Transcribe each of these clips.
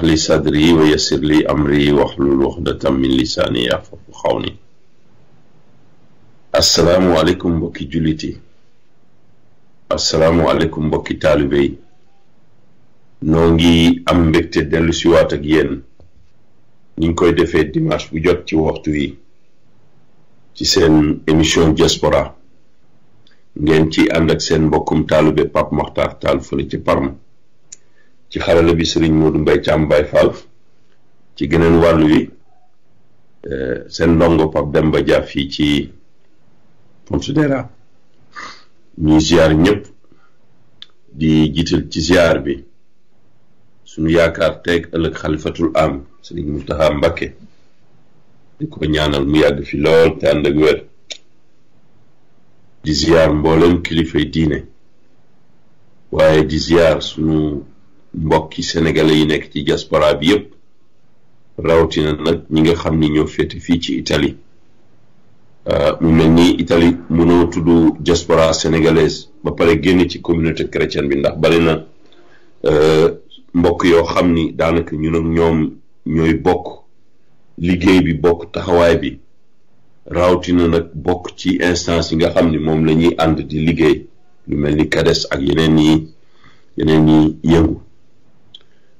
shrah li sadri wa yassir li amri wahlul uqdatan min lisaani yafqahu qawli asalaamualeykum mbokki jullit yi asalaamualeykum mbokki taalibe yi noo ngi am mbégte dellu siwaat ak yéen niñ koy defee dimanche bu jot ci waxtu yi ci seen émission diaspora ngeen ci ànd ak seen mbokkum taalibe Pape Makhtar Tall fële ci Parme ci xarala bi sëriñ Modou Mbaye Thiam Baye Fall ci geneen wàll wi eh, seen ndongo Pape Demba Dia fii ci Pontedera ñuy ziar ñëpp di jiital ci ziar bi suñu yaakaar teeg ëllëg xalifatul am sëriñ Mountakha Mbacké di ko ñaanal mu yàgg fi lool te ànd ak wér di ziar mboolem kilifay diine waaye di ziar sunu mbokk mbokki sénégalais yi nekk ci diaspora bi yépp rawatina nag ñi nga xam ni ñoo féete fii ci Italie euh, mu mel ni Italie mënoo tudd diaspora sénégalaise ba pare génne ci communauté chrétienne bi ndax bari na euh, mbokk yoo xam ni daanaka ñu ak ñoom ñooy bokk liggéey bi bokk taxawaay bi rawatina nag bokk ci instance yi nga xam ni moom lañuy ànd di liggéey lu mel ni CADES ak yeneen yi yeneen yi yëngu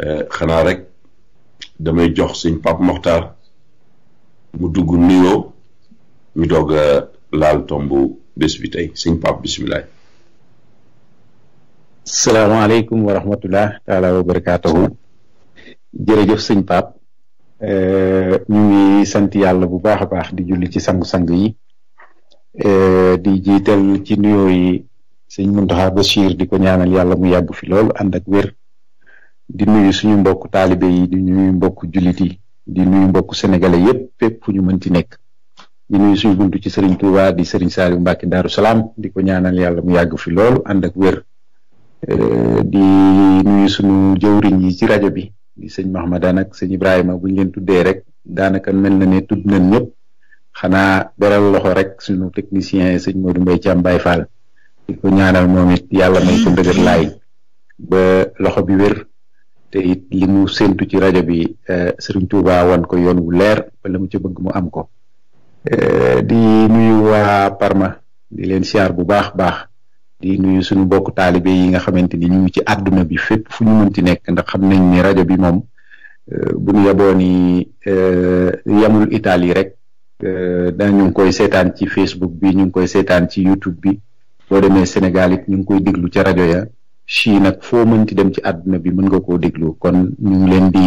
Eh, xanaa rek damay jox sëñ Pape Moxtaar mu dugg nuyoo ñu doog laal tomb bés bi tey sëñ Pape bisimilah. salaamaaleykum wa rahmatullah taala wa barakaatuhu jërëjëf sëñ Pape eh, ñu ngi sant yàlla bu baax a baax di julli ci sangu-sang yi eh, di jiital ci nuyoo yi sëñ ba siir di ko ñaanal yàlla mu yàgg fi lool ànd ak wér. di nuyu suñu mbokk talibé yi di nuyu mbokk julit yi di nuyu mbokk sénégalais yépp fépp fu ñu mënti nekk di nuyu suñu buntu ci sëriñ touba di sëriñ salim mbàkke daru salam di ko ñaanal yàlla mu yàgg fi loolu ànd ak wér eh, di nuyu suñu jëwriñ yi ci rajo bi di sëñ mahmadan ak sëñ ibrahima buñ leen tuddee rek daanaka mel na ne tudd nañ ñëpp xanaa beral loxo rek suñu technicien sëñ modou mbay cham bay fall di ko ñaanal momit yàlla may ko ndëgër laay ba loxo bi wér te it li mu ci rajo bi eh, Serigne Touba wan ko yoon wu leer wala mu ci bëgg mu am ko eh, di nuyu waa Parma di leen siyaar bu baax baax di nuyu suñu mbokk taalibe yi nga xamante ni ñu ngi ci àdduna bi fépp fu ñu mënti nekk ndax xam nañ ni rajo bi moom eh, bu ñu yaboo ni yamul Italie rek dañu ngi koy seetaan ci Facebook bi ñu ngi koy seetaan ci YouTube bi boo demee Sénégal it ñu ngi koy diglu ca rajo ya chi nag foo ci dem ci àdduna bi mën nga koo déglu kon ñu leen di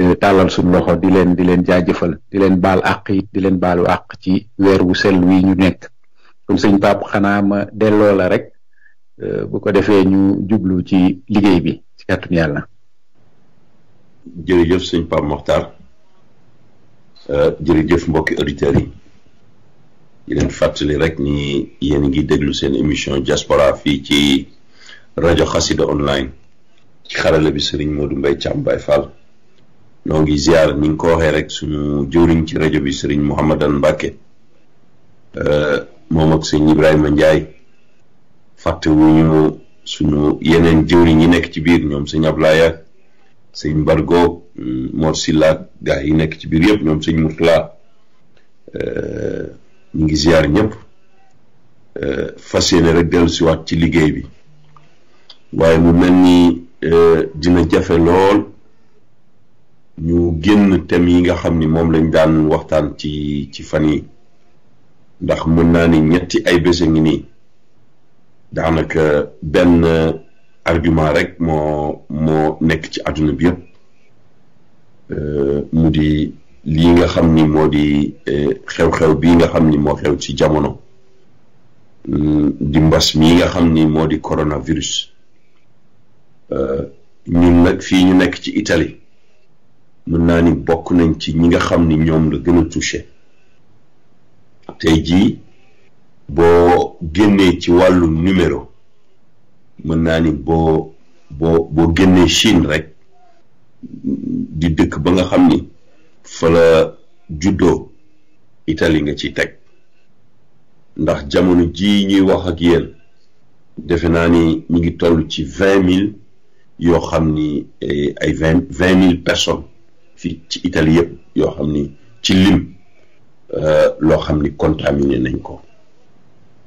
eh, tàllal suñ loxo di leen di leen jaajëfal di leen baal àq it di leen baalu àq ci weer wu sel wi ñu nekk comme sëñ Pape xanaa ma delloo la rek eh, bu ko defee ñu jublu ci liggéey bi ci kàttun yàlla. jërëjëf sëñ Pape Mokhtar eh, jërëjëf mbokki auditeurs yi di leen fàttali rek ni yéen ngi déglu seen émission diaspora fii ci. rajo xasida online ci xarala bi sëriñ Modou Mbaye Thiam Baye Fall noo ngi ziar ni nga ko waxee rek suñu jëwriñ ci rajo bi sëriñ Mouhamadan Mbacke euh, moom ak sëñ Ibrahima Ndiaye fàtte wu ñu suñu yeneen jëwriñ yi nekk ci biir ñoom sëñ Ablaye ak sëñ Bargo Mor Silla gaa yi nekk ci biir yëpp ñoom sëñ Mourtala euh, ñu ngi ziar ñëpp euh, fas yéene rek dellu siwaat ci liggéey bi waaye mu mel ni euh, dina jafe lool ñu génn thème yi nga xam ni moom lañ daan waxtaan ci ci fan yi ndax mën naa ni ñetti ay bés a ngi nii daanaka benn argument rek moo moo nekk ci àdduna bi yëpp euh, mu di lii nga xam ni moo di euh, xew-xew bii nga xam ni moo xew ci jamono mm, di mbas mii nga xam ni moo di coronavirus Euh, ñun nag fii ñu nekk ci itali mën naa ni bokk nañ ci ñi nga xam ni ñoom la gën a touché tey jii boo génnee ci wàllu numéro mën naa ni boo boo boo génnee Chine rek di dëkk ba nga xam ni fa la juddoo Italie nga ci teg ndax jamono jii ñuy wax ak yéen defe naa ni ñu ngi toll ci vingt mille yoo xam ni eh, ay vingt vingt mille personnes fii ci Italie yëpp yoo xam ni ci lim euh, loo xam ni contaminé nañ ko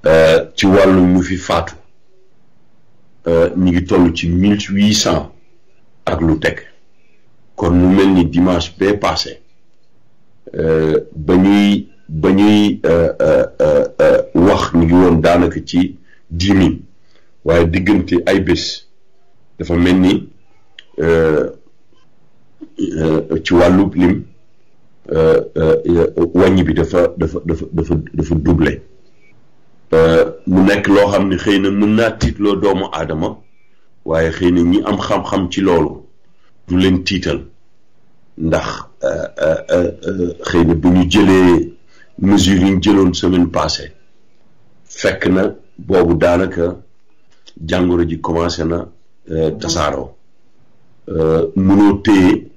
euh, ci wàllu ñu fi faatu euh, ñu ngi tollu ci mille huit cent ak lu teg kon mu mel ni dimanche bee passé ba ñuy ba ñuy wax ñu ngi woon daanaka ci dix mille waaye diggante ay bés dafa mel ni euh, euh, ci wàllu lim euh, wàññi bi dafa dafa dafa dafa dafa mu nekk loo xam ne xëy na mën naa tiitloo doomu aadama waaye xëy na ñi am xam-xam ci loolu du leen tiital ndax xëy na bu ñu jëlee mesures yi ñu jëloon semaine passée fekk na boobu daanaka jàngoro ji commencé na Euh, tasaaroo euh, mënoo téye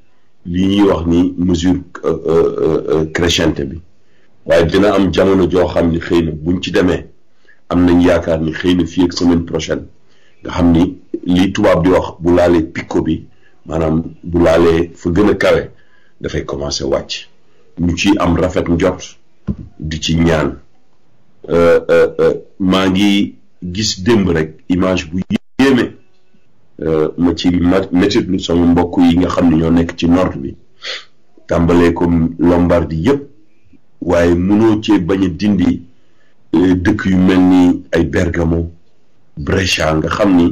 li ñuy wax ni mesure euh, crescente bi waaye dina am jamono joo xam ni xëy na buñ ci demee am nañ yaakaar ni xëy na fii ak semaine prochaine nga xam ni li tubaab di wax bu laalee picco bi maanaam bu laalee fa gën a kawe dafay commencé wàcc ñu ci am rafet njot di ci ñaan maa ngi gis démb rek image bu Euh, ma ci métit sama mbokk yi nga xam ne ñoo nekk ci nord bi tàmbalee comme Lombardie yëpp waaye mënoo cee bañ a dindi euh, dëkk yu mel ni ay Bergamo Brescia nga xam ni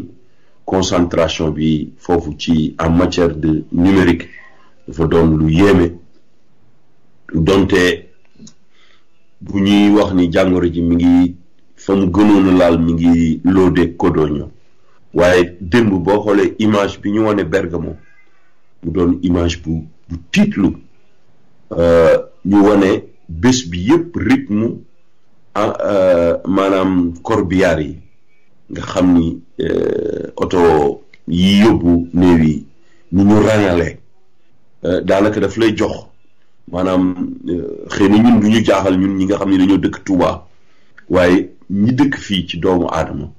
concentration bi foofu ci en matière de numérique dafa doon lu yéeme donte bu ñuy wax ni jàngoro ji mu ngi fa mu gënoon laal mu ngi loo Lode Codogno waaye démb boo xoolee image bi ñu wane Bergamo mu doon image bu bu tiitlu euh, ñu wane bés bi yëpp rythme ah, euh, maanaam corbillard yi nga xam ni euh, oto yi yóbbu néew yi ñu ñu ràññale daanaka daf lay jox maanaam xëy na ñun du ñu jaaxal ñun ñi nga xam ni dañoo dëkk Touba waaye ñi dëkk fii ci doomu aadama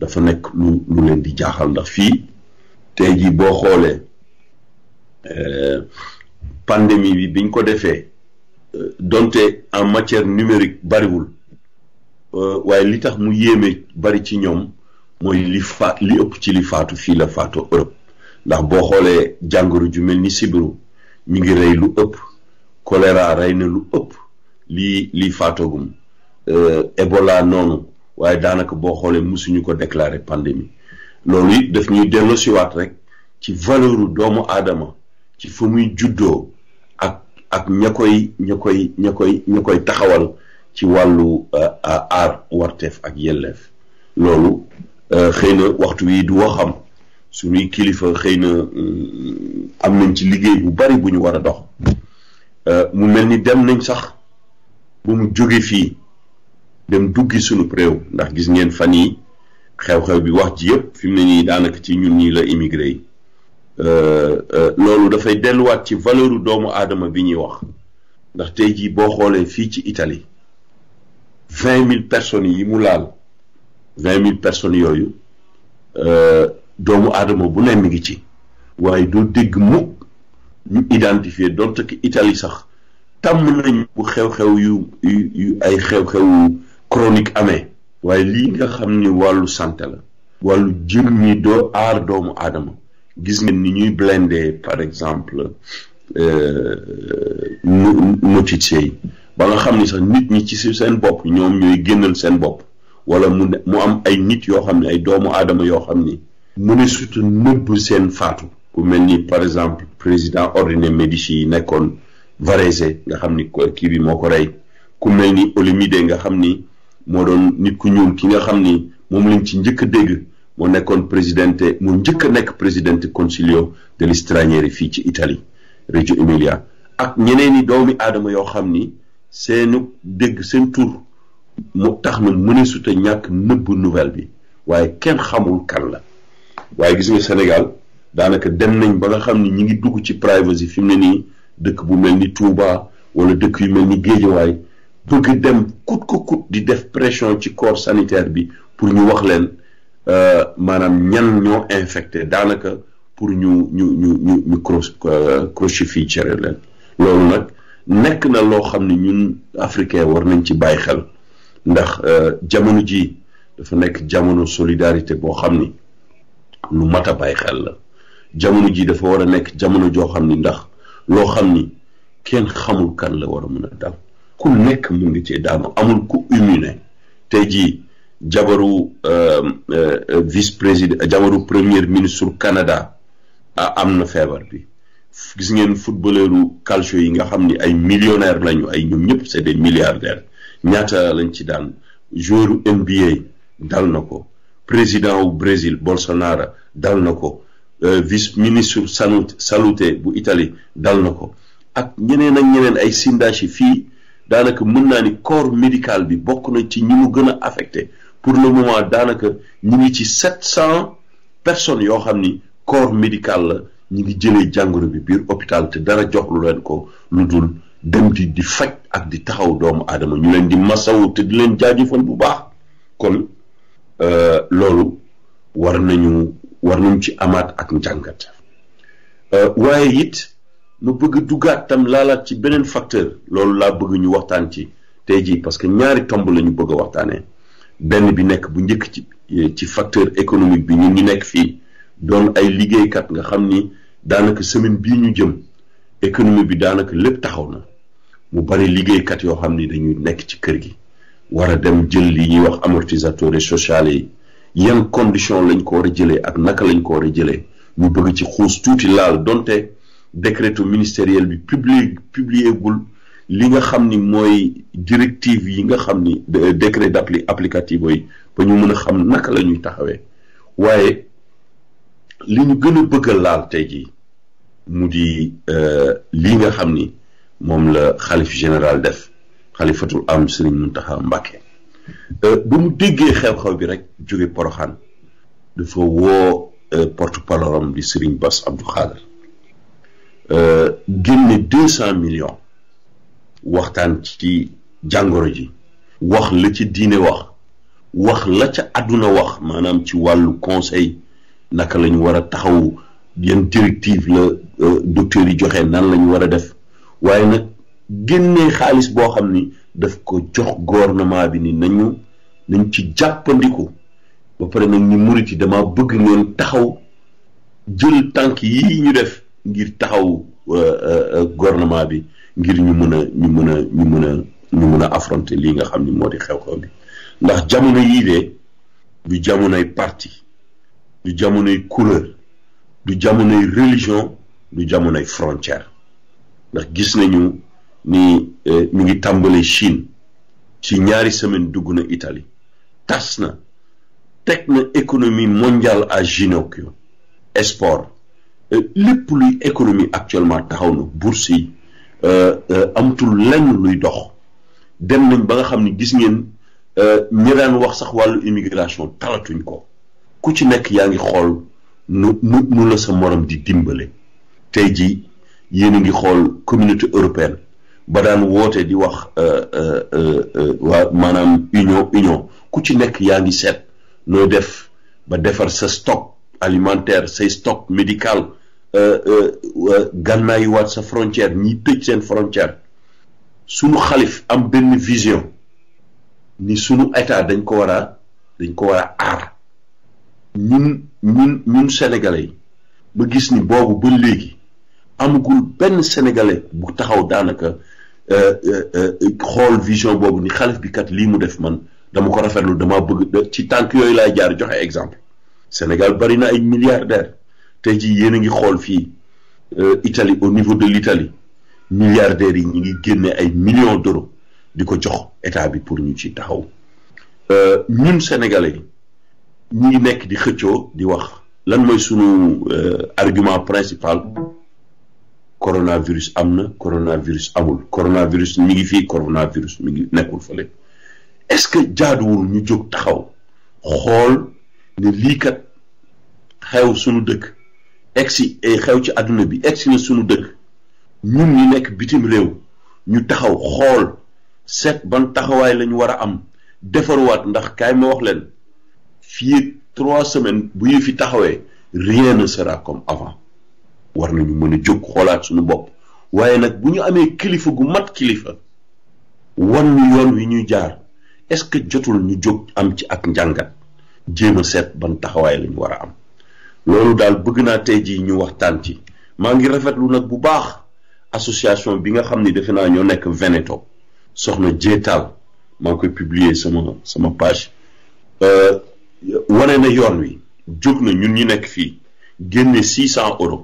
dafa nekk lu leen di jaaxal ndax fii te jii boo xoolee euh, pandémie bi biñ ko defee euh, donte en matière numérique bariwul euh, waaye li tax mu yéeme bari ci ñoom mooy li li ëpp ci li faatu fii la faatoo Europe ndax boo xoolee jàngoro ju mel ni sibiru mi ngi rey lu ëpp choléra rey na lu ëpp lii lii faatogum Ebola noonu waaye daanaka boo xoolee ñu ko déclaré pandémie loolu daf ñuy delloosiwaat rek ci valeuru doomu aadama ci fa muy ak ak ña koy ña koy taxawal ci wàllu euh, aar ak yelleef loolu euh, xëy waxtu wi du waxam suñuy kilifa xëy na euh, nañ ci liggéey bu bari bu ñu war a dox ni dem nañ sax bu mu jóge fii dem duggi suñu réew ndax gis ngeen fan yi xew-xew bi wax ji yëpp fi mu ne nii daanaka ci ñun ñii la immigré yi euh, euh, loolu dafay delluwaat ci valeuru doomu aadama bi ñuy wax ndax tey jii boo xoolee fii ci itali vingt mille personnes yi mu laal vingt mille personnes yooyu euh, doomu aadama bu ne mi ngi ci waaye doo dégg mukk ñu identifier donte que Italie sax tàmm nañ bu xew-xew yu yu ay xew-xew chronique ame waaye lii nga xam ni wàllu sante la wàllu jëmmi doo aar doomu aadama gis ngeen ni ñuy blindé par exemple notice euh, yi ba nga xam ni sax nit ñi ci seen bopp ñoom ñooy génnal seen bopp wala mu mu am ay nit yoo xam ne ay doomu aadama yoo xam ni mu ne surtout nëbb seen faatu ku mel ni par exemple président ordinaire Médicis yi nekkoon Varese nga xam ni kii bi moo ko rey ku mel ni Olimide nga xam ni moo doon nit ku ñuul ki nga xam ni moom lañ ci njëkk a dégg moo nekkoon présidente moo njëkk a nekk présidente concilio degli stranieri fii ci Italie Reggio Emilia ak ñeneen i doomi aadama yoo xam ni seenu dégg seen tur moo tax na mëneesut a ñàkk nëbb nouvelle bi waaye kenn xamul kan la waaye gis nga Sénégal daanaka dem nañ ba nga xam ni ñi ngi dugg ci privacy fi mu ne nii dëkk bu mel ni Touba wala dëkk yu mel ni Géejawaay bëgg dem kut ko kut di def pression ci corps sanitaire bi pour ñu wax leen euh, maanaam ñan ñoo infecté daanaka pour ñu ñu ñu ñu ñu euh, cere leen loolu nag nekk na loo xam ni ñun africain war nañ ci bàyyi xel ndax euh, jamono ji dafa nekk jamono solidarité boo xam ni lu mat a bàyyi xel la jamono ji dafa war a nekk jamono joo xam ni ndax loo xam ni kenn xamul kan la war a mën a dal ku nekk mu ngi ci daanu amul ku humilié tey jii jabaru euh, euh, vice président jabaru premier ministre Canada am na feebar bi gis ngeen footballeuru calcio yi nga xam ni ay millionnaire lañu ay ñoom ñëpp c'est des milliardaires ñaata lañ ci daan joueur NBA dal na ko président wu Brésil Bolsonaro dal na ko euh, vice ministre salut salute bu itali dal na ko ak ñeneen ak ñeneen ay sindaci fii daanaka mën naa ni corps médical bi bokk nañ ci ñi mu gën a affecté pour le moment daanaka ñi ngi ci sept cent personnes yoo xam ni corps médical la ñi ngi jëlee jàngoro bi biir hôpital te dara jox lu leen ko lu dul dem di di faj ak di taxaw doomu aadama ñu leen di masawu te di leen jaajëfal bu baax kon euh, loolu war nañu war nañu ci amaat ak njàngat euh, waaye it ma bëgg duggaat tam laalaat ci beneen facteur loolu laa bëgg ñu waxtaan ci tey jii parce que ñaari tomb la ñu bëgg a waxtaanee benn bi nekk bu njëkk ci ci facteur économique bi ñun ñu nekk fii doon ay liggéeykat nga xam ni daanaka semaine bii ñu jëm économie bi daanaka lépp taxaw na mu bari liggéeykat yoo xam ni dañuy nekk ci kër gi war a dem jël li ñuy wax amortisateurs sociaux yi yan condition lañ ko war a jëlee ak naka lañ ko war a jëlee ñu bëgg ci xuus tuuti laal donte. décréto ministériel bi publié publié gul li nga xam ni mooy directive yi nga xam ni décret d'appli applicative yi ba ñu mën a xam naka la ñuy taxawee waaye li ñu gën a bëgg laal tey jii mu di euh, lii nga xam ni moom la xalif général def xalifatul am Sëriñ Muntaxa Mbàkke euh, ba mu déggee xew-xew bi rek jóge Poroxaan dafa woo euh, porte-parole am di Sëriñ Bass Abdou Khadre Euh, génne deux cent waxtaan ci jàngoro ji wax la ci diine wax wax la ca àdduna wax maanaam ci wàllu conseil naka lañu ñu war a taxaw yan directive la euh, docteur yi joxe nan la ñu war a def waaye nag génne xaalis boo xam ni daf ko jox gouvernement bi ni nañu nañ ci jàppandiku ba pare nag ni murit yi dama bëgg ngeen taxaw jël tànk yi ñu def ngir taxaw euh, euh, gouvernement bi ngir ñu mën a ñu mën a ñu mën a ñu mën a affronter lii nga xam ni moo di xew-xew bi ndax jamono yii de du jamonoy parti du jamonoy couleur du jamonoy religion du jamonoy frontière ndax gis nañu ni euh, mu ngi tàmbale Chine ci ñaari semaine dugg na Italie tas na teg na économie mondiale à ginocchio esport lépp luy économie actuellement taxaw na bourse yi euh, euh, amatul lenn luy dox dem nañ ba nga xam ni gis ngeen euh, ñi daan wax sax wàllu immigration talatuñ ko ku ci nekk yaa ngi xool nu nu nu la sa morom di dimbale tey ji yéen a ngi xool communauté européenne ba daan woote di wax waa maanaam union union ku ci nekk yaa ngi seet noo def ba defar sa stock alimentaire say stock médical Euh, euh, euh, gànnaayuwaat sa frontière ñi tëj seen frontière sunu xalif am benn vision ni sunu état dañ ko war dañ ko war a aar ñun ñun ñun yi ma gis ni boobu ba léegi amagul benn sénégalais bu taxaw daanaka xool vision boobu ni xalif bi kat lii mu def man dama ko rafetlu dama bëgg ci tànk yooyu laay jaar joxe exemple Sénégal bari na ay milliardaires tey jii yéen a ngi xool fii euh, Italie au niveau de l'Italie milliardaires yi ñu ngi génne ay millions d'euros di ko jox état bi pour ñu ci taxaw euh, ñun sénégalais ñu ngi nekk di xëccoo di wax lan mooy sunu euh, argument principal coronavirus am na coronavirus amul coronavirus mi ngi fii coronavirus mi ngi nekkul fële est-ce que jaaduwul ñu jóg taxaw xool ne lii kat xew sunu dëkk egsi ay eh, xew ci àdduna bi egsi na sunu dëkk ñun ñi nekk bitim réew ñu taxaw xool seet ban taxawaay lañu ñu war a am defaruwaat ndax kaay ma wax leen fii trois semaines bu ñu fi taxawee rien ne sera comme avant war nañu mën a jóg xoolaat suñu bopp waaye nag bu ñu amee kilifa gu mat kilifa wan ñu yoon wi ñuy jaar est-ce que jotul ñu jóg am ci ak njàngat jéem a seet ban taxawaay la ñu war a am loolu daal bëgg naa tey jii ñu waxtaan ci maa ngi rafetlu nag bu baax association bi nga xam ni defe naa ñoo nekk Veneto soxna Jéetal maa ngi koy publier sama sama page euh, wane na yoon wi jóg na ñun ñu nekk fii génne six cent euros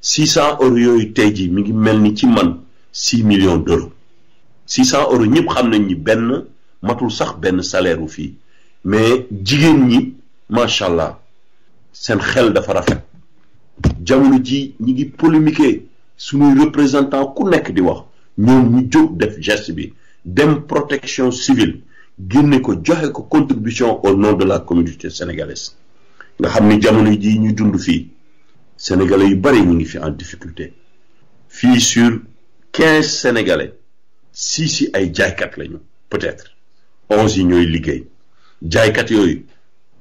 six cent euros yooyu tey jii mi ngi mel ni ci man six millions d'euros six cent euros ñëpp xam nañ ni benn matul sax benn salaire wu fii mais jigéen ñi macha allah. seen xel dafa rafet jamono ji ñi ngi polémiquer suñu représentant ku nekk di wax ñoom ñu jóg def geste bi dem protection civile génne ko joxe ko contribution au nom de la communauté sénégalaise nga xam ni jamono ji ñu dund fii sénégalais yu bari ñu ngi fi en difficulté fii sur 15 sénégalais six si ay jaaykat lañu peut-être onze yi ñooy liggéey jaaykat yooyu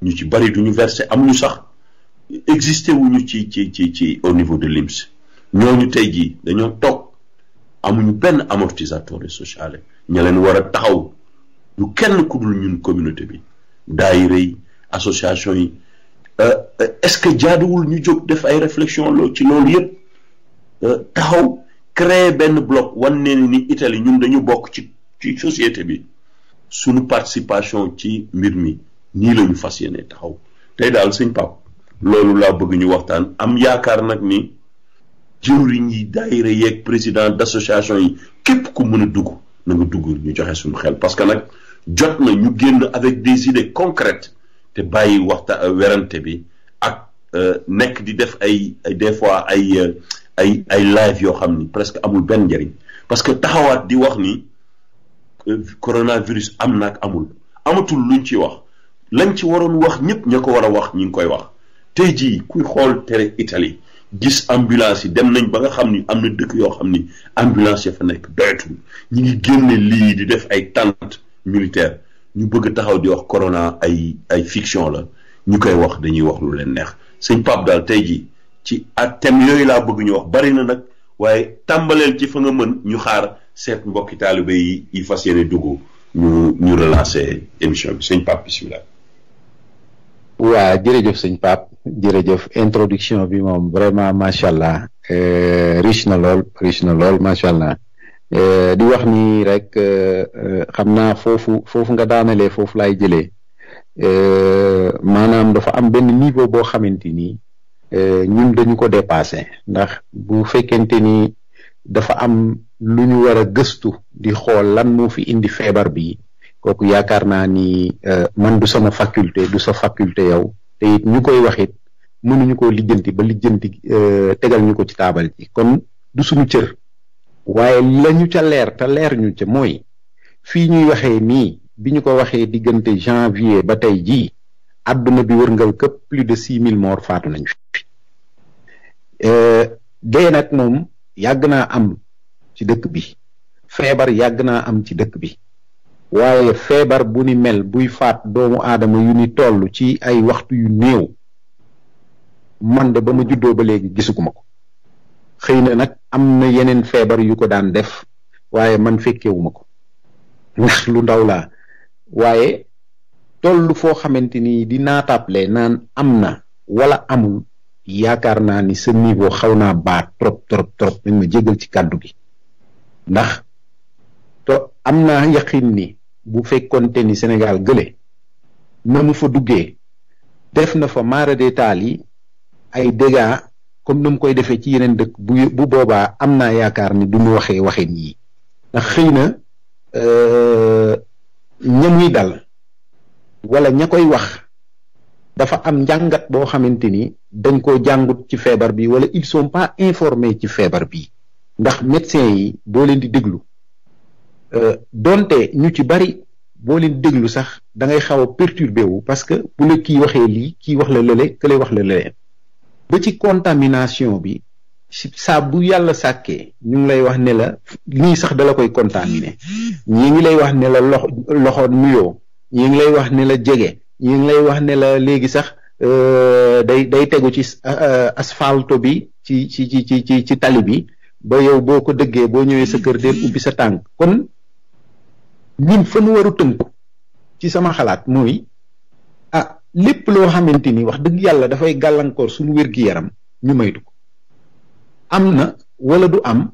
ñu ci bari duñu verser amuñu sax existé wuñu ci ci ci ci au niveau de l'IMS ñooñu tey jii dañoo toog amuñu benn amortisateur social ña leen war a taxaw ñu kenn ku ñun communauté bi daayira yi association yi euh, euh, est-ce que jaaduwul ñu jóg def ay réflexion loo ci loolu yëpp euh, taxaw créer benn bloc wan nee ni Italie ñun dañu bokk ci ci société bi suñu participation ci mbir mi nii lañu fas yéene taxaw tey daal sëñ Pape loolu laa bëgg ñu waxtaan am yaakaar nag ni jëwriñ yi daayira yeeg président d'association yi képp ku mën a dugg na dugg ñu joxe suñu xel parce que nag jot na ñu génn avec des idées concrete te bàyyi waxta euh, werante bi ak euh, nekk di def ay des fois ay euh, ay ay live yoo xam ni presque amul benn njëriñ parce que taxawaat di wax ni coronavirus am na ak amul amatul luñ ci wax lañ ci waroon wax ñëpp ña ko war a wax ñi ngi koy wax tey jii kuy xool tere Italie gis ambulance yi dem nañ ba nga xam ni am na dëkk yoo xam ni ambulance ya fa nekk doyatul ñi ngi génne lii di def ay tente militaire ñu bëgg taxaw di wax corona ay ay fiction la ñu koy wax dañuy wax lu leen neex sëñ Pape daal tey jii ci ak thème yooyu laa bëgg ñu wax bari na nag waaye tàmbaleel ci fa nga mën ñu xaar seet mbokki taalibe yi yi fas yéene dugg ñu ñu relancer émission bi sëñ Pape bisimilah. waa jërëjëf sëñ Pape jërëjëf introduction bi moom vraiment macha allah euh, riche na lool riche na lool macha allah euh, di wax ni rek euh, xam naa foofu foofu nga daanale foofu laay jëlee maanaam dafa am benn niveau boo xamante ni ñun dañu ko dépassé ndax bu fekkente ni dafa am lu ñu war a gëstu di xool lan moo fi indi feebar bi. kooku yaakaar naa ni euh, man du sama faculté du sa faculté yow te it ñu koy wax it mënuñu ko lijjanti ba lijjanti euh, tegal ñu ko ci taabal ji kon du suñu cër waaye lañu ca leer te leer ñu ca mooy fii ñuy waxee nii bi ñu ko waxee diggante janvier ba tey jii àdduna bi wërngal këpp plus de six mille morts faatu nañu fi euh, dee nag moom yàgg naa am ci dëkk bi feebar yàgg naa am ci dëkk bi waaye feebar bu ni mel buy faat doomu aadama yu ni toll ci ay waxtu yu néew man de ba ma juddoo ba léegi gisuguma ko xëy na nag am na yeneen feebar yu ko daan def waaye man fekkewuma ko ndax lu ndaw laa waaye toll foo xamante ni di naataable naan am na wala amul yaakaar naa ni sa niveau xaw naa baat trop trop trop nañ ma jégal ci kàddu gi ndax to am naa yaqin ni bu fekkonte ni Sénégal gële na mu fa duggee def na fa maara détail yi ay dégâts comme ni mu koy defee ci yeneen dëkk bu bu boobaa am naa yaakaar ni du mu waxee waxin yi ndax xëy na euh, ña muy dal wala ña koy wax dafa am njàngat boo xamante ni dañ koo jàngut ci feebar bi wala ils sont pas informés ci feebar bi ndax médecins yi boo leen di déglu. Euh, donte ñu ci bari boo leen déglu sax dangay ngay xaw a perturbé wu parce que bu la ki waxee lii kii wax la lële kële wax la lële ba ci contamination bi saa bu yàlla sàkkee ñu ngi lay wax ne la lii sax dala koy contaminé ñii ngi lay wax ne loxo loxo nuyoo ñu ngi lay wax ne la jege ñu ngi lay wax ne la léegi sax euh, day day tegu ci euh, asphalte bi ci ci ci ci ci tali bi ba yow boo ko dëggee boo ñëwee sa kër deel ubbi sa tànk kon ñun fa nu waru tënku ci sama xalaat mooy ah lépp loo xamante ni wax dëgg yàlla dafay gàllankoor suñu wér gi yaram ñu maytu ko wala du am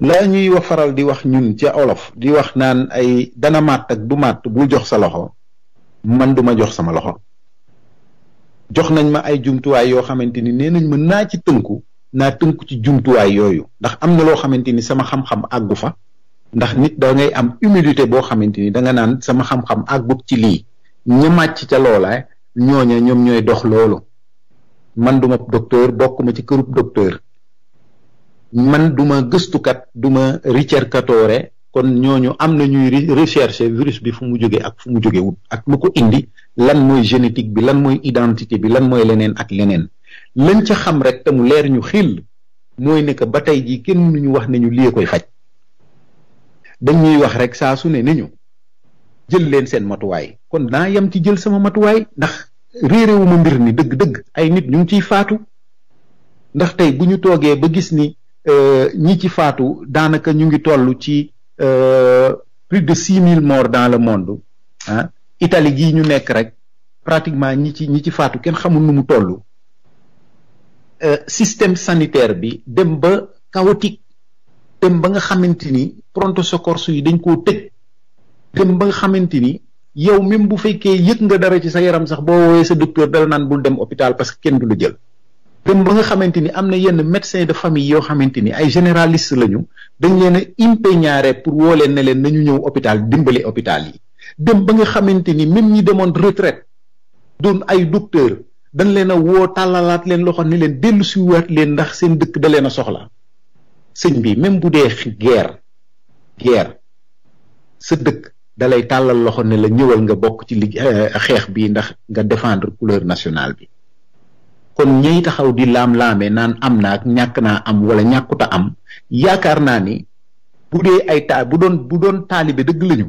la ñuy wa faral di wax ñun ca olof di wax naan ay dana màtt ak du màtt bu jox sa loxo man duma jox sama loxo jox nañ ma ay jumtuwaay yoo xamante ni nee nañ ma naa ci tënku naa tënku ci jumtuwaay yooyu ndax am na loo sama xam-xam àggu ndax nit da ngay am humilité bo xamanteni da nga nan sama xam-xam bu ci li ña màcc ca lola ñoña ñom ñoy dox lolu man duma docteur bokkuma ci kërup docteur man duma kat duma kon ñoñu am na ñuy recherche virus bi fu mu joggé ak fu mu joggé wut ak lu ko indi lan moy génétique bi lan moy identité bi lan moy leneen ak leneen lañ ci xam rek te mu leer ñu xil moy ne ka batay ji kenn ñu wax ne ñu lié koy dañuy wax rek saa su ne nañu jël leen seen matuwaay kon naa yam ci jël sama matuwaay ndax réeréwu mbir ni dëgg-dëgg ay nit ñu ngi ciy faatu ndax tey bu ñu toogee ba gis ni euh, ñi ci faatu daanaka ñu ngi toll ci euh, plus de six mille morts dans le monde ah Italie gii ñu nekk rek pratiquement ñi ci ñi ci faatu kenn xamul nu mu toll euh, système sanitaire bi dem ba chaotique dem ba nga xamante pronto secours yi dañ koo tëj dem ba nga xamante ni yow même bu fekkee yëg nga dara ci sa yaram sax boo woowee sa docteur dala naan bul dem hôpital parce que kenn du lu jël dem ba nga xamante ni am na yenn médecin de famille yoo xamante ni ay généraliste lañu dañ leen a impéñaare pour woo ne leen nañu ñëw hôpital dimbali hôpital yi dem ba nga xamante ni même ñi demoon retraite doon ay docteur dañ leen a woo tàllalaat leen loxo ni leen dellu siwaat leen ndax seen dëkk da leen soxla sëñ bi même bu dee guerre Pierre sa dëkk dalay tàllal loxo ne la ñëwal nga bokk ci li euh, xeex bi ndax nga defendre couleur nationale bi kon ñiy taxaw di laam-laamee naan am naa ak ñàkk naa am wala ñàkkuta am yaakaar naa ni bu dee ay taa bu doon bu doon taalibe dëgg lañu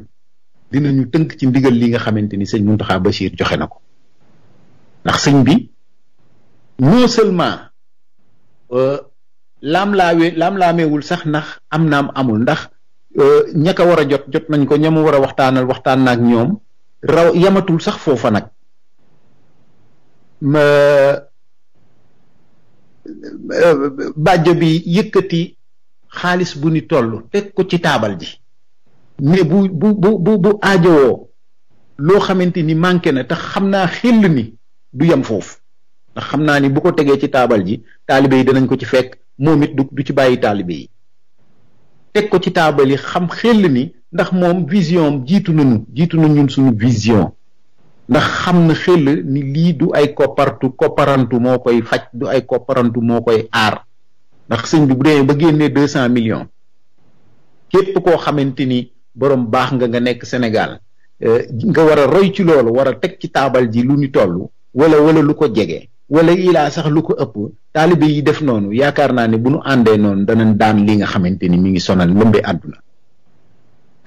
dinañu tënk ci ndigal li nga xamante ni sëñ ba Bachir joxe na ko ndax sëñ bi non seulement euh, laam-laawee laam sax ndax am naam amul ndax Euh, ñaka wara jot jot nañ ko ñamu wara waxtaanal waxtaan nak ñoom raw yamatul sax foofa nak ma euh, bàjjo bi yëkëti xaaliss bu ni tollu tek ko ci tabal ji mais bu bu bu bu bu aajowoo loo xamante na tax xamna xel ni du yam fof ndax xamna ni bu ko tegee ci tabal ji talibé yi ko ci fekk momit du ci bayyi talibé yi Tek ko ci table yi xam xel ni ndax mom vision jitu nañu jitu na ñun suñu vision ndax xam na xel ni li du ay ko kopparantu mo koy fajj du ay parantu mo koy ar ndax señ bi bu dé ba génné 200 millions képp ko xamanteni borom bax nga nga nek Sénégal euh, nga wara roy ci loolu wara tek ci table ji lu ñu tollu wala wala lu ko jege wala ilaa sax lu ko ëpp taalibe yi def noonu yaakaar naa ne bu nu àndee noonu danañ daan li nga xamante ni mi ngi sonal lëmbe àdduna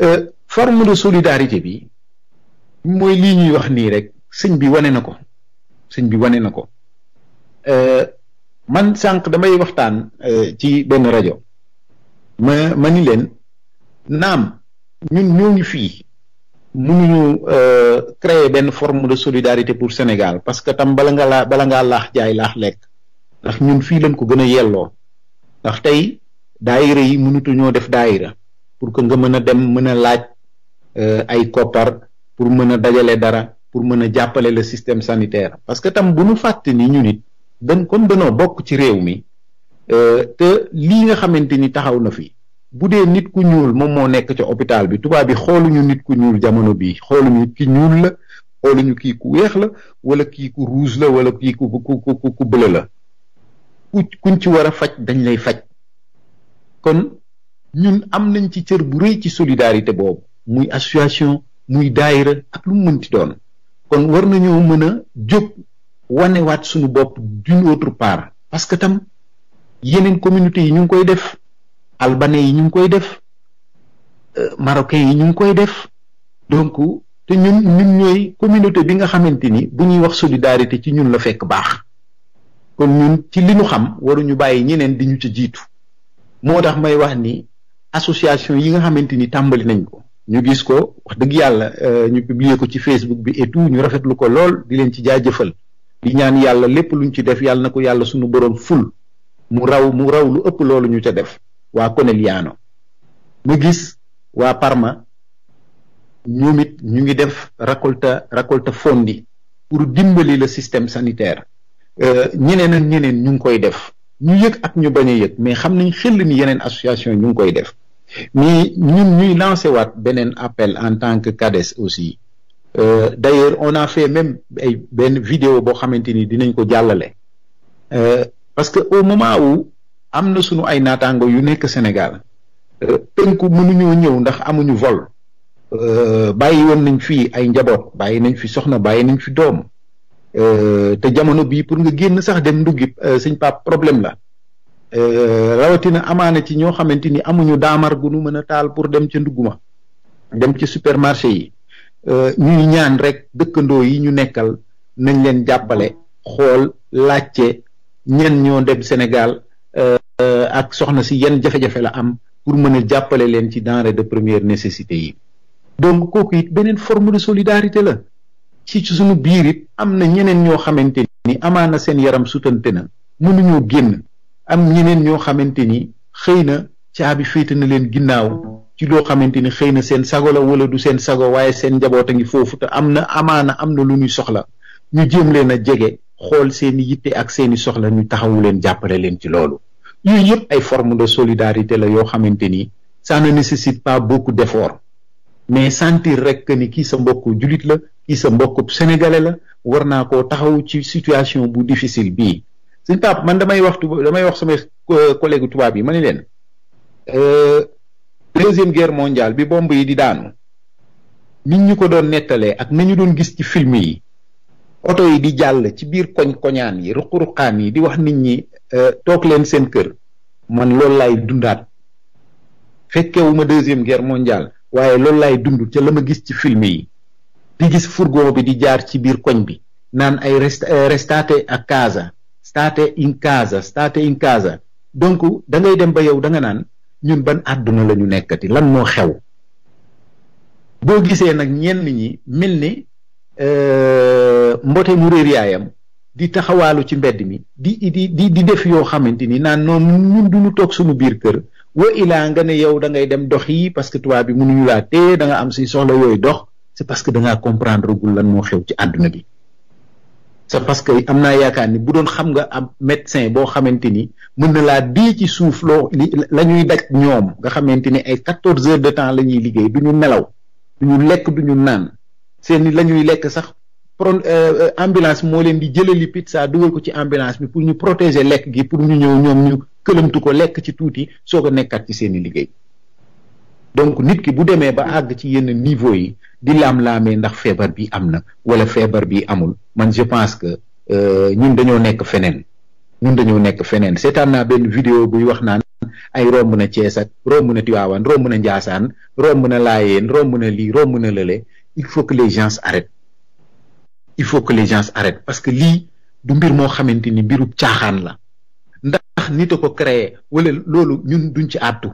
euh, forme de solidarité bi mooy lii ñuy wax nii rek sëñ bi wane na ko sëñ bi wane na ko euh, man sànq damay waxtaan euh, ci benn rajo ma ma leen naam ñun ñoo ngi fii mënuñu euh, créer benn forme de solidarité pour Sénégal parce que tam bala nga laa bala ngaa laax jaay laax lekk ndax ñun fii leen ko gën a yelloo ndax tey daayira yi mënutuñoo def daayira pour que nga mën a dem mën a laaj euh, ay koppar pour mën a dajale dara pour mën a jàppale le système sanitaire parce que tam bu nu fàtte ni ñu nit dañ kon danoo bokk ci réew mi euh, te lii nga xamante ni taxaw na fi bu dee nit ku ñuul moom moo nekk ca hôpital bi tubaab bi xooluñu nit ku ñuul jamono bii xooluñu ki ñuul la xooluñu kii ku weex la wala kii ku rouge la wala kii ku ku ku ku bleu la ku kuñ ci war a faj dañ lay faj kon ñun am nañ ci cër bu rëy ci solidarité boobu muy association muy daayira ak lu mu mënti doon kon war nañoo mën a jóg wanewaat suñu bopp d'une autre part parce que tam yeneen communauté yi ñu ngi koy def albanais yi ñu ngi koy def euh, marocains yi ñu ngi koy def donc te ñun ñun ñooy communauté bi nga xamante ni bu ñuy wax solidarité ci ñun la fekk baax kon ñun ci li ñu xam waruñu bàyyi ñeneen di ñu ci jiitu moo tax may wax ni association yi nga xamante ni tàmbali nañ ko ñu gis ko wax dëgg yàlla euh, ñu publier ko ci Facebook bi et tout ñu rafetlu ko lool di leen ci jaajëfal di ñaan yàlla lépp lu ñu ci def yàlla na ko yàlla suñu boroom ful mu raw mu raw lu ëpp loolu ñu ca def waa Conegliano mu gis waa Parma ñoom it ñu ngi def récolte récolte fondi pour dimbali le système sanitaire euh, ñeneen ak ñeneen ñu ngi koy def ñu yëg ak ñu bañ a yëg mais xam nañ xel ni yeneen association ñu ngi koy def mais ñu ñuy lancé waat beneen appel en tant que CADES aussi euh, d'ailleurs on a fait même ay benn vidéo boo xamante ni dinañ ko jàllale euh, parce que au moment où am na sunu ay naataango yu nekk Sénégal euh, tënku mënuñoo ñëw ndax amuñu vol euh, bàyyi woon nañ fi ay njaboot bàyyi nañ fi soxna bàyyi nañ fi doom euh, te jamono bii pour nga génn sax dem nduggi sëñ Pape problème la rawatina amaana ci ñoo xamante ni amuñu daamar gu nu mën a taal pour dem ca ma dem ci supermarché yi ñuy ñaan rek dëkkandoo yi ñu nekkal nañ leen jàppale xool laajte ñen ñoo dem Sénégal Euh, ak soxna si yenn jafe-jafe la am pour mën a jàppale leen ci denrée de première nécessité yi donc kooku it beneen forme de solidarité la ci ci suñu biir it am na ñeneen ñoo xamante ni amaana seen yaram sutante na mënuñoo génn am ñeneen ñoo xamante ni xëy na caabi féete na leen ginnaaw ci loo xamante ni xëy na seen sago la wala du seen sago waaye seen njaboot a ngi foofu te am na amaana am na lu ñuy soxla ñu jéem leen a jege xool seeni yitte ak seeni soxla ñu taxawu leen jàppale leen ci loolu yooyu yëpp ay forme de solidarité la yoo xamante ni ça ne nécessite pas beaucoup d'effort mais sentir rek que ni kii sa mbokk julit la kii sa mbokk sénégalais la war naa koo taxaw ci situation bu difficile bii suñ pap man damay wax damay wax sama euh, collègue tubaab yi ma ne leen euh, deuxième guerre mondiale bi bomb yi di daanu nit ñu ko doon nettalee ak nañu doon gis ci film yi oto yi di jàll ci biir koñ koñaan yi ruqu ruqaan yi di wax nit ñi Euh, toog leen seen kër man loolu laay dundaat fekkewuma deuxième guerre mondiale waaye loolu laay dund ca la ma gis ci film yi di gis fourgon bi di jaar ci biir koñ bi naan ay rest euh, restate a casa state in casa state in casa donc da ngay dem ba yow danga naan ñun ban àdduna la ñu nekkati lan moo xew boo gisee nag ñenn ñi mel ni euh, mbote mu réer yaayam di taxawaalu ci mbedd mi di di di di def yoo xamante ni naan noonu du duñu toog suñu biir kër wa ilaa nga ne yow da ngay dem dox yi parce que tubaab bi mënuñu laa tee danga am si soxla yooyu dox c'est parce que da ngaa comprendre gul lan moo xew ci àdduna bi c'est parce que am naa yaakaar ni bu doon xam nga am médecin boo xamante ni mën na laa dee ci suuf loo la ñuy daj ñoom nga xamante ni ay quatorze heures de temps la ñuy liggéey du ñu nelaw du ñu lekk du ñu naan seen la ñuy lekk sax pro euh, euh, ambulance moo leen di jëlali pizza dugal ko ci ambulance bi pour ñu protéger lekk gi pour ñu ñëw ñoom ñu këlamtu ko lekk ci tuuti soo ko nekkaat ci seeni liggéey donc nit ki bu demee ba àgg ci yenn niveau yi di laam-laamee ndax feebar bi am na wala feebar bi amul man je pense que euh, ñun dañoo nekk feneen ñun dañoo nekk feneen seetaan naa benn vidéo buy wax naan ay romb na Cees ak romb na Tivaouane romb na Njaasaan romb na Laayeen romb na lii romb na lële il faut que les gens arrêtent il faut que les gens arrêtent parce que lii du mbir moo xamante ni mbiru caaxaan la ndax nit a ko créer wala loolu ñun duñ ci àttu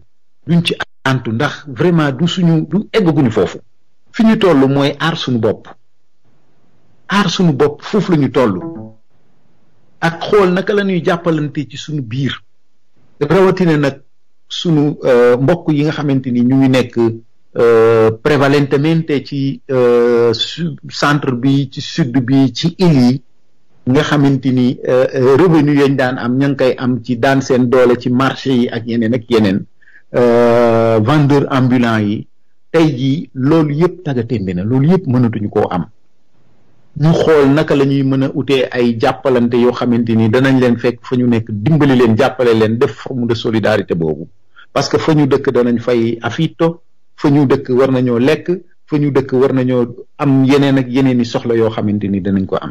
duñ ci àntu ndax vraiment du suñu du eggaguñu foofu fi ñu toll mooy aar suñu bopp aar suñu bopp foofu la ñu toll ak xool naka lañuy ñuy jàppalante ci suñu biir rawatine nag suñu euh, mbokk yi nga xamante ni ñu ngi nekk Euh, prévalentemente ci euh, centre bi ci sud bi ci île yi nga xamante ni euh, revenu yañ daan am ña ngi koy am ci daan seen doole ci marché yi ak yeneen ak yeneen vendeur ambulant yi tey jii loolu yëpp taga témbe na loolu yëpp mënatuñu koo am ñu xool naka la ñuy mën a utee ay jàppalante yoo xamante ni danañ leen fekk fa ñu nekk dimbali leen jàppale leen def forme de solidarité boobu parce que fa ñu dëkk danañ fay afito fa ñu dëkk war nañoo lekk fa ñu dëkk war nañoo am yeneen ak yeneen i soxla yoo xamante ni danañ ko am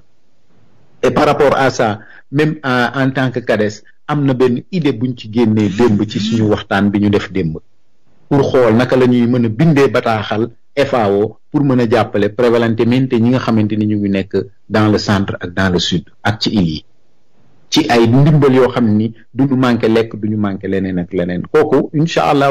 et par rapport à ça même euh, en tant que CADES am na benn idée buñ ci génnee démb ci suñu waxtaan bi ñu def démb pour xool naka la ñuy mën a bindee bataaxal FAO pour mën a jàppale prévalentement ñi nga xamante ni ñu ngi nekk dans le centre ak dans le sud ak ci îles yi ci ay ndimbal yoo xam ni duñu manqué lekk duñu manqué leneen ak leneen kooku incha allah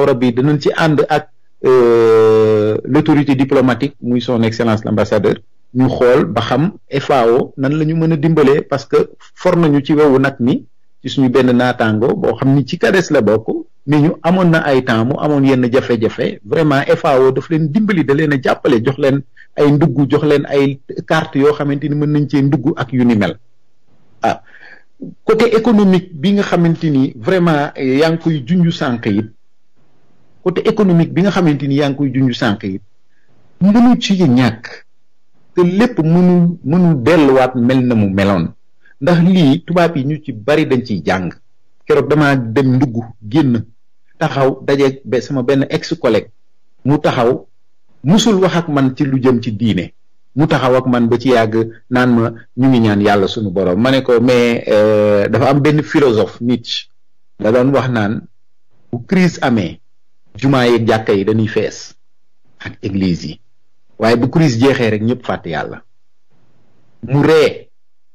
Euh, l'autorité diplomatique muy son excellence l'ambassadeur ñu xool ba xam FAO nan lañu ñu mën a dimbalee parce que for nañu ci wewu nag ni ci suñu benn naataango boo xam ci la bokk ni ñu amoon na ay temps mu amoon yenn jafe-jafe vraiment FAO daf leen dimbali da leen a jàppale jox leen ay ndugg jox leen ay carte yoo xamante ni mën nañ cee ndugg ak yu ni mel ah côté économique bi nga xamante ni vraiment yaa koy junj sànq it côté économique bi nga xamanteni yang koy junj sank yi mënu ci ñak te lépp mënu mënu delluwaat mel melna mu melon ndax li tubaab yi ñu ci bari dañ ci jang keroog dama dem ndugu genn taxaw dajé be sama ben ex collègue mu taxaw musul wax ak man ci lu jëm ci diiné mu taxaw ak man ba ci yag naan ma ñu ngi ñaan yalla suñu borom mané ko mais euh, dafa am ben philosophe Nietzsche da doon wax naan bu crise amé jumaa yeeg jàkka yi dañuy fees ak église yi waaye bu crise jeexee rek ñëpp fàtte yàlla mu ree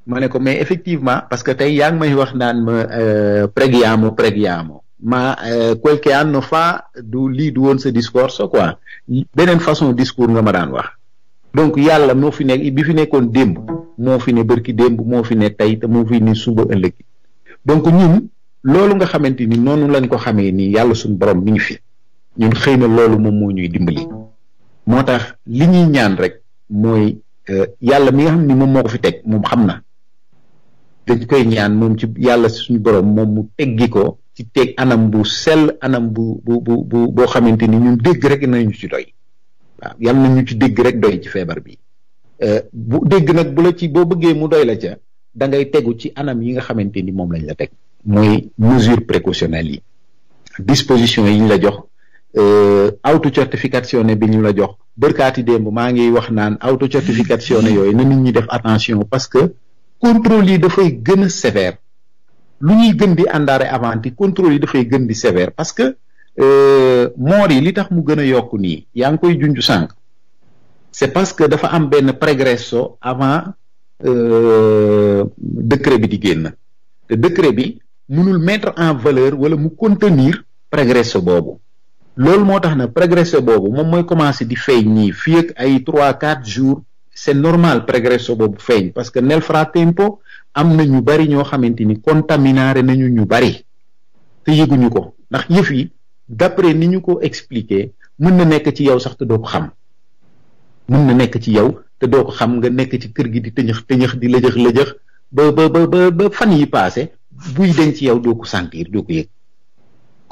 ma ne ko mais effectivement parce que tey yaa ngi may wax naan ma euh, preghiamo preghiamo ma euh, qualche anno fa du lii du woon sa discorso quoi beneen façon discours nga ma daan wax donc yàlla moo fi nekk bi fi nekkoon démb moo fi ne bërki démb moo fi ne tey te moo fi ne suba ëllëg donc ñun loolu nga xamante ni noonu lañ ko xamee nii yàlla suñu borom mi ngi fi ñun xëy na loolu moom moo ñuy dimbali moo tax li ñuy ñaan rek mooy euh, yàlla mi nga xam ni moom moo ko fi teg moom xam na dañ koy ñaan moom ci yàlla suñu borom moom mu teggi ko ci teg anam bu sell anam bu bu boo xamante ni ñun dégg rek nañu ci doy waaw yàlla na ñu ci dégg rek doy ci feebar bi euh, bu dégg nag bu la ci boo bëggee mu doy la ca dangay tegu ci anam yi nga xamante ni moom lañ la teg mooy mesure précautionnelle yi disposition yi ñu la jox Euh, auto certification bi ñu la jox bërkaati démb maa ngi wax naan auto certification yooyu na nit ñi def attention parce que contrôle yi dafay gën a sévère lu ñuy gën di àndaare avanti contrôle yi dafay gën di sévère parce que euh, moor yi li tax mu gën a yokk nii yaa ngi koy junj sànq c'est parce que dafa am benn progresso avant euh, décret bi di génn te décret bi mënul mettre en valeur wala mu contenir progresso boobu loolu moo tax nag progressé boobu moom mooy commencé di feeñ nii fii ak ay trois quatre jours c'est normal progressé boobu feeñ parce que nel tempo am na ñu bari ñoo xamante ni contaminare nañu ñu bari te yëguñu ko ndax yëf yi d'après ni ñu ko expliquer mun na nekk ci yow sax te doo ko xam mën na nekk ci yow te doo ko xam nga nekk ci kër gi di tëñëx tëñëx di lëjëx lëjëx ba ba ba ba fan yi passé buy denc ci yow doo ko sentir doo ko yëg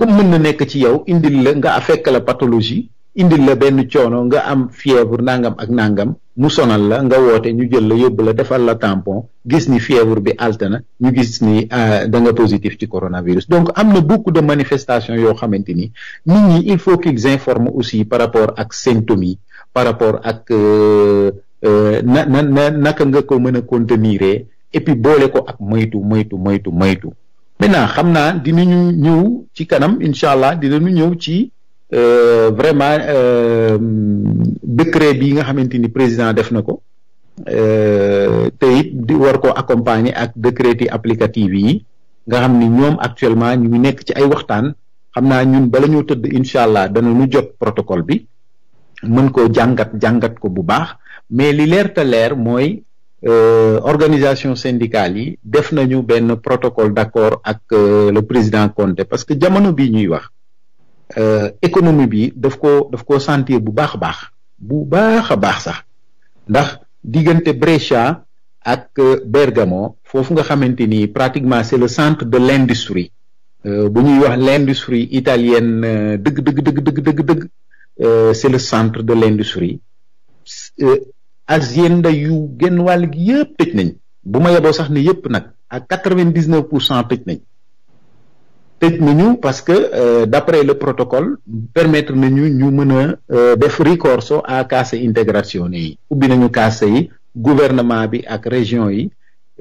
comme mën na nekk ci yow indil la nga fekk la pathologie indil la benn coono nga am fièvre nangam ak nangam mu sonal la nga woote ñu jël la yóbbu la defal la tampon gis ni fièvre bi alte na ñu gis ni euh, da nga positif ci coronavirus donc am na beaucoup de manifestations yoo xamante ni nit ñi il faut qu'ils informent aussi par rapport ak symptômes yi par rapport ak euh, euh, na na na naka nga ko mën a contenir et puis boole ko ak moytu moytu moytu moytu maintenant xam naa dinañu ñëw ci kanam incha allah dinañu ñëw ci euh, vraiment euh, décret bi nga xamante ni président def na ko euh, te it di war ko accompagner ak décret yi applicative yi nga xam ni actuellement ñu nekk ci ay waxtaan xam ñun bala ñoo tëdd incha allah danañu jot protocole bi mën koo jàngat ko bu baax mais li leer Euh, organisation syndicale yi def nañu protocole d'accord ak euh, le président Conte. parce que jamono nous ñuy wax euh, économie bi daf ko daf ko sentir bu baax baax bu baax baax sax ndax Brescia ak Bergamo fofu nga xamanteni pratiquement c'est le centre de l'industrie bu ñuy wax l'industrie italienne deug deug deug deug deug c'est le centre de l'industrie azienda yu genn wàll gi yëpp tëj nañ bu ma yeboo sax ni yëpp nag ak quatre vingt dix pour cent tëj nañ tëj nañu parce que euh, d'après le protocole permettre nañu ñu mën a euh, def ricorso à case intégration yi ubbi nañu case yi gouvernement bi ak région yi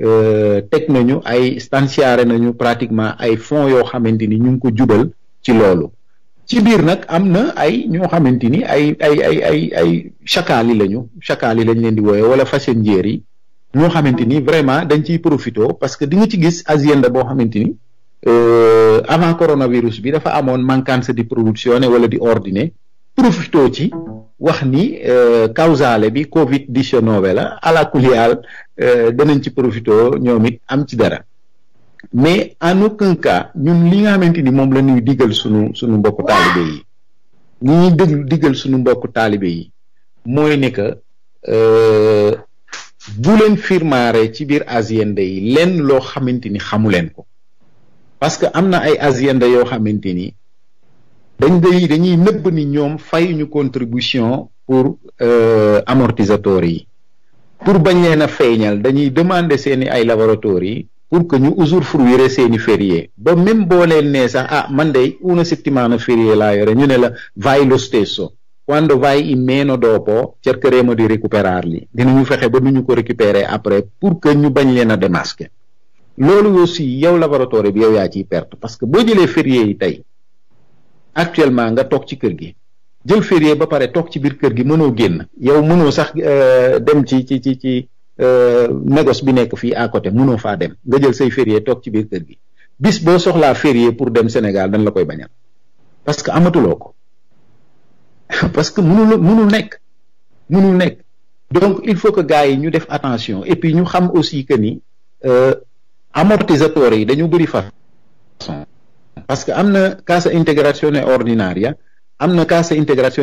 euh, teg nañu ay stanciare nañu pratiquement ay fonds yoo xamante ni ñu ngi ko jubal ci loolu ci biir nag am na ay ñoo xamante ni ay ay ay ay ay chakaali lañu chakaali lañ leen di wala fasen njéer yi ñoo xamante ni vraiment dañ ciy profito parce que di nga ci gis azienda boo xamante ni euh, avant coronavirus bi dafa amoon manquance di wala di ordine profito ci wax ni euh, causale bi covid 19 la ala kulial euh, danañ ci profito ñoom am ci dara mais en aucun cas ñun li nga xamante ni moom la ñuy diggal sunu sunu mbokku taalibe yi li ñuy déglu diggal sunu mbokku taalibe yi mooy ne que euh, bu leen firmaare ci biir azienda yi lenn loo xamante ni xamu leen ko parce que am na ay azienda yoo xamante ni dañ yi dañuy nëbb ni ñoom fay contribution pour euh, amortisseurs yi pour bañ leen a feeñal dañuy demander seeni ay laboratoires yi pour que ñu usufruire seeni férié ba même boo leen nee sax ah man de una settimana férié laa yore ñu ne la vai lo stesso quando vai in meno dopo cercheremo di recuperarli dinañu fexe ba nu ñu ko récupérer après pour que ñu bañ leen a démasquer loolu aussi yow laboratoire bi yow yaa ciy perte parce que boo jëlee férié yi tey actuellement nga toog ci kër gi jël férié ba pare toog ci biir kër gi mënoo génn yow mënoo sax euh, dem ci ci ci ci Euh, négoce bi nek fi à côté mëno fa dem nga jël say férié tok ci biir kër gi bis bo soxla férié pour dem Sénégal dañ la koy bañal parce que amatu loko parce que mënul mënul nek mënul nek donc il faut que gaay ñu def attention et puis ñu xam aussi que ni euh, amortisateur yi dañu bëri fa parce que amna casse ordinaire ordinaria casse na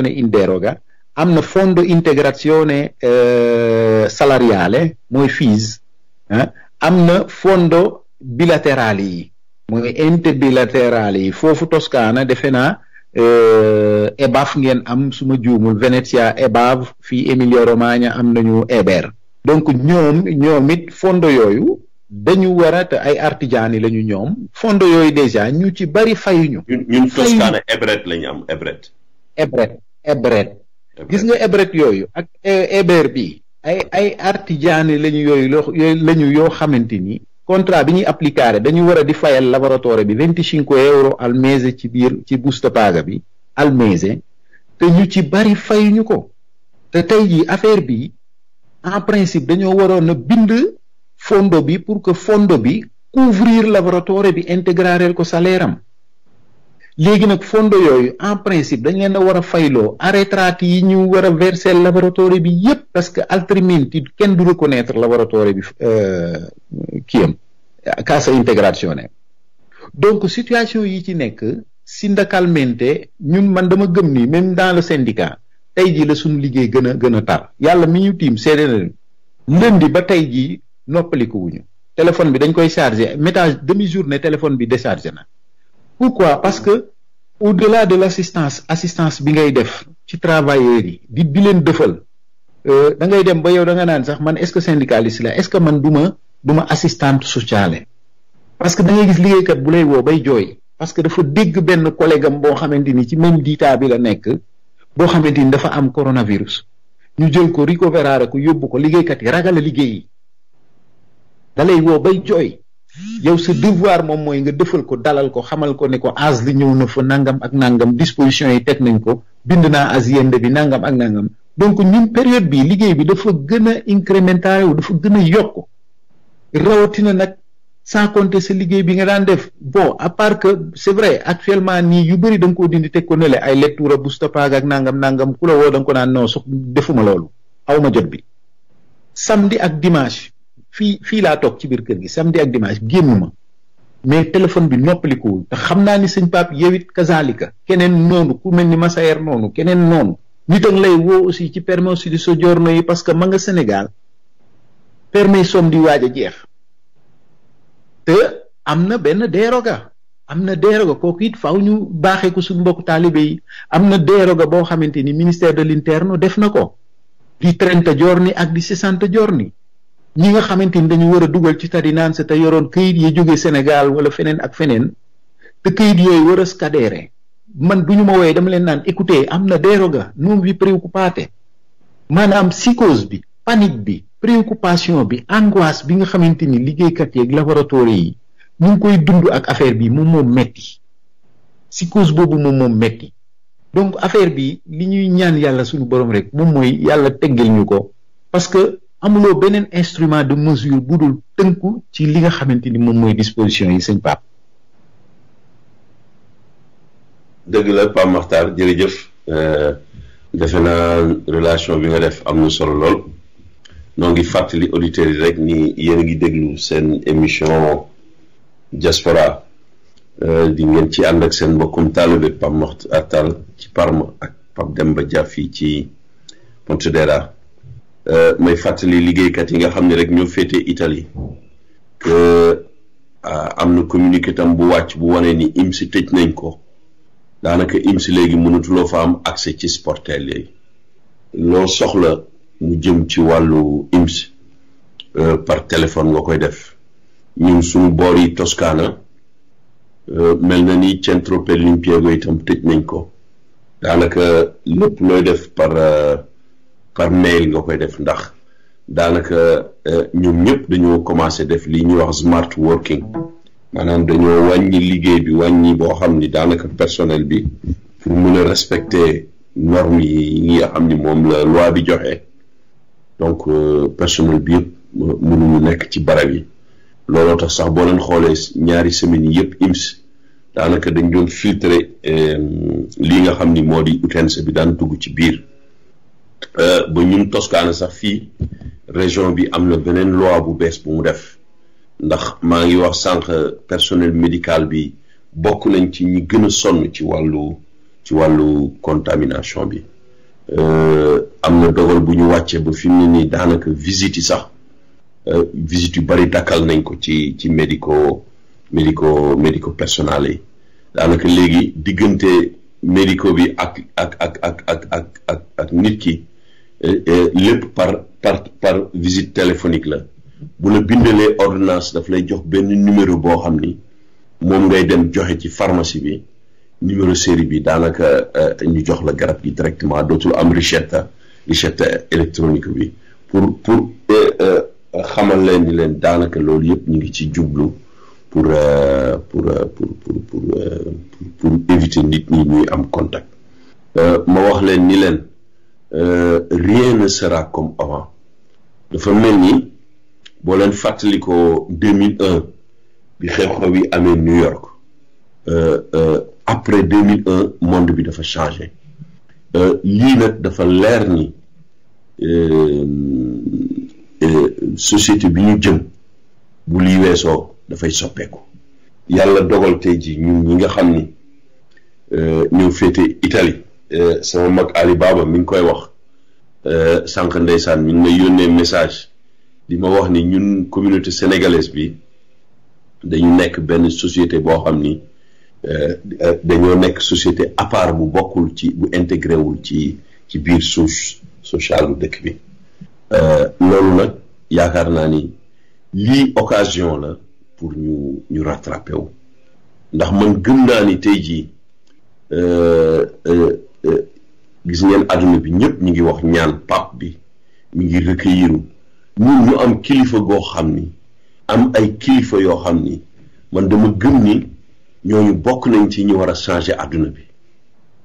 casa am na fondo integrazione eh, salariale mooy FIS eh? am na fondo bilaterali yi mooy interbilaterali yi foofu Toscana defe naa eh, EBAV ngeen am suma ma juumul Venezia EBAV fii Emilia Romagna am nañu EBER donc ñoom ñoom it fondo yooyu dañu war a ay artisan yi la ñu ñoom fondo yooyu déjà ñu ci bari fayuñu. ñun ñun Toscana EBRET la ñu am EBRET. EBRET gis nga ebret yooyu ak eh, eber bi ay ay artijaani lañu yooyu lañu yoo xamante ni contrat bi ñuy appliquer dañu war a di fayal laboratoire bi vingt cinco euro al mese ci biir ci busta paaga bi al mese te ñu ci bari fayuñu ko te tey jii affaire bi en principe dañoo waroon a bind fondo bi pour que fondo bi couvrir laboratoire bi intégrareel ko salaire am léegi nag fondo yooyu en principe dañ leen a war a fayloo arretrates yi ñu war a verser laboratoire bi yépp parce que altrimenti kenn du reconnaître laboratoire bi euh, kii am Cassa Integrazione donc situation yi ci nekk sindacalmente ñun man dama gëm ni même dans le syndicat tey jii la suñu liggéey gën a gën a tar yàlla mi ñu tiim seede na lundi ba tey jii noppaliku wuñu téléphone bi dañ koy chargé métage demi journée téléphone bi déchargé na pourquoi parce que au-delà de l'assistance assistance bi ngay def ci travailleurs yi di di leen euh da ngay dem ba yow da nga naan sax man est-ce que syndicaliste la est-ce que man duma duma assistante sociale parce que da ngay gis kat bu lay wo bay joy parce que dafa dégg ben collègue am boo ci même diitaa bi la nek bo xamanteni dafa am coronavirus ñu jël ko récupérer ko yobbu ko kat yi ragal a liggéey yi da lay wo bay joy yow sa devoir moom mooy nga defal ko dalal ko xamal ko ne ko as li ñëw na fa nangam ak nangam disposition yi teg nañ ko bind naa as yende bi nangam ak nangam donc ñun période bi liggéey bi dafa gën a incrémentaré wu dafa gën a yokk rawatina nag sans compter sa liggéey bi nga daan def bo à part que c'est vrai actuellement nii yu bëri da koo dindi teg ko ne le ay lecture Boustapha ak nangam nangam ku la woo da ko naan non su defuma loolu awma jot bi ak dimanche Fi fi laa toog ci bir kër gi samedi ak dimanche génn ma mais téléphone bi noppalikuwul te xam naa ni sëñ pap yewit kazalika keneen noonu ku mel ni Massaer noonu keneen noonu nit ak lay woo aussi ci permis di soggiorno yi parce que ma nga Sénégal permis som di waaj jeex te am na benn amna am na deeroga kooku it faaw ñu baaxee ko suñu mbokk taalibe yi am na deeroga boo ministère de l'interne def na di trenta giorni ak di sessanta ñi nga xamanteni dañu war a dugal ci tari naan sa te yoroon këyit yi jóge sénégal wala feneen ak feneen te këyit yooyu war a man duñu ma woye dama leen naan écoutez am na déroga non vi préoccupate maanaam psychose bi panique bi préoccupation bi angoisse bi nga xamante ni liggéeykat yeeg laboratoire yi ñu koy dund ak affaire bi moom moo metti psychose boobu moom moo metti donc affaire bi li ñuy ñaan yàlla suñu borom rek moom mooy yàlla ñu parce que amuloo beneen instrument de mesure bu dul tënku ci li nga xamante ni moom mooy disposition yi sëñ Pape. dëgg la Pape Makhtar jërëjëf euh, defe naa relation bi nga def am na solo lool noo ngi fàttali auditeurs yi rek ni yéen a ngi déglu seen émission diaspora euh, di ngeen ci ànd ak seen mbokkum taalibe Pape Makhtar Tall ci Parma ak Pape Demba Dia fii ci Pontedera Euh, may fàttali liggéeykat yi nga xam ne rek ñoo féete itali que euh, am na communiqué tam bu wàcc bu wanee ni IMSI tëj nañ ko daanaka IMSI léegi mënatuloo fa am accès ci sportel yi loo soxla mu jëm ci wàllu IMSI euh, par téléphone nga koy def ñu suñu boor yi Toscana mel na ni centro per l'impiego itam tëj nañ ko daanaka lépp looy def par par mail nga koy def ndax daanaka euh, ñoom ñëpp dañoo commencé def li ñuy wax smart working maanaam dañoo wàññi liggéey bi wàññi boo xam ni daanaka personnel bi pour mën a respecter normes yi ñi xam ni moom la loi bi joxe donc euh, personnel bi yëpp mënuñu nekk ci barab yi looloo tax sax boo leen xoolee ñaari semaines yëpp IMS daanaka dañ doon filtrer euh, lii nga xam ni moo di utens bi daan tugg ci biir. Euh, ba ñun Toscana sax fii région bi am na beneen loi bu bees bu mu def ndax maa ngi wax sànq personnel médical bi bokk nañ ci ñu gën a sonn ci wàllu ci wàllu contamination bi euh, am na dogal bu ñu wàccee ba fi mu ne nii daanaka visite yi sax euh, visite yu bari dakkal nañ ko ci ci médico médico médico personnel yi daanaka léegi diggante médico bi ak ak ak ak ak ak ak nit ki Euh, euh, lépp par par par visite téléphonique la bu la bindalee ordonnance daf lay jox benn numéro boo xam ni moom ngay dem joxe ci pharmacie bi numéro série bi daanaka euh, ñu jox la garab gi directement dootul am richetta richetta électronique bi pour pour xamal leen ni leen daanaka loolu yëpp ñu ngi ci jublu pour pour pour pour pour pour éviter nit ñi ñuy am contact ma wax leen ni leen Euh, rien ne sera comme avant dafa mel ni boo leen fàttalikoo 2001 bi xew-xew yi amee New York euh, euh, après 2001 monde bi dafa changé lii nag dafa leer ni société bi ñu jëm bu lii weesoo dafay soppeeku yàlla dogal tey ji ñun ñi nga xam ni ñëw féete Italie Euh, sama mag Ali Baba mi ngi koy wax euh, sànq ndeysaan mi ngi may yónnee message di ma wax ni ñun communauté sénégalaise bi dañu nekk benn société boo xam ni euh, dañoo nekk société à bu bokkul ci bu intégré ci ci biir souche sociale dëkk bi loolu nag yaakaar naa ni lii occasion la pour ñu ñu rattrapé wu ndax man gëm naa ni tey jii. Euh, gis ngeen àdduna bi ñëpp ñu ngi wax ñaan pap bi mu ngi recueilliru ñun ñu am kilifa goo xam ni am ay kilifa yoo xam ni man dama gëm ni ñooñu bokk nañ ci ñu war a changer àdduna bi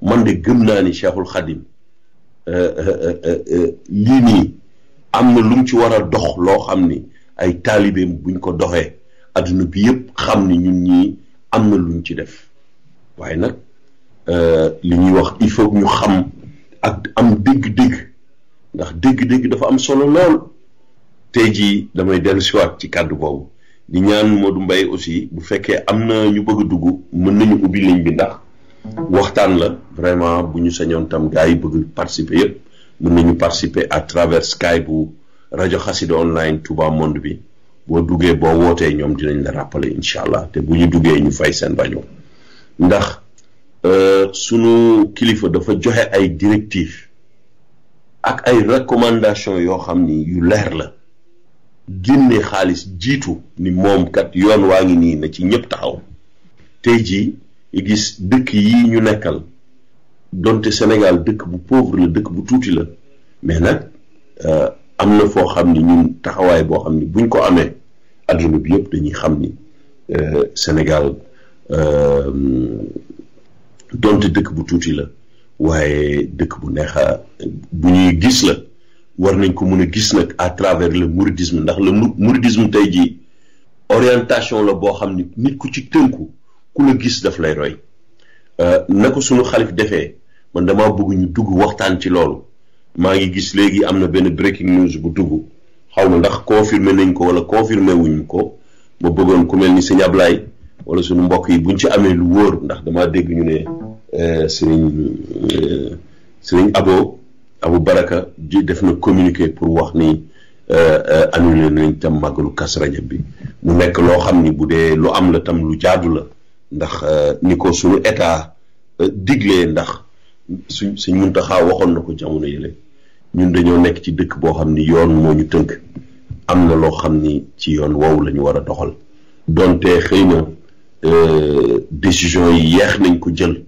man de gëm naa ni Cheikhul Khadim euh, euh, lii nii am na lu mu ci war a dox loo xam ni ay taalibeem buñ ko doxee àdduna bi yëpp xam ni ñun ñii am na luñ ci def waaye nag. Euh, li ñuy wax il faut ñu xam ak am dégg-dégg ndax dégg-dégg dafa am solo lool tey jii damay dellu siwaat ci kàddu boobu di ñaan Modou Mbaye aussi bu fekkee am na ñu bëgg a dugg mën nañu ubbi ligne bi ndax waxtaan la vraiment bu ñu señoon tam gaa yi bëgg participer yëpp mën nañu participer à travers Skype bu rajo Xassida online Touba Monde bi boo duggee boo wootee ñoom dinañ la rappeler incha allah te bu ñu duggee ñu fay seen rajo ndax Euh, sunu kilifa dafa joxe ay directives ak ay recommandations yoo xam ni yu leer la génne xaalis jiitu ni moom kat yoon waa ngi nii na ci ñëpp taxaw tey jii gis dëkk yi ñu nekkal donte Sénégal dëkk bu pauvre la dëkk bu tuuti la mais nag euh, am na foo xam ni ñun taxawaay boo xam ni buñ ko amee adduna bi yëpp dañuy xam ni euh, Sénégal. donte dëkk bu tuuti la waaye dëkk bu neexa bu ñuy gis la war nañ ko mën a gis nag à travers le mouridisme ndax le mouridisme tey jii orientation la boo xam ni nit ku ci tënku ku la gis daf lay roy euh, na ko suñu xalif defee man dama bëgg ñu dugg waxtaan ci loolu maa ngi gis léegi am na benn breaking news bu dugg xaw ma ndax confirmé nañ ko wala confirmé wuñ ko ma bëggoon ku mel ni sëñ Ablaye wala suñu mbokk yi buñ ci amee lu wóor ndax dama dégg ñu ne Euh, sëriñ euh, sëriñ abo abu baraka ji def na communiqué pour wax ni euh, annulé nañ tam màggalu kas Rajab bi mu nekk loo xam ni bu dee lu am la tam lu jaadu la ndax ni ko suñu état diglee ndax su suñ suñ Muntaxa waxoon na ko jamono yële ñun dañoo nekk ci dëkk boo xam ni yoon moo ñu tënk am na loo xam ni ci yoon woowu lañu ñu war a doxal donte xëy na décision yi yeex nañ ko jël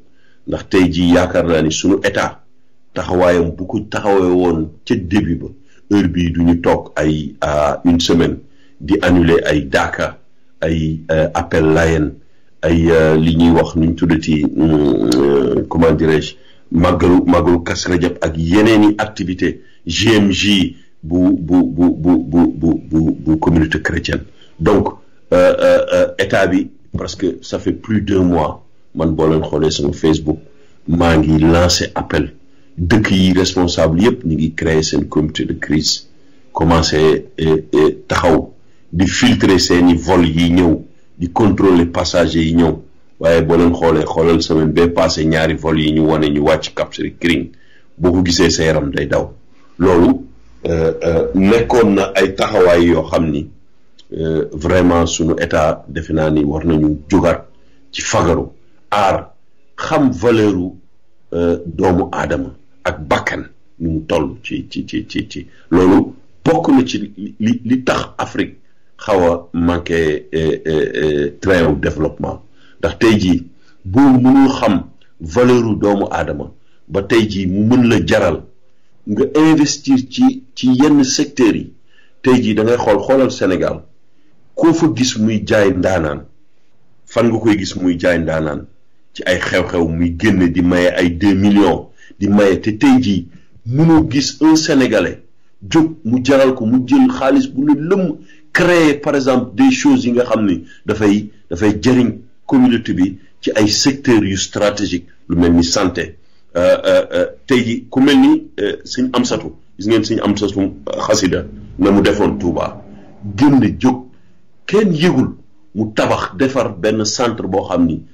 ndax tey jii yaakaar naa ni sunu état taxawaayam bu ko taxawee woon ca début ba heure bii du ñu toog ay une semaine di annuler ay daaka ay euh, appel layen ay euh, li ñuy wax ñu tuddati euh, comment dirais-je màggalu màggalu kasra jab ak yeneeni activité GMJ bu bu bu bu bu bu bu bu communauté chrétienne donc état bi parce que ça fait plus d'un mois man boo leen xoolee sama Facebook maa ngi lancé appel dëkk yi responsable yëpp ñu ngi créer seen comité de crise commencé eh, eh, taxaw di filtrer seeni vol yi ñëw di contrôler passagers yi ñëw waaye boo leen xoolee xoolal semaine bee passé ñaari vol yi ñu wane ñu wàcc Cap Skirring boo ko gisee sa yaram day daw loolu eh, nekkoon na ay taxawaay yoo xam ni vraiment suñu état defe naa ni war nañu jógaat ci fagaru aar xam valeur u euh, doomu aadama ak bakkan ñu toll ci ci ci ci ci loolu bokk na ci li li tax Afrique xaw a manqué euh, euh, train wu développement ndax tey jii boo mënul xam valeur u doomu aadama ba tey jii mu mën la jaral nga investir ci ci yenn secteur yi tey jii da ngay xool xoolal Sénégal koo fa gis muy jaay ndaanaan fan nga koy gis muy jaay ndaanaan ci ay xew-xew muy génn di maye ay deux millions di maye te tey jii mënoo gis un sénégalais jóg mu jaral ko mu jël xaalis bu ne lëmm créer par exemple des choses yi nga xam ni dafay dafay jëriñ communauté bi ci ay secteurs yu stratégique lu mel ni santé euh, euh, euh, tey jii ku mel ni suñ am satu gis ngeen suñ am satu xasida na mu defoon Touba génn jóg kenn yëgul mu tabax defar benn centre boo xam ni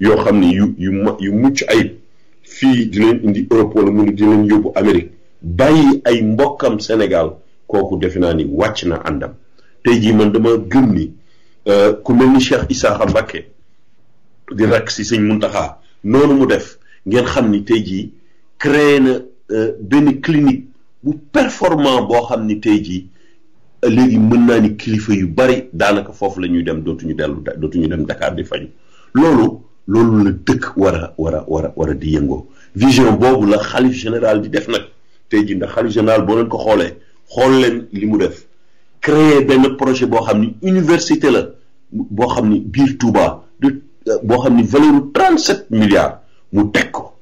yoo xam ni yu yu yu mucc ay fii di leen indi Europe wala mu di leen yóbbu Amérique bàyyi ay mbokkam Sénégal kooku defe naa ni wàcc na àndam tey jii man dama gëm ni euh, ku mel ni Cheikh Isaaxa Mbacké di rak si sëñ Muntaxa noonu mu def ngeen xam ni tey jii créé na euh, benn clinique bu performant boo xam ni tey jii léegi mën naa ni kilifa yu bari daanaka foofu la ñuy dem dootuñu dellu dootuñu dem Dakar di faju loolu loolu la dëkk wara wara wara wara di yengo vision bobu la khalif général di def nak tay ji ndax khalif général bo len ko xolé xol len limu def créer ben projet bo xamni université la bo xamni bir Touba de bo xamni valeur 37 milliards mu tek ko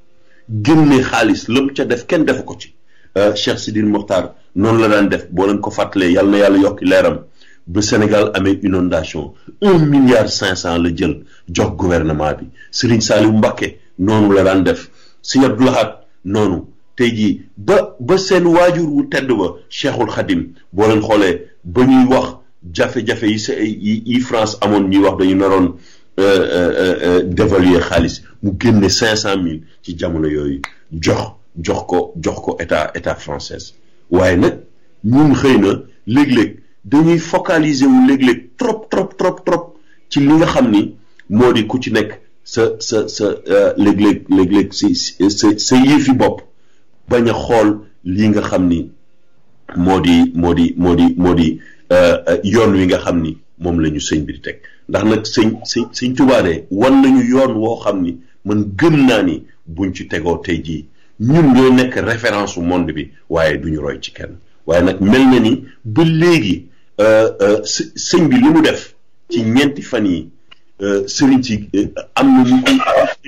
génne khalis la ca def ken def ko ci Cheikh sidine Mokhtar non la dan def bo len ko fàttalee yàlla yàlla yokki leram ba Sénégal amee inondation un milliard cinq cent la jël jox gouvernement bi Serigne Saliou mbakke noonu la daan def Serigne Abdou Lahad noonu tey jii ba ba seen waajur wu tedd ba Cheikhul Khadim boo leen xoolee ba ñuy wax jafe-jafe yi sa yi France amoon ñuy wax dañu naroon euh, euh, euh, dévaluer xaalis mu génne cinq cent mille ci jamono yooyu jox jox ko jox ko état état française waaye nag ñun xëy na léeg-léeg dañuy focaliser wu léeg-léeg trop trop trop ci li nga xam ni moo di ku ci nekk sa sa sa euh, léeg-léeg léeg si sa sa fi bopp bañ a xool lii nga xam ni moo di moo di moo di moo di euh, euh, yoon wi nga xam ni moom la ñu sëñ bi di teg ndax nag sëñ sëñ sëñ tubaade wan nañu yoon woo xam ni man gën naa ni buñ ci tegoo tey jii ñun ñoo nekk référence su monde bi waaye duñu roy ci kenn waaye nag mel na ni ba léegi Euh, euh, sëñ bi li mu def ci ñeenti fan yi euh, sëriñ si am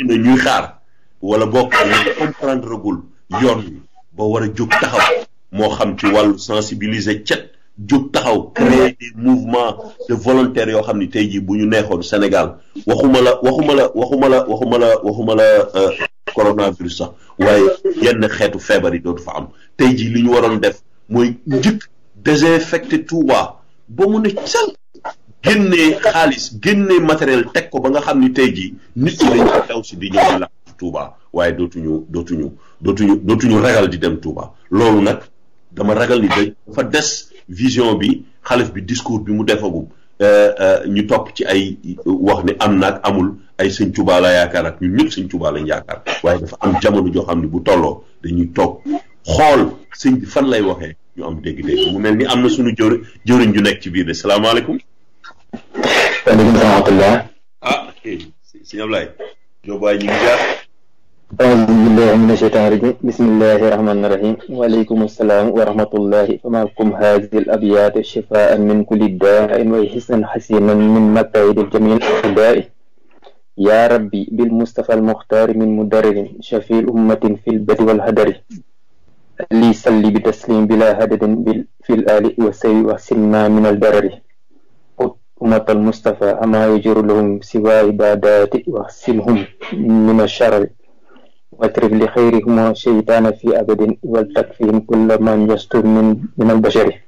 na ñuy xaar wala bokk ñu comprendre gul yoon bi ba war a jóg taxaw moo xam ci wàllu sensibiliser cet jóg taxaw créer des mouvements de volontaires yoo xam ni tey jii bu ñu neexoon Sénégal waxuma la waxuma la waxuma la waxuma la waxuma la coronavirus sax waaye yenn xeetu feebar yi dootu fa am tey jii li ñu waroon def mooy njëkk désinfecter Touba ba mu ne cal génnee xaalis génnee matériel teg ko ba nga xam ni tey jii nit ñi dañuy daw si di ñëw la Touba waaye dootuñu dootuñu dootuñu dootuñu ragal di dem Touba loolu nag dama ragal ni dafa des vision bi xalif bi discours bi mu defagum euh, euh, ñu topp ci ay euh, wax ne am naag amul ay sëñ Touba la yaakaar ak ñu ñëpp sëñ Touba lañ yaakaar waaye dafa am jamono joo xam ne bu tolloo dañuy toog xool sëñ fan lay waxee ñu am dégg-dégg mu mel ni am na suñu jëw jëwriñ ju nekk ci biir de salaamaaleykum waaleykum salaam ah sëñ Ablaye ñu ngi jaar أعوذ من الشيطان الرجيم بسم الله الرحمن الرحيم وعليكم السلام ورحمة الله ومعكم هذه الأبيات شفاء من كل داء وحسن حسين من مكايد جميع الأعداء يا ربي بالمصطفى المختار من مدرر شفي الأمة في البر والهدر ليس لي بتسليم بلا هدد في الآل وسيء وسلم من البرر أمة المصطفى أما يجر لهم سوى عبادات واغسلهم من الشرر واترك لخيرهما شيطان في أبد ولتكفيهم كل من يستر من, من البشر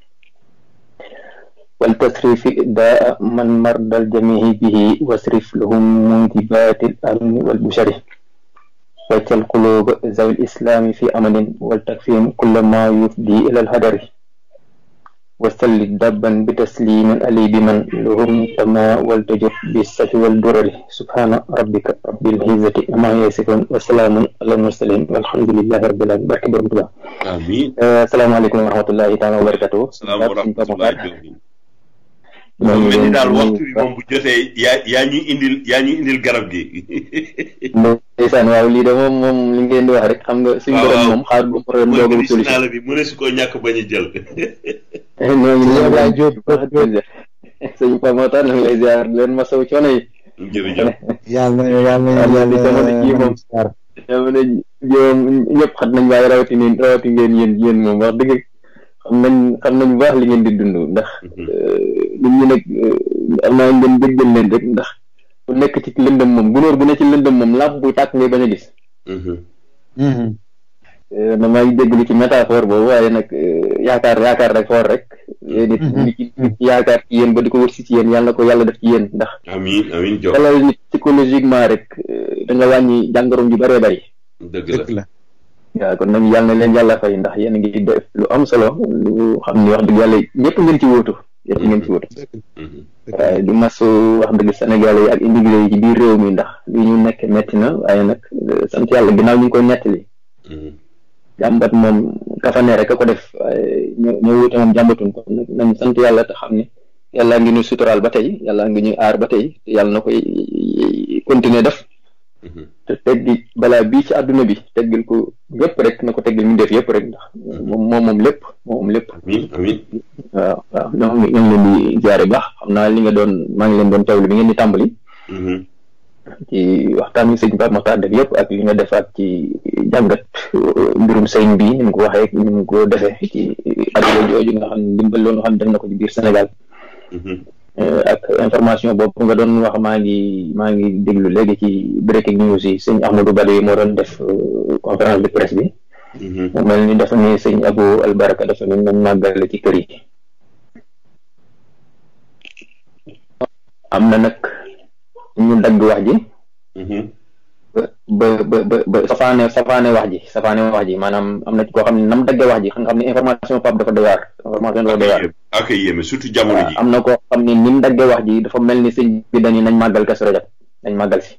ولتصرف داء من مرضى الجميع به واصرف لهم منتبات الأمن والبشر ويت القلوب ذوي الإسلام في أمن والتكفين كل ما يفضي إلى الهدر وسل دبا بتسليم ألي بمن لهم تما والتجف بالسف والدرر سبحان ربك رب العزة أما يصفون وسلام على المرسلين والحمد لله رب العالمين بارك الله آمين آه، السلام عليكم ورحمة الله تعالى وبركاته السلام ورحمة الله وبركاته loolu mel ni daal waxtu bi moom bu jotee yaa yaa ñuy indil yaa ñuy indil garab gi. ndeysaan waaw lii de moom moom li ngeen di wax rek xam nga. suñu borom moom xaar bu problème boobu. mooy solution la bi mu ne su ko ñàkk bañ a jël. Eh, ñooñu ñoo ngi lay jóg sëñ Pa Matar ñu ngi leen ma sow coono yi. jërëjëf. yàlla yàlla yàlla jamono ji moom. jamono ji moom ñëpp xat nañ waaye rawati ngeen rawati ngeen yéen yéen moom wax dëgg. xam nañ xam nañ baax li ngeen di dund ndax mhm. euh, nit ñi nag am naa ngeen déggal ku nekk ci lëndëm moom gunóor bu ne ci lëndëm moom làmp buy tàkk ngay bañ a gis mhm. mhm. euh, na maa ngi déglu ci métaphore boobu waaye nag euh, yaakaar yaakaar rek xool rek nit ñi ci yaakaar ci yéen ba di ko wërsi ci yéen yàlla na ko yàlla def ci yéen ndax amiin amiin nit psychologiquement rek da nga wàññi jàngoroom ju bëree bëri dëgg la waaw kon nag yàlla na leen yàlla fay ndax yéen a ngi def lu am solo lu xam ni wax dëgg yàlla ñëpp ngeen ci wóotu ñëpp ci wóotu waaye du mas wax dëgg sénégalais yi biir réew mi ndax li ñu nekk metti na waaye nag euh, sant yàlla ginnaaw ñu ngi nettili nettali mm-hmm. jàmbat moom kafane rek a ko def waaye ñoo ñoo wóote moom nañ sant yàlla te xam ne yàlla ngi ñu suturaal ba tey yàlla ngi ñu aar ba tey yàlla na koy continuer def Mhm. te teggi bala bi ci aduna bi teggil ko yëpp rek na ko teggil ñu def yëpp rek ndax mhm. moom moom moom lépp moom moom lépp amin amin waaw waaw ñoo xam ne ngi leen di jaare baax xam naa li nga doon maa ngi leen doon tawlu bi ngeen di tàmbali mhm. ci waxtaan wi sëñ Pape Makhtar def yëpp ak li nga def ak ci jàngat uh, mbirum sëñ bi ni mu ko waxee ni mu ko defee ci àdduna jooju nga xam ne dimbal loolu nga xam ne def na ko ci biir Sénégal Euh, ak information boobu nga doon wax maa ngi maa ngi déglu léegi ci breaking news yi sëñ Ahmadou Badawi moo doon def euh, conférence de presse bi. Mm-hmm. mel ni dafa ne sëñ Abou Albaraka dafa ne nañ màggale ci kër yi. am na nag mu dagg wax ji. Mm-hmm. ba ba ba safaane safaane wax ji safaane wax ji maanaam am na ci koo xam ne nam dagge wax ji xam ne information Pape dafa doy waar information dafa doy waar ak yéeme na koo xam ni mu dagge wax ji dafa mel ni sëñ bi dañu nañ màggal Kazu Rajab nañ màggal si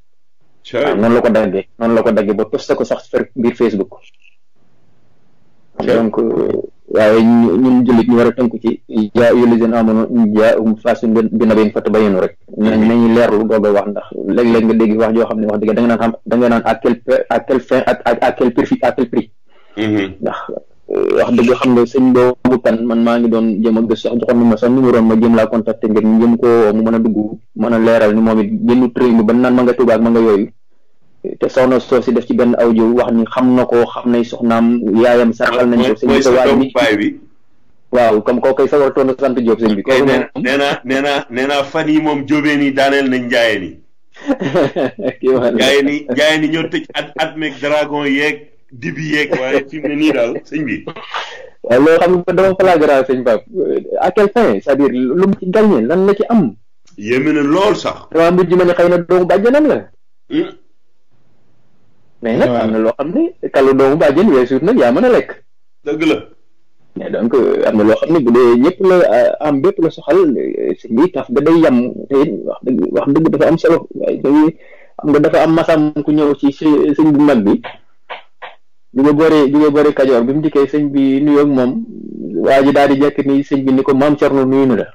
waaw noonu la ko daggee noonu la ko daggee ba posté ko sax biir Facebook donc euh, waaye ñun jullit ñu war a tënku ci jaa yulli seen amono jaa um fasin bi na bi fatt bayinu rek nañ nañu leer lu a wax ndax léeg-léeg nga dégg wax joo xam ne wax dëgg nga naan xam da nga naan à quel à quel fin à quel prix à mm-hmm. euh, wax dëgg xam nga sëñ boobu kan man maa ngi doon jëm a gëstu sax joxoon na ma sax numéro ma jëm laa contacté ngir ñu jëm koo mu mën a dugg mën a leeral ni moom it génnu tré bi ba naan ma nga tubaab ma nga yooyu te soxna soof si def ci benn audio wax ni xam na ko xam nay soxnaam yaayam sarxal nañ ko sëñ bi waaj mi waaw comme koo koy sawar toon na sant Diop sëñ bi ko nee na nee na nee naa fan yi moom jóbeen yi daaneel nañ njaayeen yi njaayeen yi njaayeen yi ñoo tëj at at meeg dragon yeeg dibi yeeg waaye fi mu ne nii daal sëñ bi waaw loolu xam nga dama flagrant sëñ Pape à quel point c'est-à-dire lu mu ci lan la ci am yéeme na lool sax dama mujj ma ne xëy na doomu bàjjanam la hmm? Nah, mais ya, ya, ya, eh, eh, eh, nag am na loo xam ne kàllu doomu bàjjen weesuut nag yaa mën a lekk. dëgg la. mais donc am na loo xam ne bu dee ñëpp la am bépp la soxal si bi taf ga day yam te wax dëgg wax dëgg dafa bi boore jóge boore kajoor bi di ni sëñ bi mhm. ni ko maam Cerno nuyu na la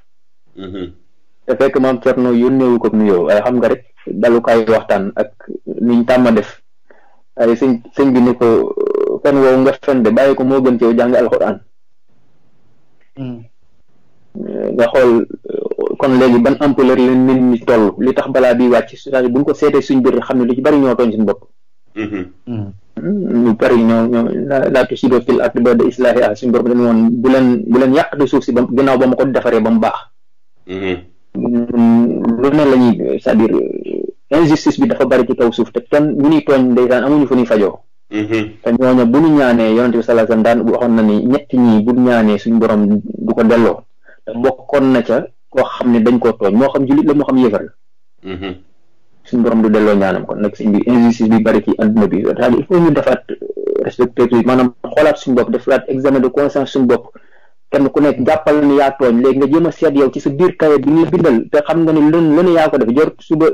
te fekk maam Cerno yunu ko nuyoo waaye xam nga rek dalukaay waxtaan ak niñ def ay sing sëñ bi ni ko fen kan wo nga fen de bàyyi ko moo gën ci jang alquran nga hmm. ya, xol kon léegi ban ampleur len nit ni toll li tax bala bi wacc c'est-à-dire ko sété suñu bir xamni ne lu ci bari ñoo toñ suñu bopp lu bari ñoo ñoo ci do fil ardi ba'da islaahihaa suñu borom dañu won bu len bu len yaq de suuf si ba gënaaw ba ma ko defaree ba mu baax mm-hmm. hmm, lu ne lañuy c'est-à-dire eh, injustice bi dafa bari ci kaw suuf te kenn ñu ñuy tooñ ndeysaan amuñu fu ñuy fajoo mhm. te ñooña bu ñu ñaanee yonent bi sallallahu alayhi wasallam daan waxoon na ni ñett ñi bu ñaanee suñu borom du ko delloo te kon na ca koo xam ne dañ ko tooñ moo xam jullit la moo xam yéefar la mhm. suñ borom du delloo ñaanam kon nag suñ bi injustice bi bari ci àdduna bi cest à il faut ñu defaat euh, respecter maanaam xoolaat suñu bopp defaat examen de conscience suñu bopp kenn ku nekk jàppal ni yaa tooñ léegi nga jéem a seet yow ci sa biir kaye bi ñuy bindal te xam nga ni lën lëne yaa ko def jor suba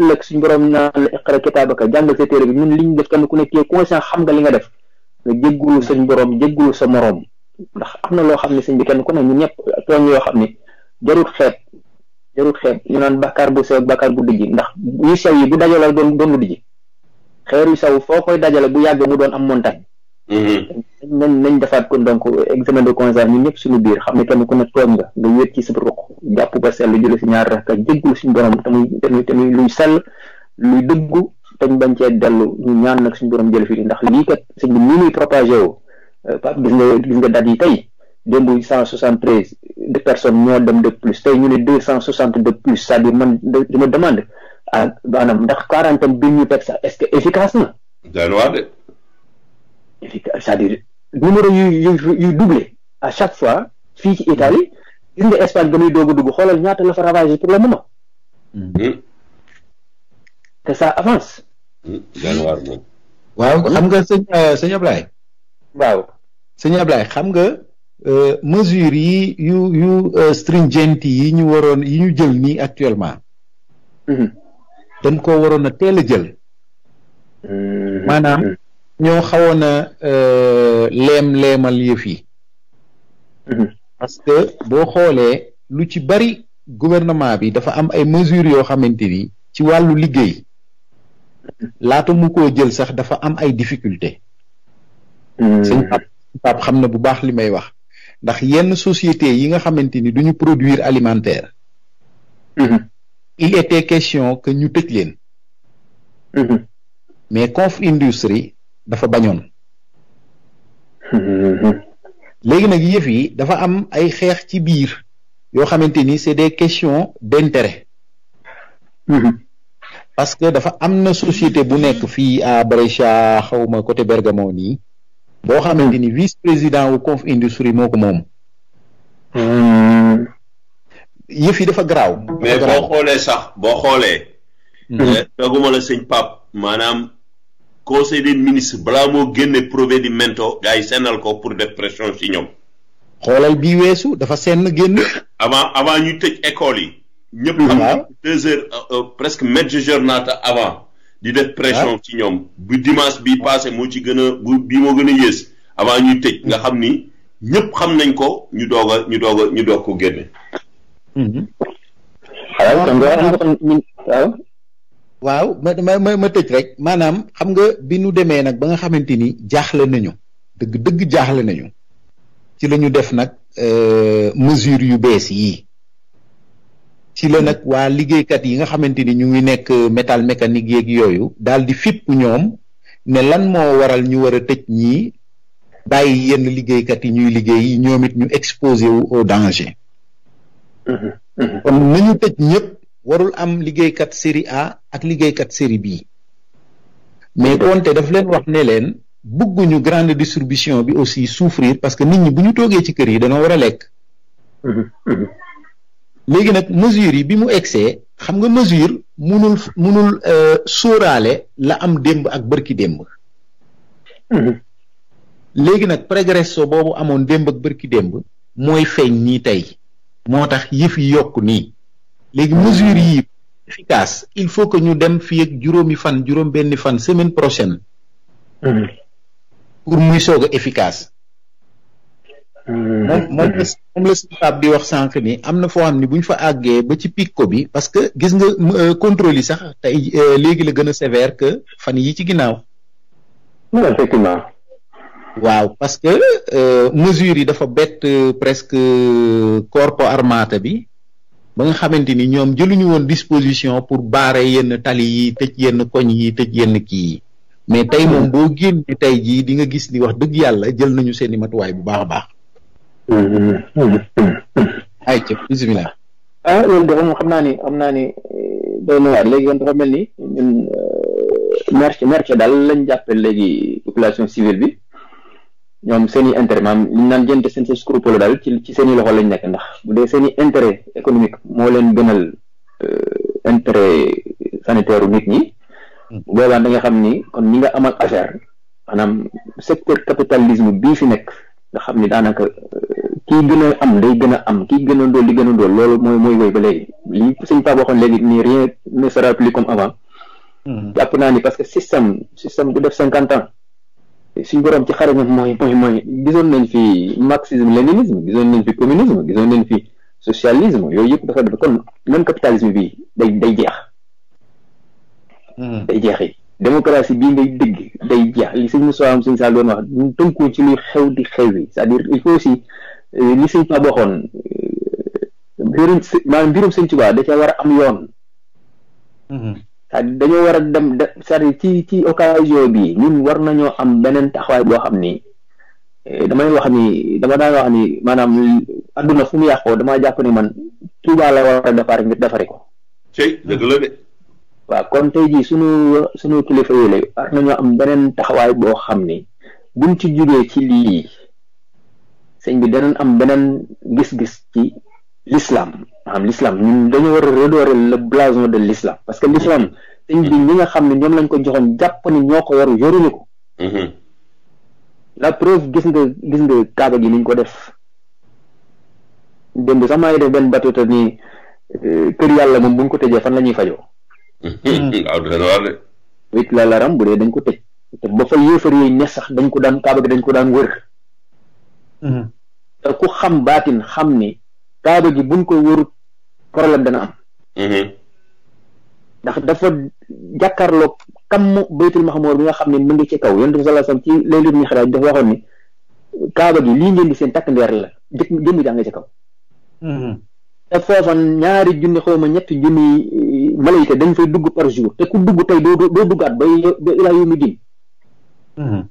ëllëg suñ borom naan la iqra kitaabaka jàngal sa téere bi ñun liñ def kenn ku nekk yow conscient xam nga li nga def nga jéggulu sañ borom jéggulu sa morom ndax am na loo xam ne sëñ bi kenn ku ne ñu ñëpp tooñ yoo xam ne jarut xeet jarut xeet ñu naan bakkar bu sew ak bakkaar bu dijji ndax yu sew yi bu dajaloo doon doon lu dijji xeer yu sew foo koy dajale bu yàgg mu doon am montagne nañ nañ defaat kon donc examen de conscience ñun ñëpp suñu biir xam ne kenn ku ne toog nga nga wéet ci sa ruq jàpp ba sell jële si ñaar rek jéggul suñu borom tamuy tamuy tamuy luy sell luy dëggu tañ bañ cee dellu ñu ñaan nag suñu borom jële fi ndax lii kat suñ bi nii muy propagé wu euh, pap gis nga gis nga dat yi tey démb 173 de personnes ñoo dem de plus tey ñu ne 260 de plus c'est à dire man dama demande ah maanaam ndax quarantaine bi ñu teg sax est ce que efficace na. doy de. c'est-à-dire numéro yu yu yu doublé à chaque fois fii ci Italie gis nga Espagne ba muy dugg xoolal ñaata la fa ravagé pour le moment. Mm-hmm. te ça avance. Mm-hmm. waaw mm-hmm. xam nga sëñ euh, sëñ Ablaye. waaw sëñ Ablaye xam nga euh, mesures yi yu yu euh, stringent yi ñu waroon yi ñu jël nii actuellement. dañ ko waroon a teel a jël. maanaam. ñoo xawoon a euh, leem-leemal yëf yi mhm. parce que boo xoolee lu ci bari gouvernement bi dafa am ay mesures yoo xamante ni ci wàllu liggéey mhm. laata mu ko jël sax dafa am ay difficulté mhm. sëñ Pape xam na bu baax li may wax ndax yenn société yi nga xamante ni duñu produire alimentaire il était question que ñu tëj leen mais Confindustrie dafa bañoon léegi nag yëf yi dafa am ay xeex ci biir yoo xamante ni c'est des questions d'intérêt parce que dafa am na société bu nekk fii à Brescia xawma côté Bergamo nii boo xamante ni vice président wu Confindustrie moo ko moom yëf yi dafa garaaw mais boo xoolee sax boo xoolee hmm. eh, dooguma la sëñ Pape maanaam conseil des ministres balaa moo génne provvedimento gars yi seenal ko pour def pression ci ñoom. xoolal bi weesu dafa seen génn. avant avant ñu tëj école yi. ñëpp xam deux heures euh, euh, presque mètre naata avant. di def pression ci ñoom. bu dimanche bi passé moo ci gën a bu moo gën a yées. avant ñuy tëj nga xam ni ñëpp xam nañ ko ñu doog ñu doog ñu doog ko génne. Mhm. waaw ma ma ma ma tëj rek maanaam xam nga bi nu demee nag ba nga xamante ni jaaxle nañu dëgg dëgg jaaxle nañu ci la ñu def nag euh, mesure yu bees yi ci la nag waa liggéeykat yi nga xamante ni ñu ngi nekk euh, métal mécanique yeeg yooyu daal di fipp ñoom ne lan moo waral ñu war a tëj ñii bàyyi yenn liggéeykat yi ñuy liggéey ñoom it ñu exposé wu au danger. Mmh, mmh. kon nañu tëj ñëpp. warul am liggéeykat série A ak liggéeykat série bi mais Conte daf leen wax ne leen bëgguñu grande distribution bi aussi souffrir parce que nit ñi bu ñu toogee ci kër yi dañoo war a lekk. léegi nag mesure yi bi mu egsee xam nga mesure munul munul euh, sóoraale la am démb ak bërki démb. léegi nag progresso boobu amoon démb ak bërki démb mooy feeñ nii tey moo tax yëf yi yokk nii. léegi mesures yi efficace il faut que ñu dem fii ak juróomi fan juróom benni fan semaine prochaine mm-hmm. pour muy soog a efficace mm-hmm. moom la mm-hmm. moom la di wax sànq ni am na foo xam ni bu ñu fa àggee ba ci picco bi parce que gis nga euh, contrôle yi sax tey euh, léegi la gën a sever que fan yi ci ginnaaw effectivement waaw parce que euh, mesures yi dafa bett presque corpo armata bi ba nga xamante ni ñoom jëluñu woon disposition pour baare yenn tali yi tëj yenn koñ yi tëj yenn kii yi mais tey moom boo génne tey jii di nga gis ni wax dëgg yàlla jël nañu seeni matuwaay bu baax a baax. ay ca bisimilah. ah loolu de xam naa ni xam naa ni eh, doy na léegi kon dafa mel ni ñun euh, merci daal lañ jàppale léegi population civile bi. ñoom seen i intérêt maam li naan jënd seen sa scrupule daal ci ci seen i loxo lañ nekk ndax bu dee seen i économique moo leen gënal euh, intérêt sanitaire nit ñi. Hmm. boobaan da nga xam ni kon ñi nga amal affaire maanaam secteur capitalisme bii fi nekk nga xam ni daanaka euh, kii gën a am day gën a am kii gën a ndóol di gën a ndóol loolu mooy mooy woy ba léegi lii suñ Pape waxoon léegi nii rien ne sera plus comme avant. Hmm. jàpp naa ni parce que système système bu def cinquante ans. suñu borom ci xarañam mooy mooy mooy gisoon nañ fi marxisme léninisme gisoon nañ fi communisme gisoon nañ fi socialisme yooyu yëpp dafa def kon même capitalisme bi day day jeex. Hmm. day jeex yi bii ngay dëgg day jeex li sëñ mu am sëñ Sall doon wax ñu tënkuwoon ci luy xew di xew yi c'est-à-dire il faut aussi euh, li sëñ Pape waxoon euh, mbirum maanaam mbirum sëñ Tuubaa da war a am yoon. Hmm. cest à dañoo war a dem de cest ci ci occasion bi ñun war nañoo am beneen taxawaay boo xam ni eh, damay wax ni dama daan wax ni maanaam adduna fu mu yàqoo damaa jàpp ni man Tuubaa la war a defar ngir defari ko. cey dëgg la de. waaw kon tey jii sunu sunu kilifa yooyu war nañoo am beneen taxawaay boo xam ni buñ ci jugee ci lii sëñ bi danañ am beneen gis-gis ci. l'islam ham l'islam ñun dañu wara redoré le blason de l'islam parce que l'islam sëñ bi ñi nga xamni ñom lañ ko joxon japp ni ñoko ko waru mm-hmm. la preuve gis nga gis nga kaaba gi niñ ko def démb sax maa ngi def benn batuta ni euh, kër yàlla moom buñ ko tejé fan lañuy fajo wit la laram bu dee dañ ko tej te ba fa yeufar yi ne sax dañ ko daan kaba gi dañ ko daan wër mm-hmm. ta ku xam batin xam ni kaaba gi buñ ko wërut problème dana am mm-hmm. ndax dafa jàkkaarloog kam baytul maxmuur bi nga xam ne mu ngi ci kaw yonent bi sallallahu alayhi wasallam ci laylatul mi'raaj dafa waxoon ni kaaba gi lii ngeen di seen takk ndeer la jëkk jëmm jàng ci kaw mm-hmm. te foofa ñaari junni ma ñetti junni eh, malayka dañ fay dugg par jour te ku dugg tey doo doo duggaat ba ilaa yawmi diin mm-hmm.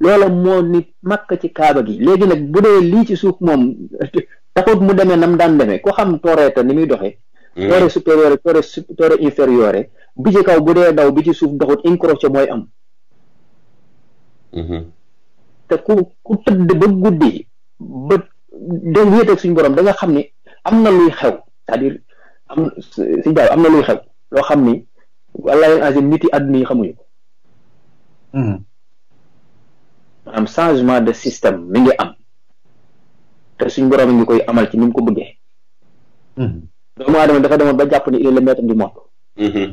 loola moo ni makk ci kaaba gi léegi nag bu dee lii ci suuf moom taxut mu demee na mu daan demee ko xam tooreeta ni muy doxee hmm. toore supérieur toore toore inférieur bi ci kaw bu dee daw bi ci suuf doxut incroché mooy am hmm. te ku ku tëdd ba guddi ba de wéet ak suñu borom da nga xam ni am na luy xew cest am suñ baaw am na luy xew loo xam ni walla yeen agim nit yi àdduna yi xamuñu ko hmm. maanaam changement de système mi ngi am te suñ borom ngi koy amal ci ni mu ko bëggee. Mhm. doomu aadama dafa demoon ba jàpp ne il est le maître du monde. Mhm.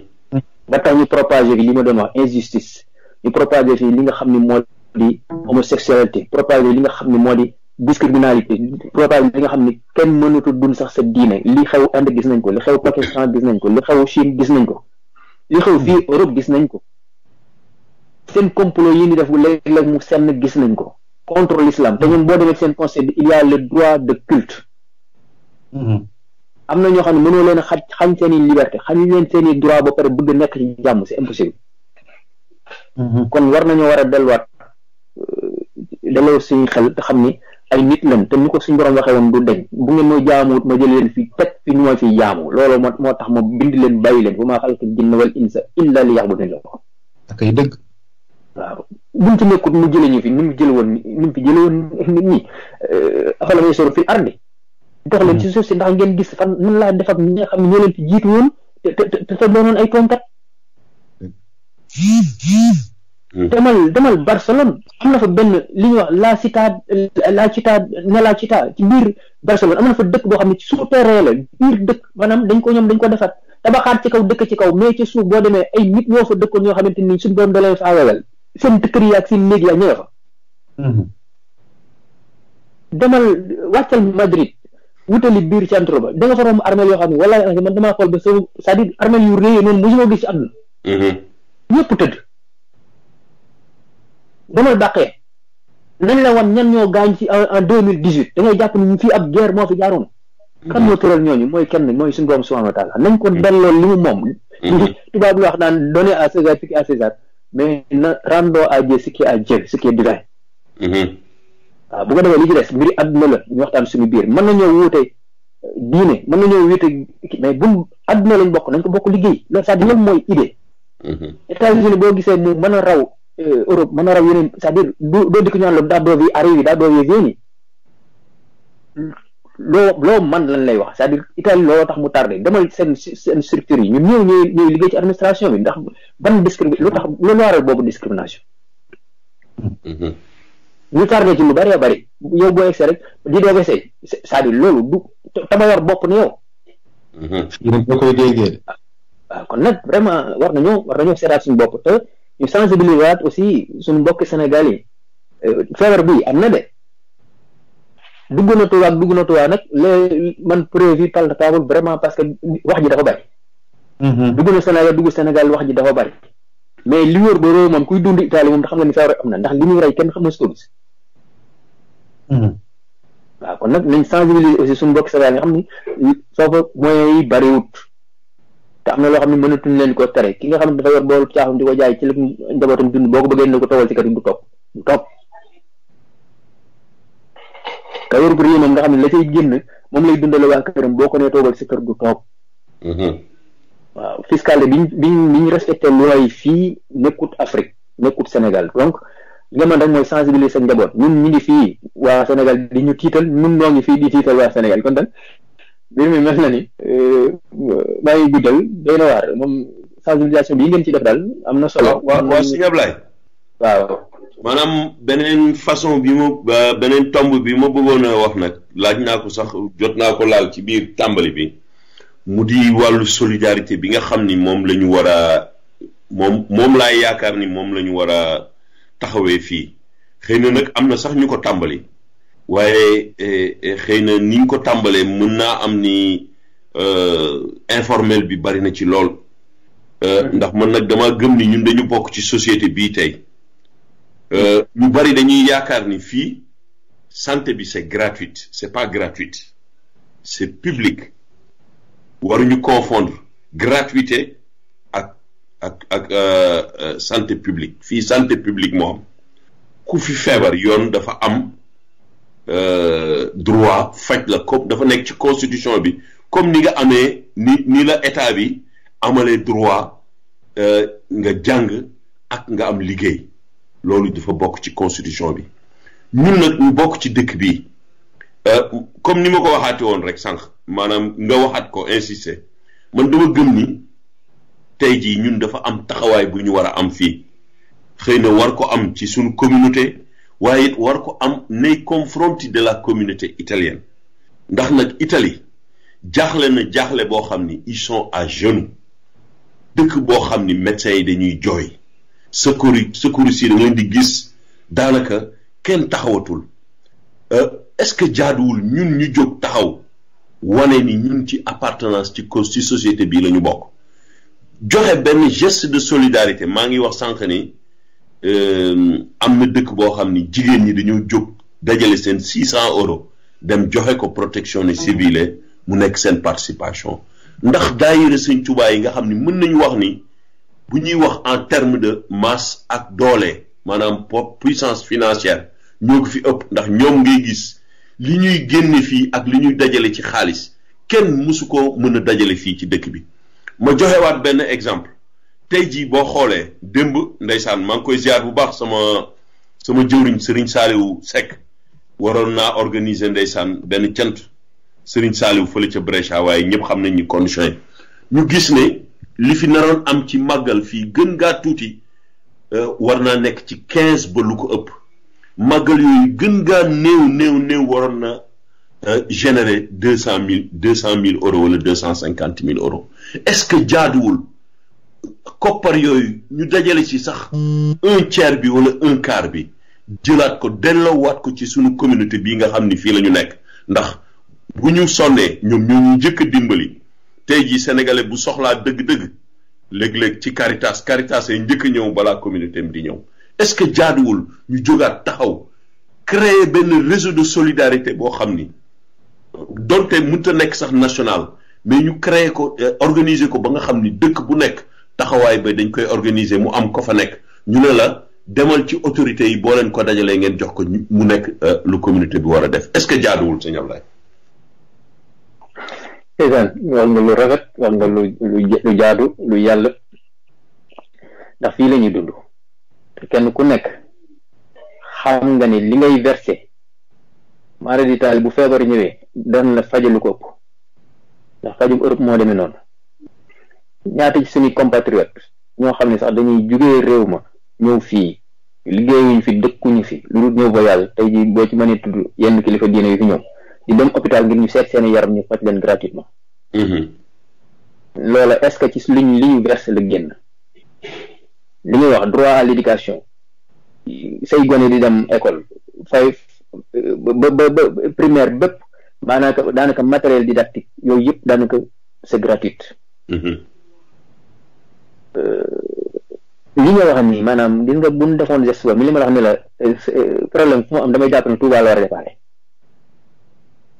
ba tax ñu propager fi li ma doon wax injustice ñu propager fii li nga xam ni moo di homosexualité propager li nga xam ni moo di discriminalité propager li nga xam ni kenn mënatul dund sax sa diine li xew Inde gis nañ ko li xew Pakistan gis nañ ko li xew gis nañ ko li xew fii Europe gis nañ ko. seen complot yi ni def léeg-léeg mu senn gis nañ ko contre l'islam te ñun boo demee seen conseil bi il y a le droit de culte mm-hmm. am na ñoo xam ne mënoo leen xaj xañ seen i liberté xañ leen seen i droit ba pare bëgg nekk ci jàmm c'est impossible mm-hmm. kon war nañoo war a delluwaat euh, delloo suñu xel te xam ni ay nit lañ te ni ko suñ borom waxee woon du deñ bu ngeen mooy jaamuwut ma jël leen fii teg fi ñu ma fiy jaamu loolu moo moo tax ma bind leen bàyyi leen bu maa xalaqal jinna wal insa waaw buñ ti nekkut mu jëlee ñu fi ni jëlee woon ni mu fi jëlee woon nit ñi euh, afala may soro fil ardi dox leen ci mm-hmm. suuf si ndax ngeen gis fan mun laa def ak ñi nga xam ne te te te ay tonkat mm-hmm. demal demal Barcelone am na fa benn li ñuy wax la cita la cita ne la cita ci biir Barcelone am na fa dëkk boo xam ne ci souterrain la biir dëkk maanaam dañ ko ñoom dañ ko defaat tabaxaat ci kaw dëkk ci kaw mais ci suuf boo demee ay nit ñoo fa dëkkoon ñoo xamante ni suñ doon dalee faa wewel seen kër yi ak seen néeg yaa ñu nga fa. Mhm. demal wàccal Madrid wutali biir centre ba da nga fa romb armel yoo xam ne wallaahi man damaa xool ba soo c'est-à-dire armel yu réy noonu mosuma gis ci àdduna. Mhm. ñëpp tëdd. demal bàqee nañ la wan ñan ñoo gaañ ci en deux mille dix huit da jàpp ni fii ab guerre moo fi jaaroon. Mhm. kan moo tëral ñooñu mooy kenn mooy suñu borom subhanahu wa taala nañ ko delloo li mu moom. tubaab lu wax naan donner à César ce à César. mais na rendons à Dieu ce qui est à Dieu ce qui est divin. waaw bu ko defee li ci des mbiri àdduna la ñu waxtaan suñu biir mën nañoo wuute diine mën nañoo wuute mais buñ àdduna lañ bokk nañ ko bokk liggéey loolu c'est-à-dire loolu mooy idée. Mm-hmm. États-Unis boo gisee mu mën a raw euh, Europe mën a raw yeneen c'est-à-dire doo dikk ñu naan la daa doog yi arrivé daa doog yi loo man lan lay wax c'est-à-dire Italie looloo tax mu tardé demal seen seen structure yi ñu ñëw ñooy ñooy liggéey ci administration bi ndax ban discrim lu tax lu waral boobu discrimination mm-hmm. ñu tardé ci lu bëree bëri yow boo egsee rek di doog essay c'est-à-dire loolu du tama yor bopp ni yow mm-hmm. ah, kon nag vraiment war nañoo war nañoo seetaat suñu bopp te ñu sensibiliser aussi suñ mbokki Sénégal yi euh, bi am na de dugg na Touba ak dugg na Touba nag lee man preuve yi taabul vraiment parce que wax ji dafa bari. Mhm. dugg na Sénégal dugg Sénégal wax ji dafa bari. mais li wër ba moom kuy dund Italie moom da xam nga ni feebar am na ndax li muy rey kenn xam na si ko gis. Mhm. waaw kon nag nañ sensibiliser aussi suñu nga xam ni soo fa moyens yi bariwut te am na loo xam ne mënatuñ leen ko tere ki nga xam ne dafa yor boolu caaxum di ko jaay ci la njabootam dund boo ko bëggee ne ko toogal si kër yi du toog du toog. ka yor moom nga xam ne la cay génn moom lay dundale waa këram boo ko nee toogal si kër gu toog mhm. waaw fiscalité biñ biñ biñ respecté looy fii nekkut Afrique nekkut Sénégal donc li nga mën rek mooy sensibiliser sa njaboot ñun ñu ngi fii waa Sénégal di ñu tiital ñun noo ngi fii di tiital waa Sénégal kon tan mbir mi mel na ni maa euh, ngi guddal day na waar moom sensibilisation bi yi ngeen ci def daal am na solo waaw waaw si Ablaye waaw maanaam beneen façon bi ma beneen tomb bi ma bëggoon a wax nag laaj naa ko sax jot naa ko laal ci biir tàmbali bi mu di wàllu solidarité bi nga xam ni moom la ñu war a moom moom laa yaakaar ni moom lañu ñu war a taxawee fii xëy na nag am na sax ñu ko tàmbali waaye eh, eh, xëy na ni ko tàmbalee mën naa am ni euh, informel bi bari na ci lool euh, ndax mën nag dama gëm ni ñun dañu bokk ci société bii tey Euh, ñu bari dañuy yaakaar ni fii santé bi c'est gratuite c'est pas gratuite c'est public waruñu confondre gratuité ak ak ak euh, euh, santé publique fi santé publique moom am ku fi feebar yoon dafa am droit faj la comme dafa nekk ci constitution bi comme ni nga amee ni ni la état bi amalee droit nga jàng ak nga am liggéey loolu dafa bokk ci constitution bi ñun nag ñu bokk ci dëkk bi euh, comme ni ma ko waxaati woon rek sànq maanaam nga waxaat ko insisté man dama gëm ni tey jii ñun dafa am taxawaay bu ñu war a am fii xëy na war ko am ci suñu communauté waaye war ko am ne confronti de la communauté italienne ndax nag itali jaaxle na jaaxle boo xam ni ils sont à genoux dëkk boo xam ni médecins yi dañuy jooy secours secours yi da ngeen di gis daanaka kenn taxawatul euh, est-ce que jaaduwul ñun ñu jóg taxaw wane ni ñun ci appartenance ci cos ci société bii la ñu bokk joxe benn geste de solidarité maa ngi wax sànq ni euh, am na dëkk boo xam ni jigéen ñi dañoo jóg dajale seen 600 euros dem joxe ko protection ne civile mu nekk seen participation ndax daayira Sëñ Tuubaa yi nga xam ni mën nañu wax ni. bu ñuy wax en terme de masse ak doole maanaam puissance financière ñoo ko fi ëpp ndax ñoom ngay gis li ñuy génne fii ak li ñuy dajale ci xaalis kenn mësu ko mën a dajale fii ci dëkk bi ma joxewaat benn exemple tey jii boo xoolee démb ndeysaan maa ngi koy ziar bu baax sama sama jëwriñ Serigne Saliou Seck waroon naa organiser ndeysaan benn cant Serigne Saliou fële ca Brescia waaye ñëpp xam nañ ni condition yi ñu gis ne. li fi naroon am ci màggal fii gën ngaa tuuti euh, war naa nekk ci quinze ba lu ko ëpp màggal yooyu gën ngaa néew néew néew waroon na euh, générer deux cent mille deux cent mille euros wala deux cent cinquante mille euros est-ce que jaaduwul koppar yooyu ñu dajale si sax un tiers bi wala un quart bi jëlaat ko delloowaat ko ci suñu communauté bii nga xam ni fii lañu nekk ndax bu ñu sonnee ñoom ñu njëkk a dimbali tey jii sénégalais bu soxlaa dëgg-dëgg léeg-léeg ci Caritas Caritas ay njëkk a ñëw balaa communauté di ñëw est-ce que jaaduwul ñu jógaat taxaw créer benn réseau de solidarité boo xam ni donte mënut a nekk sax national mais ñu créer ko euh, organiser ko ba nga xam ni dëkk bu nekk taxawaay ba dañ koy organiser mu am ko fa nekk ñu ne la demal ci autorités yi boo leen ko dajalee ngeen jox ko mu nekk euh, lu communauté bi war a def est-ce que jaaduwul sëñ Ablaye ndeysaan wax nga lu rafet wax nga lu lu jaadu lu yàlla ndax fii la ñuy dund kenn ku nekk xam nga ni li ngay versé maara di bu feebar ñëwee daan la fajalu ko ëpp ndax fajum Europe moo demee noonu ñaata ci suñuy compatriotes ñoo xam ne sax dañuy jugee réew ma ñëw fii liggéeyuñ fi dëkkuñu fi lu dul ñëw voyage tey jii boo ci mënee tudd yenn kilifa diine yu fi ñëw di dem hôpital ngir ñu seet seeni yaram ñu faj leen gratuitement mm-hmm. loola est-ce que ci li ñu verse la génn li ñuy wax droit à l'éducation say gone di dem école fay ba ba ba primaire bépp maanaam daanaka matériel didactique yooyu yëpp daanaka c'est gratuite mm-hmm. euh, li nga wax nii maanaam gis nga buñ defoon geste boobu mi li ma la wax ni la euh, problème fu mu am damay jàpp ne Touba la war a defaale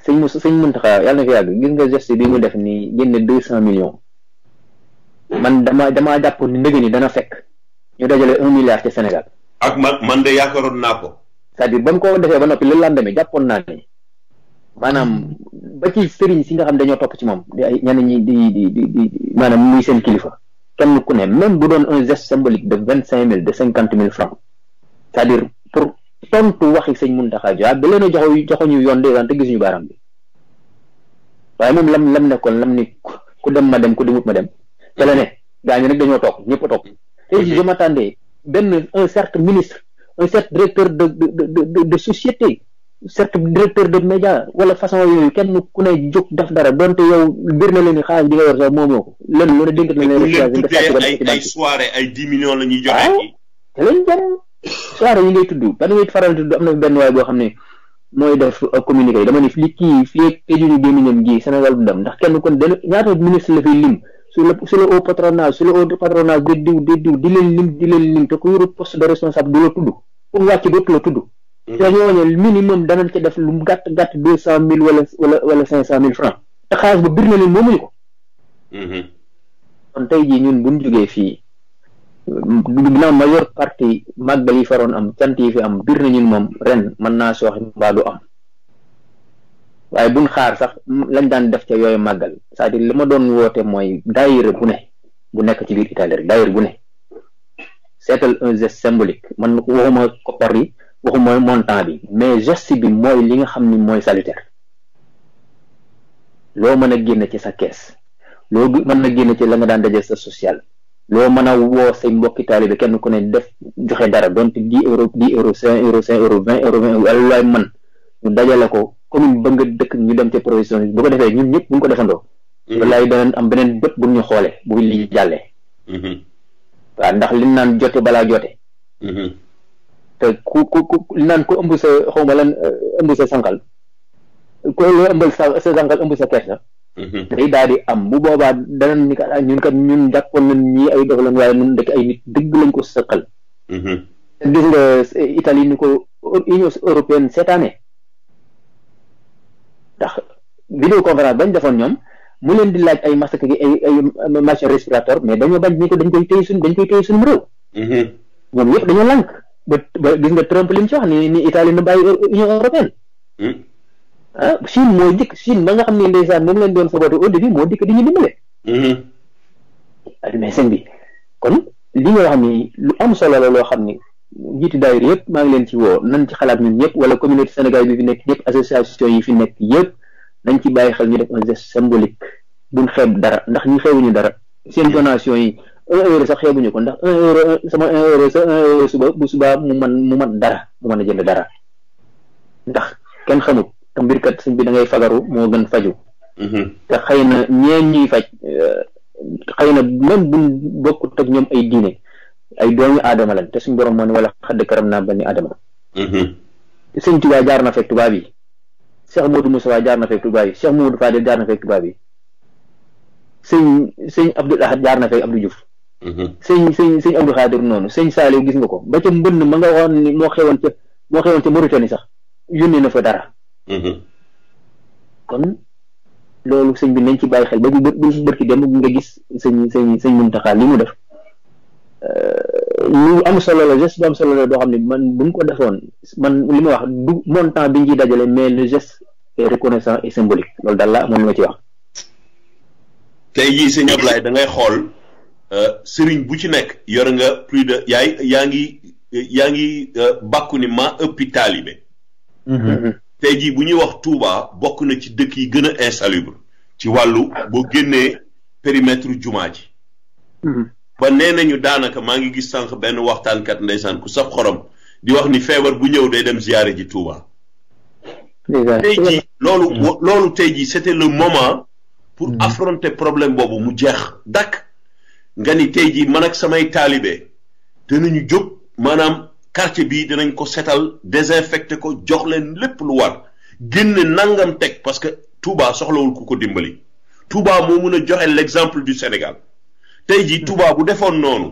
sëñ Moussa sëñ Mountakha yàlla na fi yàgg gis nga geste bi mu def nii génne deux cent millions man dama damaa jàpp ni ndëgg ni dana fekk ñu dajale un milliard ci Sénégal. ak man man de yaakaaroon naa ko. c'est-à-dire ba mu ko defee ba noppi loolu lan demee jàppoon naa ni maanaam ba ci sëriñ si nga xam dañoo topp ci moom di ay ñenn ñi di di di maanaam muy seen kilifa kenn ku ne même bu doon un geste symbolique de vingt cinq mille de cinquante mille francs cest dire pour. tontu waxi sëñ Muntaxa Dia da leen a joxo joxoñu yoon de daan te gisuñu baaram bi waaye moom lam lam nekkoon lam ni ku dem ma dem ku demut ma dem ca la ne gaa ñi nag dañoo toog ñëpp a toog tey jii je m'attendais un certain ministre un certain de de de de société certain directeur de média wala façon yooyu kenn ku ne jóg def dara donte yow bir na leen ni xaalis bi nga yor sax moomoo ko lenn lu ne dénk na leen ay soirée ay dix millions la ñuy joxe ah, soirée yi ngay tudd ban ngay faral di tudd am na benn waay boo xam ne mooy def uh, communiqué dama ne li kii fii tëjuñu gémmiñam gi Sénégal du dem ndax kenn kon dana ñaata ministre la fay lim sur le sur le haut patronage sur le haut patronage de diw de diw di leen lim di leen lim te ku yoru poste de responsable du la tudd pour wàcc dootu la tudd mm-hmm. te ñooñu minimum danañ ci def lu gàtt gàtt deux cent mille wala wala wala cinq cent mille francs te xaalis ba bir na leen moomuñu ko mm-hmm. kon tey jii ñun buñ jógee fii ginnaaw major parti màggal yi faroon am cant yi fi am biir nañun moom ren mën naa sooxe mbaa du am waaye buñ xaar sax lañ daan def ca yooyu màggal c'est-à-dire li ma doon woote mooy daayira bu ne bu nekk ci biir Italie rek bu ne seetal un geste symbolique man waxuma koppar yi waxuma montant bi mais geste bi mooy li nga xam ni mooy salutaire loo mën a génn ci sa kees loo mën a génn ci la nga daan daje sa social lo mana wo say mbokki talibé kenn ku ne def joxe dara donte 10 euro 10 euro 5 euro 5 euro 20 euro 20 wala lay man ñu dajalé ko comme ñu nga dëkk ñu dem ci provision bu ko défé ñun ñëpp bu ko défando mhm. wallahi danañ am benen bët bu ñu xolé bu li hmm waaw ndax li naan jote balaa hmm te ku ku ku li naan ku ëmb sa xawma lan ëmb sa sankal ku ëmbal sa sa sankal ëmb sa kessa Mhm. day daal di am bu boobaa danañ ni kat ñun kat ñun jàppoon nañ ñii ay dogalan waaye ñun dëkk ay nit lañ ko sëqal mhm. te gis nga eh, Italie ni ko Union européenne seetaane ndax vidéo conférence bañ defoon ñoom mu leen di laaj ay masque gi ay ay machine respirateur mais dañoo bañ ni ko dañ koy téye suñ dañ koy téye suñu réew mhm. ñoom yëpp dañoo lànk ba ba gis nga Trump li mu ci wax ni ni Italie na bàyyi Union européenne hmm. ah Chine moo dikk Chine ba nga xam ne ndeysaan moom lañ doon sabatu au début moo dikk di ñu dimbale. mais mm-hmm. bi kon li nga xam ni lu am solo la loo xam ni jiiti daayira yëpp maa ngi leen ci woo nañ ci xalaat ñun ñëpp wala communauté Sénégal bi fi nekk ñëpp association yi fi nekk yëpp nañ ci bàyyi xel ñu def un geste symbolique buñ xeeb dara ndax ñu xeebuñu dara seen mm-hmm. donation yi un euro sax xeebuñu ko ndax un euro sama un euro sa un euro suba bu subaa mu man mu man dara mu mën a jënd dara ndax kenn xamut te kat sëñ bi dangay ngay fagaru moo gën faju mm-hmm. te xëy na ñeen ñuy faj euh, xëy na même buñ bokkut ak ñoom ay diine ay doomi aadama lañ te suñ borom moo ne wala xadd karam naa bani aadama mm-hmm. sëñ Tuubaa jaar na fekk tubaab yi Cheikh Modou Moussa jaar na fekk tubaab yi Cheikh Modou Fadel jaar na sëñ sëñ Abdoul Ahad jaar na fekk mm-hmm. sëñ sëñ sëñ Abdou Khadir noonu sëñ Saliou gis nga ko ba ca mbënn ma nga waxoon ni moo xewoon ca moo sax yónnee na fa dara Mhm. kon loolu sëñ bi nañ ci bàyyi xel ba bu bë bu barki dem nga gis sëñ sëñ sëñ Muntaxa li mu def lu am solo la geste bu am solo la doo xam ne man buñ ko defoon man li ma wax du montant bi ñu dajale mais le geste est reconnaissant et symbolique loolu daal la mën ma ci wax. tey jii sëñ Ablaye da ngay xool euh, sëriñ bu ci nekk yor nga plus de yaay yaa ngi yaa ngi euh, bàkku ni maa ëppi taalibe. Mhm. tey jii bu ñuy wax Touba bokk na ci dëkk yi gën a insalubre ci wàllu boo génnee périmètre jumaa ji hmm. ba nee nañu daanaka maa ngi gis sànq benn waxtaankat ndeysaan ku saf xorom di wax ni feebar bu ñëw day dem ziyaare ji Touba tey jii loolu loolu tey jii c'était le moment pour hmm. affronter problème boobu mu jeex dakk nga ni tey jii man ak samay taalibe danañu jóg maanaam quartier bii dinañ ko setal désinfecté ko jox leen lépp lu war génne nangam teg parce que Touba soxlawul ku ko dimbali Touba moo mun a joxe l'exemple du Sénégal tey jii Touba bu defoon noonu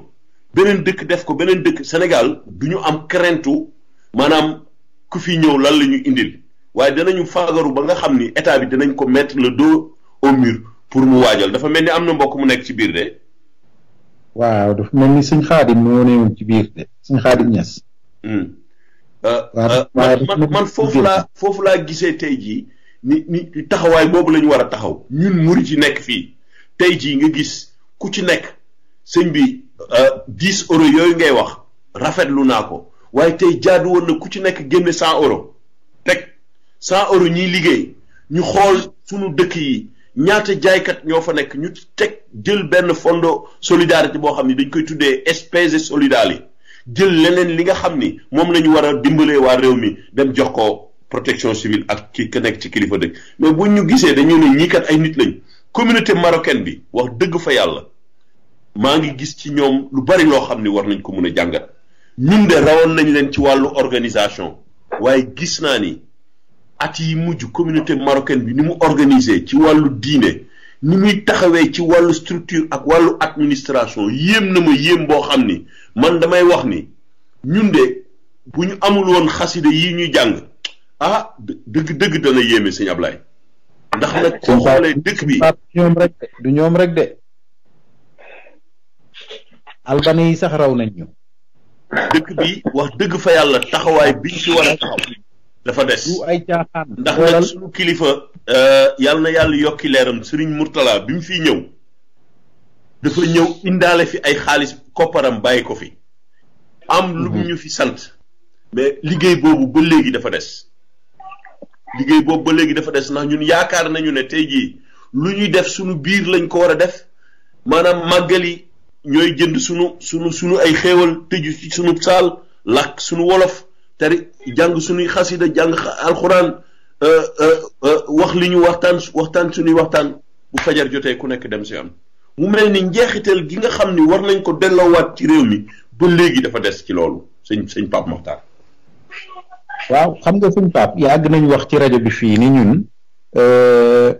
beneen dëkk def ko beneen dëkk Sénégal du ñu am craintu maanaam ku fi ñëw lan la ñu indil waaye danañu faagaru ba nga xam ni état bi danañ ko mettre le dos au mur pour mu waajal dafa mel ni am na mbokk mu nekk ci biir de. waaw dafa mel ni sëñ Xaadim moo newoon ci biir de sëñ Xaadim Ñas Hmm. Euh, euh, man man foofu laa foofu laa gisee tey jii ni ni taxawaay boobu la ñu war a taxaw ñun murit yi nekk fii tey jii nga gis ku ci nekk sëñ bi euh, dix euro yooyu ngay wax rafetlu naa ko waaye tey jaadu woon na ku ci nekk génne cent euro teg cent euro ñiy liggéey ñu xool sunu dëkk yi ñaata jaaykat ñoo fa nekk ñu teg jël benn fondo solidarité boo xam ne dañ koy tuddee espèces solidaires jël leneen li nga xam ni moom la ñu war a dimbalee waa réew mi dem jox ko protection civile ak ki ka nekk ci kilifa dëkk mais bu ñu gisee dañu ne ñii kat ay nit lañ communauté marocaine bi wax dëgg fa yàlla maa ngi gis ci ñoom lu bari loo xam ni war nañ ko mun a jàngat ñun de rawoon nañ leen ci wàllu organisation waaye gis naa ni at yi mujj communauté marocaine bi ni mu organisé ci wàllu diine ni muy taxawee ci wàllu structure ak wàllu administration yéem na ma yéem boo xam ni man damay wax ni ñun de bu ñu amul woon xasida yi ñuy jàng ah dëgg dëgg dana yéeme sëñ Ablaye ndax nag soo xoolee dëkk bi ñoom rek du ñoom rek de albani yi sax raw nañ ñu dëkk bi wax dëgg fa yàlla taxawaay biñ ci war a taxaw dafa des du ay caaxaan ndax nag suñu kilifa euh, yàlla na yàlla yokki leeram Serigne Mourtala bi mu fiy ñëw dafa ñëw indaale fi ay xaalis kopparam bàyyi ko fi am lu mhm. ñu fi sant mais liggéey boobu ba léegi dafa des liggéey boobu ba léegi dafa des ndax ñun yaakaar nañu ne tey jii lu ñuy def suñu biir lañ ko war a def maanaam màggal yi ñooy jënd suñu suñu suñu ay xéewal tëju ci suñu saal làkk suñu wolof tari jang suñuy xasida jang alquran euh, euh, euh, wax liñu waxtan waxtan waxtaan suñuy waxtaan bu fajar jotee ku nekk dem si am mu mel ni njeexital gi nga xam ni war nañ ko delloowaat ci réew mi ba léegi dafa des ci loolu sëñ sëñ pap Mokhtar. waaw xam nga sëñ pap yàgg nañ wax ci rajo bi fii ni ñun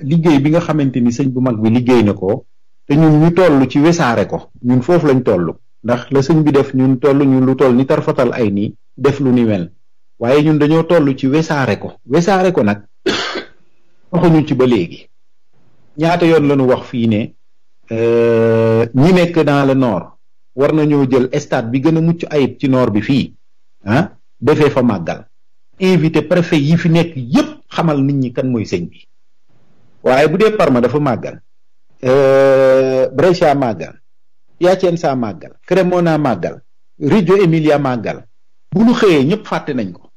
liggéey bi nga xamante ni sëñ bu mag bi liggéey na ko ñun ñu toll ci wesaare ko ñun foofu lañ toll ndax la sëñ bi def ñun toll ñun lu toll ni tarfatal ay ni def lu ni mel. waaye ñun dañoo tollu ci wesaare ko wesaare ko nag waxuñu ci ba léegi ñaata yoon la ñu wax fii ne euh, ñi nekk dans le nord war nañoo jël stade bi gën a mucc ayib ci nord bi fii ah defee fa màggal invité préfet yi fi nekk yépp xamal nit ñi kan mooy sëñ bi waaye bu dee Parma dafa màggal euh, Brescia màggal Piacenza màggal Cremona màggal Reggio Emilia màggal bu ñu xëyee ñëpp fàtte nañ ko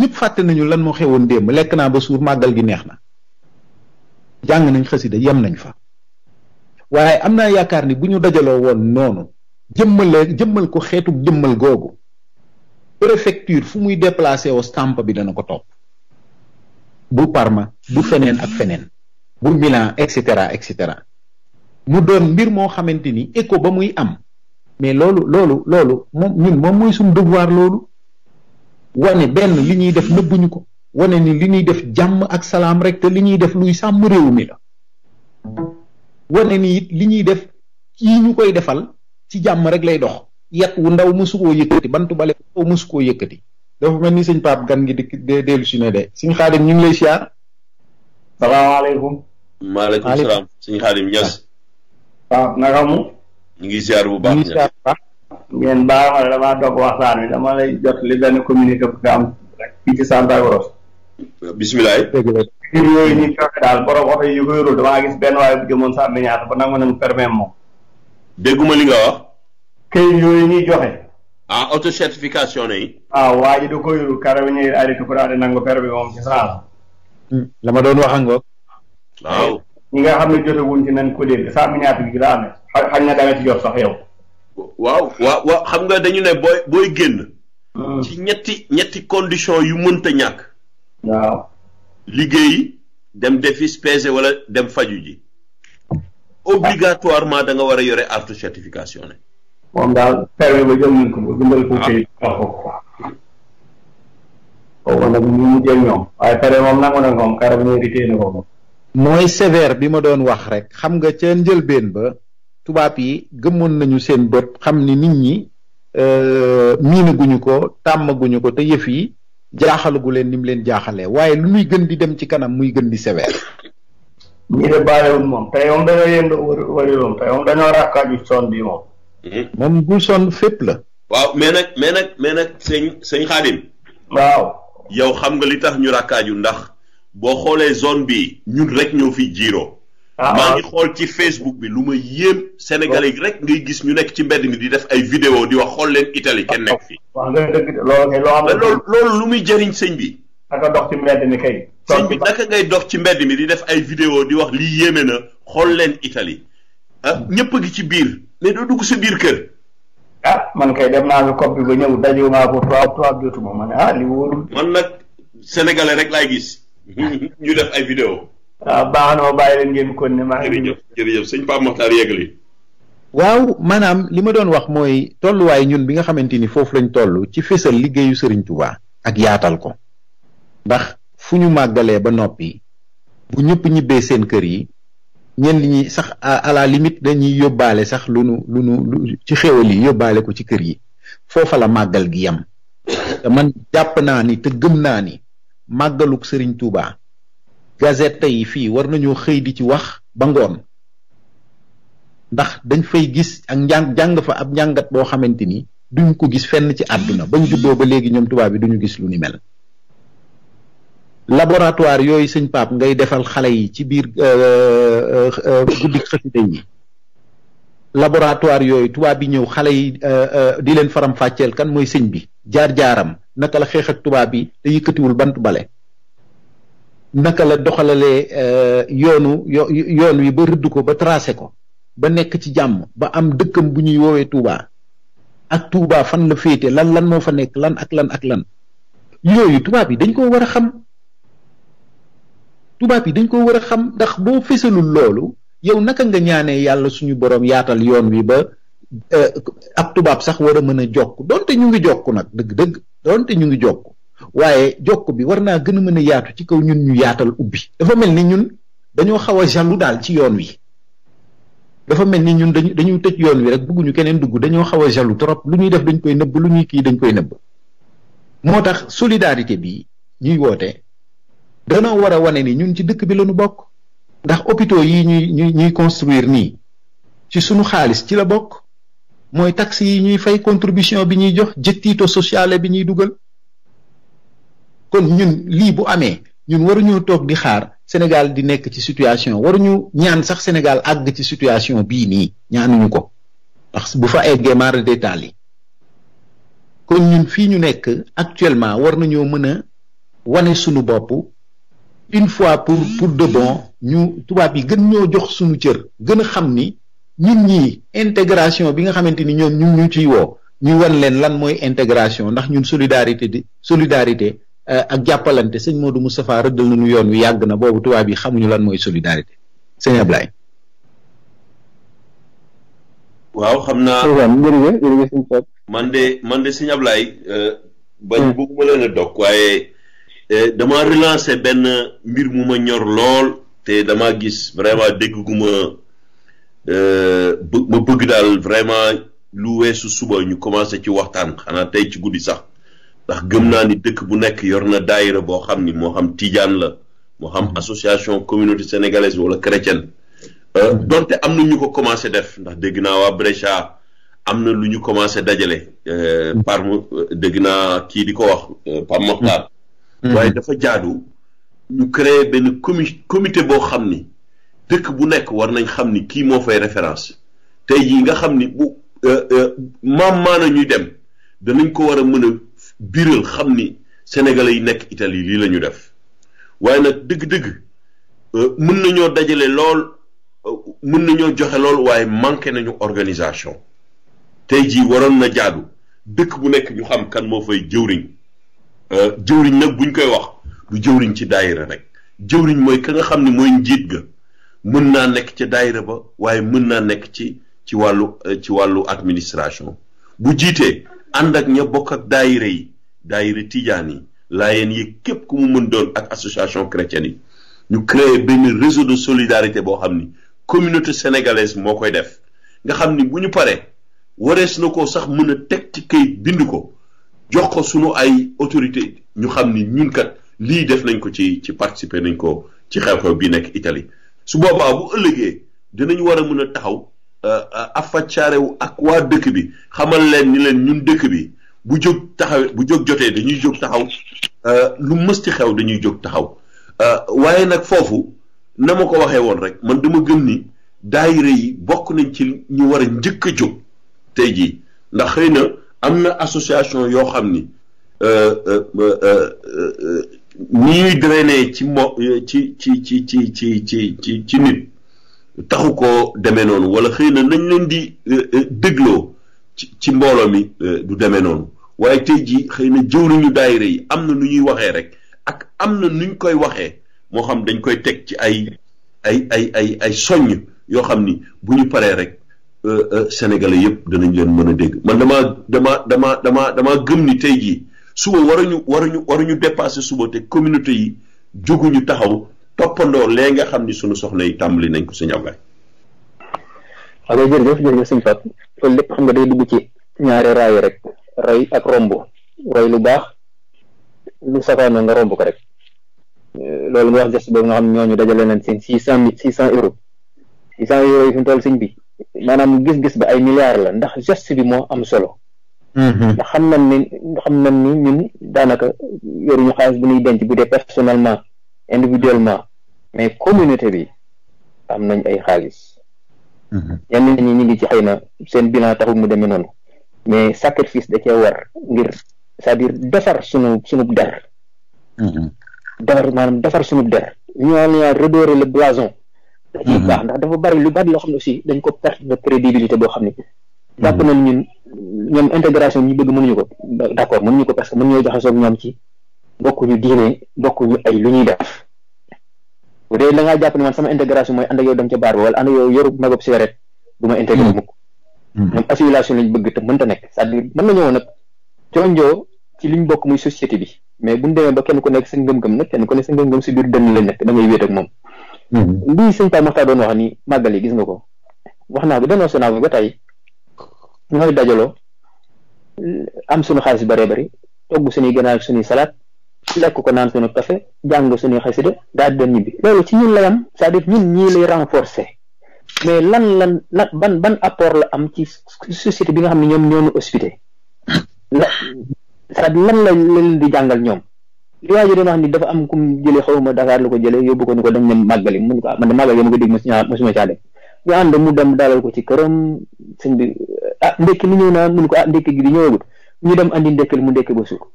ñëpp faté nañu lan mo xewon démb lek na ba suur magal gi neexna jang nañ xasside yam nañ fa waye amna naa ni buñu dajalo won nonu jëmmal jëmmal ko xétu jëmmal gogo. préfecture fu muy déplacer wo stamp bi dana ko top bu parma bu fenen ak fenen bu milan et cetera et cetera mu doon mbir mo xamanteni ba muy am mais lolu lolu lolu moom ñun mom moy suñ devoir lolu wane ben li ñuy def nëbbuñu ko wane ni li ñuy def jàmm ak salaam rek te li ñuy def luy sàmm réew mi la wane ni li ñuy def jam ñu koy defal ci jàmm rek lay dox wu ndaw musu koo yëkkati bantu bale ndaw musu koo yëkkati dafa mel ni sëñ paap gan gi dikk de dellu si ne de sëñ xaadim ñu ngi lay siyaar salaamaaleykum maaleykum salaam sëñ xaadim ñes ah, mu ñu ngi siyaar bu baax ngeen baal ma ne damaa dog waxtaan wi dama lay jot li benn communiqué bu fi am rek fii ci Santa Cruz. bisimilah. dëgg la kii yooyu ñuy fexe daal borom oto yi yu ko yorul damaa gis benn waaye bu jëmoon sànni ñaata ba nangu nañu fermé moom. dégguma li nga wax. këyit yooyu ñuy joxe. ah auto certification yi. waaw ah, waa ji da ko yorul karaw ñuy arrêté ko daal di nangu permis moom ci saa hmm, la ma doon wax ak ngoog. waaw ñi nga xam ne jotewuñ ci nañ ko dégg sànni ñaata gi daal xañ na da nga ci jot sax yow. waaw waaw xam nga dañu ne booy booy génn. Hmm. ci ñetti ñetti condition yu mënta ñàkk. waaw liggéeyi dem defi spese wala dem faju ji. obligatoirement da war a yore artu certification ne. moom daal permis ba jël nañ ko ah. mooy sévère bi ma doon wax rek xam nga ca njëlbeen ba. tubaab yi gëmoon nañu seen bopp xam ni nit ñi euh, guñu ko tàmm guñu ko te yëf yi jaaxalagu leen ni mu leen jaaxalee waaye lu muy gën di dem ci kanam muy gën di sévère. ñi de bàyyiwul moom tey moom dañoo yënd wari moom tey moom dañoo rakkaaju son bi moom. Mm-hmm. moom bu son fépp la. waaw mais nag mais nag mais nag sëñ sëñ Xaadim. waaw. yow xam nga li tax ñu rakkaaju ndax boo xoolee zone bi ñun rek ñoo fi jiiroo. Ah, maa ah. ngi xool ci Facebook bi lu ma yéem. Sénégalais yi rek ngay gis ñu nekk ci mbedd mi di def ay video di wax xool leen Italie kenn nekk fii. waaw loolu loolu lu muy jëriñ sëñ bi. naka dox ci mbedd mi kay. sëñ bi naka ngay dox ci mbedd mi di def ay vidéo di wax lii yéeme na xool leen Italie ah ñëpp ci biir mais doo dugg si biir kër. ah man kay dem naa ko COP bi ba ñëw daje maa ma ne ah li wóorul. man nag sénégalais rek laay gis ñu def ay vidéo waaw baax na ma kon maa ngi. jërëjëf jërëjëf sëñ Pape Mokhtar yeggali. waaw maanaam li ma doon wax mooy tolluwaay ñun bi nga xamante ni foofu lañ toll ci fésal liggéeyu Serigne Touba. ak yaatal ko. ndax fu ñu màggalee ba noppi. bu ñëpp ñibbee seen kër yi. ñenn ñi sax à la limite dañuy yóbbaale sax lu nu lu nu ci xéwal yi yóbbaale ko ci kër yi. foofa la màggal gi yam. te man jàpp naa ni te gëm naa ni. màggaluk sëriñ Touba. gazette yi fii war nañoo xëy di ci wax ba ngoon ndax dañ fay gis ak njàng jàng fa ab njàngat boo xamante ni duñ ko gis fenn ci àdduna bañ juddoo ba léegi ñoom tubaab bi duñu gis lu ni mel laboratoire yooyu sëñ Pape ngay defal xale yi ci biir euh, euh, euh, guddi xasida yi laboratoire yooyu tubaab bi ñëw xale yi di leen faram fàcceel kan mooy sëñ bi jaar jaaram naka la xeex ak tubaab yi te yëkkatiwul bant bale naka la le euh, yoonu yoon wi ba rëdd ko ba tracé ko ba nekk ci jàmm ba am dëkkam bu ñuy woowee Touba ak Touba fan la féete lan lan moo fa nekk lan ak lan ak lan yooyu tubaab bi dañ ko war a xam tubaab bi dañ ko war a xam ndax boo fésalul loolu yow naka nga ñaanee yàlla suñu borom yaatal yoon wi ba euh, ab tubaab sax war a jokk donte ñu ngi jokk nag dëgg-dëgg donte ñu ngi jokk waaye jokk bi war naa gën a mën a yaatu ci kaw ñun ñu yaatal ubbi dafa mel ni ñun dañoo xaw a jaloux daal ci yoon wi dafa mel ni ñun dañu dañuy tëj yoon wi rek bëgguñu keneen dugg dañoo xaw a jaloux trop lu ñuy def dañ koy nëbb lu ñuy kii dañ koy nëbb moo tax solidarité bi ñuy woote danoo war a wane ni ñun ci dëkk bi lañu bokk ndax hôpitaux yi ñuy ñuy ñuy construire nii ci sunu xaalis ci la bokk mooy taxes yi ñuy fay contribution bi ñuy jox jëttiito sociale bi ñuy dugal kon ñun lii bu amee ñun waruñu toog di xaar Sénégal di nekk ci situation waruñu ñaan sax Sénégal àgg ci situation bii nii ñaanuñu ko parce que bu fa eggee mara détail yi kon ñun fii ñu nekk actuellement war nañoo mën a wane sunu bopp une fois pour pour de bon ñu tubaab yi gën ñoo jox suñu cër gën a xam ni ñun ñii intégration bi nga xamante ni ñoom ñu ñu ciy woo ñu wan leen lan mooy intégration ndax ñun solidarité di solidarité Euh, ak jàppalante sëñ Modou Moustapha rëddal nu yoon wi yàgg na boobu tubaab yi xamuñu lan mooy solidarité sëñ Ablaye. waaw xam naa man de man de sëñ Ablaye. Euh, bañ hmm. bëgguma leen a dog waaye euh, dama relancer benn mbir mu ma ñor lool te dama gis vraiment dégg gu ma ma bëgg daal vraiment lu weesu suba ñu commencé ci waxtaan xanaa tey ci guddi sax. ndax gëm naa ni dëkk bu nekk yor na daayira boo xam ni moo xam tijaan la moo xam mm-hmm. association communauté sénégalaise wala chrétienne euh, mm-hmm. donte am na ñu ko commencé def ndax dégg naa waa Brescia am na lu ñu commencé dajale euh, mm-hmm. par euh, dégg naa kii di ko wax par Moxtaar waaye dafa jaadu ñu créer benn comi comité boo xam ni dëkk bu nekk war nañ xam ni kii moo fay référence tey jii nga xam ni bu maam maana ñuy dem danañ ko war a mën a biral xam ni sénégalais yi nekk Italie lii la def waaye nag dëgg-dëgg euh, mën nañoo dajale lool euh, mën nañoo joxe lool waaye manqué nañu organisation tey jii waroon na jaadu dëkk bu nekk ñu xam kan moo fay jëwriñ euh, jëwriñ nag buñ koy wax du jëwriñ ci daayira rek jëwriñ mooy ka nga xam ne mooy njiit ga mën naa nekk ca daayira ba waaye mën naa nekk ci ci wàllu ci wàllu administration bu jiitee ànd ak ña bokk ak daayira yi daayira tijaan yi laayeen yi képp ku mu mën doon ak association chrétienne yi ñu créé benn réseau de solidarité boo xam ni communauté sénégalaise moo koy def nga xam ni bu ñu paree warees na ko sax mën a teg ci kayit bind ko jox ko sunu ay autorité ñu xam ni ñun kat lii def nañ ko ci ci participer nañ ko ci xew-xew bi nekk itali su boobaa bu ëllëgee dinañ war a mën a taxaw affaccaare wu ak waa dëkk bi xamal leen ni leen ñun dëkk bi bu jóg taxaw bu jóg jotee dañuy jóg taxaw lu mësti xew dañuy jóg taxaw waaye nag foofu na ma ko waxee woon rek man dama gëm ni daayira yi bokk nañ ci ñu war njëkk a jóg tey jii ndax xëy na am na association yoo xam ni ni ñuy drainer ci mo ci ci ci ci ci ci ci nit taxu ko demee noonu wala xëy na nañ leen di euh, euh, dégloo ci ci mbooloo mi euh, du demee noonu waaye tey jii xëy na jëw nañu daayira yi am na nu ñuy waxee rek ak am na nuñ koy waxee moo xam dañ koy teg ci ay ay ay ay ay soññ yoo xam ni bu ñu paree rek sénégalais yëpp danañ leen mën a dégg man damaa dama dama dama damaa gëm ni tey jii suba waruñu waruñu waruñu dépasser suba te communauté yi jógu jóguñu taxaw topando le nga xam ni sunu soxna yi tàmbali nañ ko sëñ Ablaye. xam nga jërëjëf jërëjëf sëñ pat loolu lépp xam nga day dugg ci ñaari raay rek ray ak romb ray lu baax lu safaanoo nga romb ko rek euh, loolu nga wax geste boobu nga xam ñooñu dajale nañ seen six cent mille six cent euros six cent euros yi fi mu toll sëñ bi maanaam gis-gis ba ay milliards la ndax geste bi moo am solo. Mm-hmm. ndax xam nañ ni xam nañ ni ñun daanaka yoruñu xaalis bu ñuy denc bu dee personnellement. individuellement mais communauté bi am nañ ay xaalis mhm. ñenn ñi ñu ngi ci xëy na seen bilan taxul mu demee noonu mais sacrifice da cee war ngir c'est-à-dire defar sunu sunub der mhm. defar maanaam defar sunub der ñoo ñoo redorer le blason da ciy mhm. baax ndax dafa bari lu bari loo xam ne aussi dañ ko perte de crédibilité boo xam ne jàpp nañ ñun ñoom intégration ñu bëgg mënuñu ko d'accord ñu ko parce que mën ñoo jaxasoog ñoom ci bokkuñu diine bokkuñu ay lu ñuy def bu dee da ngaa jàpp ne man sama intégration mooy ànd ak yow dem ca baar ba wala ànd ak yow yoru magab cigarette du ma intégré hmm. mukk ñoom hmm. assimilation lañ bëgg te mënta nekk c'est-à-dire mën na ñëw nag jonjoo ci liñ bokk muy société bi mais buñ demee ba kenn ku nekk sa ngëm-ngëm nag kenn ku nekk sa ngëm-ngëm si biir dënn lañ nekk da ngay wéet ak moom hmm. lii sëñ Pape Makhtar doon wax ni gis nga ko wax naa ko ba tey dajaloo am suñu xaalis bëree bëri togg suñuy ganaar suñuy salaat lekk ko naan suñu kafe jàng suñu xasida daal dem ñibbi loolu ci ñun la yam c'est-à-dire ñun ñii lay renforcer mais lan lan lan ban ban apport la am ci société bi nga xam ne ñoom ñoo ñu hospité la c'est-à-dire lan la leen di jàngal ñoom li waa di wax ni dafa am kum jëlee xaw ma Dakar la ko jëlee yóbbu ko ni ko dañ ne màggali mu ko ah, man de màggal ma ko dégg mosuma mosuma caa dem ñu ànd mu dem dalal ko ci këram sëñ bi ah ndekki li ñëw naa mu ko ah ndekki gi di ñëwagul ñu dem andi ndekki mu ndekki ba suur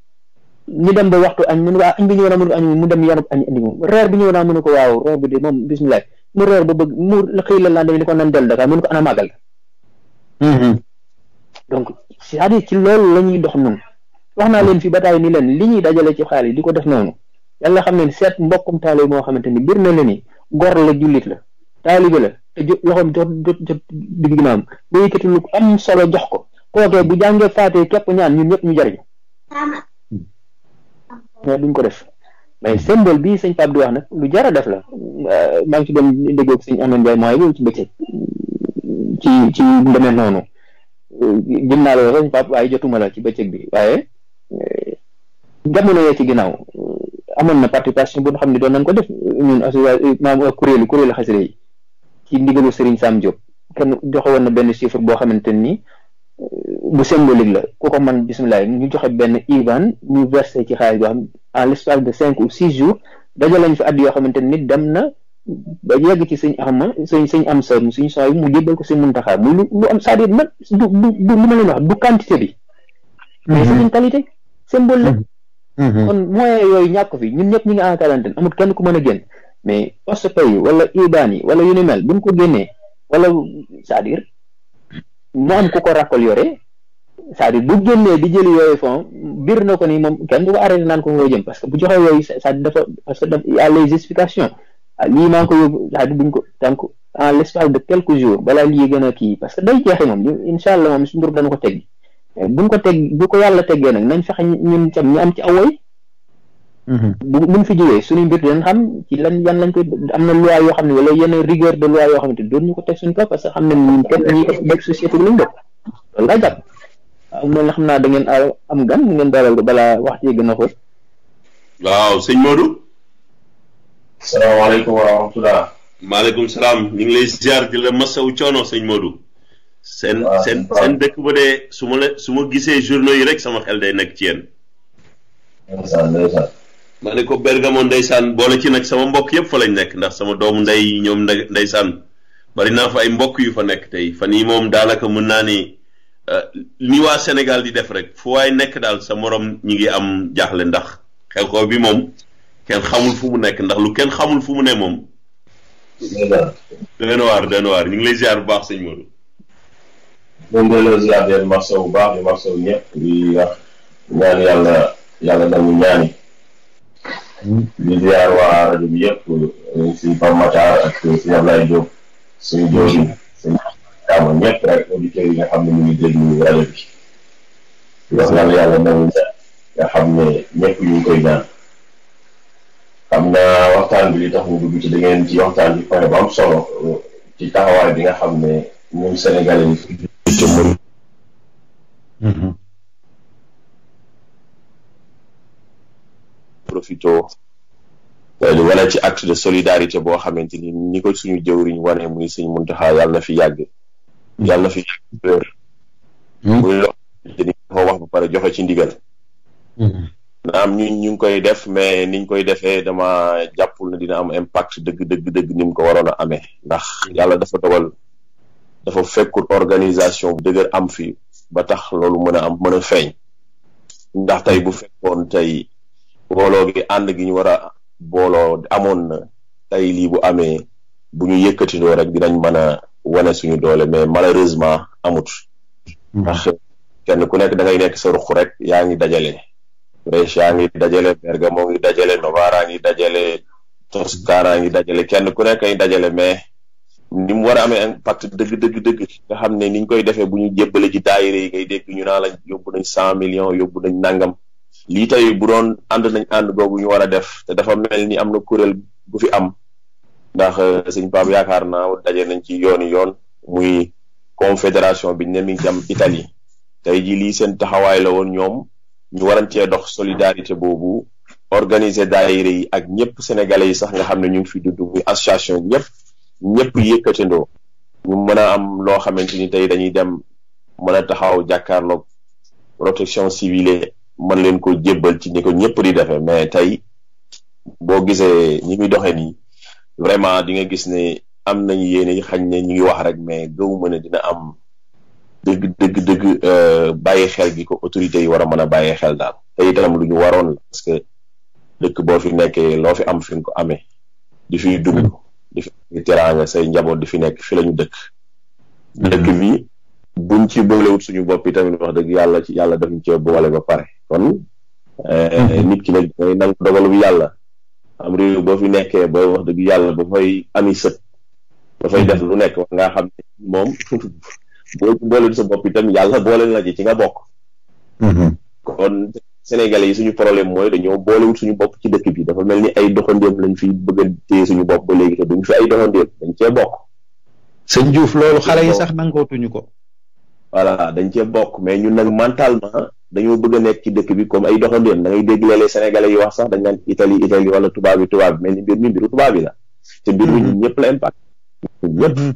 ñu dem ba waxtu añ mu ne waa añ bi ñu war a mën añ mu dem yarub añ indi moom reer bi ñu war a ko waaw reer bi de moom bisimilah mu reer ba bëgg mu xëy la laa demee ni ko nan dellu Dakar mu ne ko mm-hmm. donc cest à ci loolu la ñuy dox noonu wax naa leen fi ba taay ni leen li ñuy dajale ci xaalis di ko def noonu yàlla xam ne seet mbokkum taale moo xamante ni bir na leen ni gor la jullit la taalibe la te jo loxoom jot jot jot digg ginnaawam ba yëkkati lu am solo jox ko kookee bu jàngee faatee képp ñaan ñun ñëpp ñu jariñ mais duñ ko def mais symbole bi sëñ Pape di wax nag lu jar a def la euh, maa ngi ci doon déggoo ak sëñ Amin mooy yow ci bëccëg ci ci demee noonu euh, gën naa la sëñ waaye jotuma la ci bëccëg bi waaye euh, jamono yee ci ginnaaw amoon na participation bu nga xam ne doon nañ ko def ñun association maam kuréelu kuréelu xasire yi ci ndigalu Serigne Sam Diop kenn joxe woon na benn chiffre boo xamante nii bu symbolique la ku ko man bisimilah ñu joxe benn IBAN ñu versé ci xaalis boo xam en l'espace de cinq ou six jours dajale lañ fa at yoo xamante ni dem na ba yegg ci suñ ama suñ suñ am sa suñ saa mu jébbal ko si muntaxaa muy lu lu am c'est-à-dire man du du lu ma leen wax du quantité bi mm-hmm. mais c'est qualité symbole mm-hmm. Mm-hmm. kon moyen yooyu ñàkk fi ñun ñëpp ñi ngi en quarantaine amut kenn ku mën a génn mais Postepay yi wala IBAN yi wala yu ni mel buñ ko génnee wala cest mu am ku ko rakkal yore c'est-à-dire bu génnee di jëli yooyu fonds biir na ko ni moom kenn du ko arrêté naan ko nga parce que bu joxe yooyu cest dafa parce que dafa y a les explications ah, lii maa ko yóbbu cest à ko donc en l'espace de quelques jours bala lii gën kii parce que day jeexee moom incha allah moom suñu borom ko teg eh, buñ ko teg bu ko yàlla teggee nag nañ fexe ñun tam ñu am ci awoy buñ fi jógee suñu mbir dañ xam ci lan yan lañ koy amna loi yo xamni wala yene rigueur de loi yoo xam ne doon ñu ko teg parce que xamna ñu kenn ñi nekk société bi lañ dëkk loolu laa amna la xamna da ngeen am gan ngeen dalal ko balaa wax ci gëna a waaw señ Modou salaamaaleykum wa rahmatullah alaykum salaam ñi ngi lay ziar di la massaw choono señ Modou sen sen sen dekk bu dee suma suma la gisee journaux yi rek sama xel day nekk ci yeen ndeysaan ndeysaan ma ne ko Bergamo ndeysaan boole ci nag sama mbokk yépp fa lañ nekk ndax sama doom ndey ñoom saan bari naa fa ay mbokk yu fa nekk tey fa yii moom daanaka mën naa ni euh, ni waa Sénégal di def rek fu waay nekk daal sa moroom ñi ngi am jaaxle ndax xew xew bi moom kenn xamul fu mu nekk ndax lu kenn xamul fu mu ne moom. dana waar dana waar ñu ngi lay ziar bu baax sëñ Modou. moom delloo ziar di bu baax di marsaw ñëpp di wax ñaan yàlla yàlla dañu ñaani di ziar waa rajo bi yëpp eh, suñu Pape Matar ak suñu Ablaye Diop suñu jooju suñu jaamu ñëpp rek auditeurs yi nga xam ne ñu ngi déglu rajo bi wax naan yàlla nangu ña nga xam ne ñëpp ñu ngi koy ñaan xam naa waxtaan bi li tax mu dugg ci da ngeen ci waxtaan bi pare bu am solo eh, ci taxawaay bi nga xam ne ñun Sénégalais yi. profito euh, wala ci acte de solidarité boo xamante ni ni suñu jëwriñ wane muy sëñ Muntaxa yàlla na fi yàgg yàlla fi yàgg hmm. muy wax ba pare joxe ci ndigal hmm. naam ñu ñu ngi koy def mais niñ koy defee dama jàppul na dina am impact dëgg dëgg dëgg ni mu ko waroon a amee ndax yàlla dafa dogal dafa fekkul organisation bu dëgër am fi ba tax loolu mën a am mën a feeñ ndax tey bu fekkoon tey booloo gi ànd gi ñu war a booloo amoon na tey lii bu amee bu ñu yëkkatindoo rek dinañ mën a wane suñu doole mais malheureusement amut hmm. ndax kenn ku nekk da ngay nekk sa rek yaa ngi dajale Brèche yaa ngi dajale Bergamo ngi dajale Novara ngi dajale Toscana ngi dajale kenn ku nekk ay dajale mais ni mu war a amee impact dëgg dëgg dëgg nga xam ne ni ñu koy defee bu ñu jébbale ci daayira yi ngay dégg ñu naa la nañ cent millions yóbbu nañ nangam lii tey bu doon ànd nañ ànd boobu ñu war a def te dafa mel ni am na kuréel bu fi am ndax euh, sëñ Pape yaakaar naa daje nañ ci yooni yoon muy confédération bi ne mi ngi am Italie tey jii lii seen taxawaay la woon ñoom ñu waran cee dox solidarité boobu organiser daayira yi ak ñëpp sénégalais yi sax nga xam ne ñu ngi fi dudd muy association ñëpp ñëpp yëkkatandoo ñu mën a am loo xamante ni tey dañuy dem mën a taxaw jàkkaarloog protection civile mën leen ko jébbal ci ni ko ñëpp di defee mais tey boo gisee ñi muy doxee nii vraiment di nga gis ne am nañu yéene xañ ne ñu wax rek mais gëwuma ne dina am dëgg dëgg dëgg euh, bàyyi xel gi ko autorités yi war a mën a bàyyi xel daal te itam lu ñu waroon la dëkk boo fi nekkee loo fi am fi ko amee di fiy dugg di fi njaboot di fi nekk fi lañu dëkk mm-hmm. dëkk bi buñ ci boolewut suñu bopp yi tamit wax dëgg yàlla ci yàlla dañ cee boole ba pare kon. Mhm. nit ki nag mooy nangu dogal bu yàlla. am réew boo fi nekkee booy wax dëgg yàlla ba fay ami sët. ba fay def lu nekk wax ngaa xam ne moom boo ci boolewut bopp yi tamit yàlla boole na ci ci nga bokk. Mhm. kon Sénégalais yi suñu problème mooy dañoo boolewut suñu bopp ci dëkk bi dafa mel ni ay doxandéem lañ fi bëgg a téye suñu bopp ba léegi te duñ fi ay doxandéem dañ cee bokk. sëñ juuf loolu xale yi sax nangootuñu ko. voilà dañ cee bokk mais ñun nag mentalement dañoo bëgg a nekk ci dëkk bi comme ay doxandéem da ngay dégg léeg-léeg sénégalais yi wax sax dañ naan Italie Italie wala tubaab bi tubaab bi mais bi la te mbir mi ñëpp la impact ñëpp mm-hmm.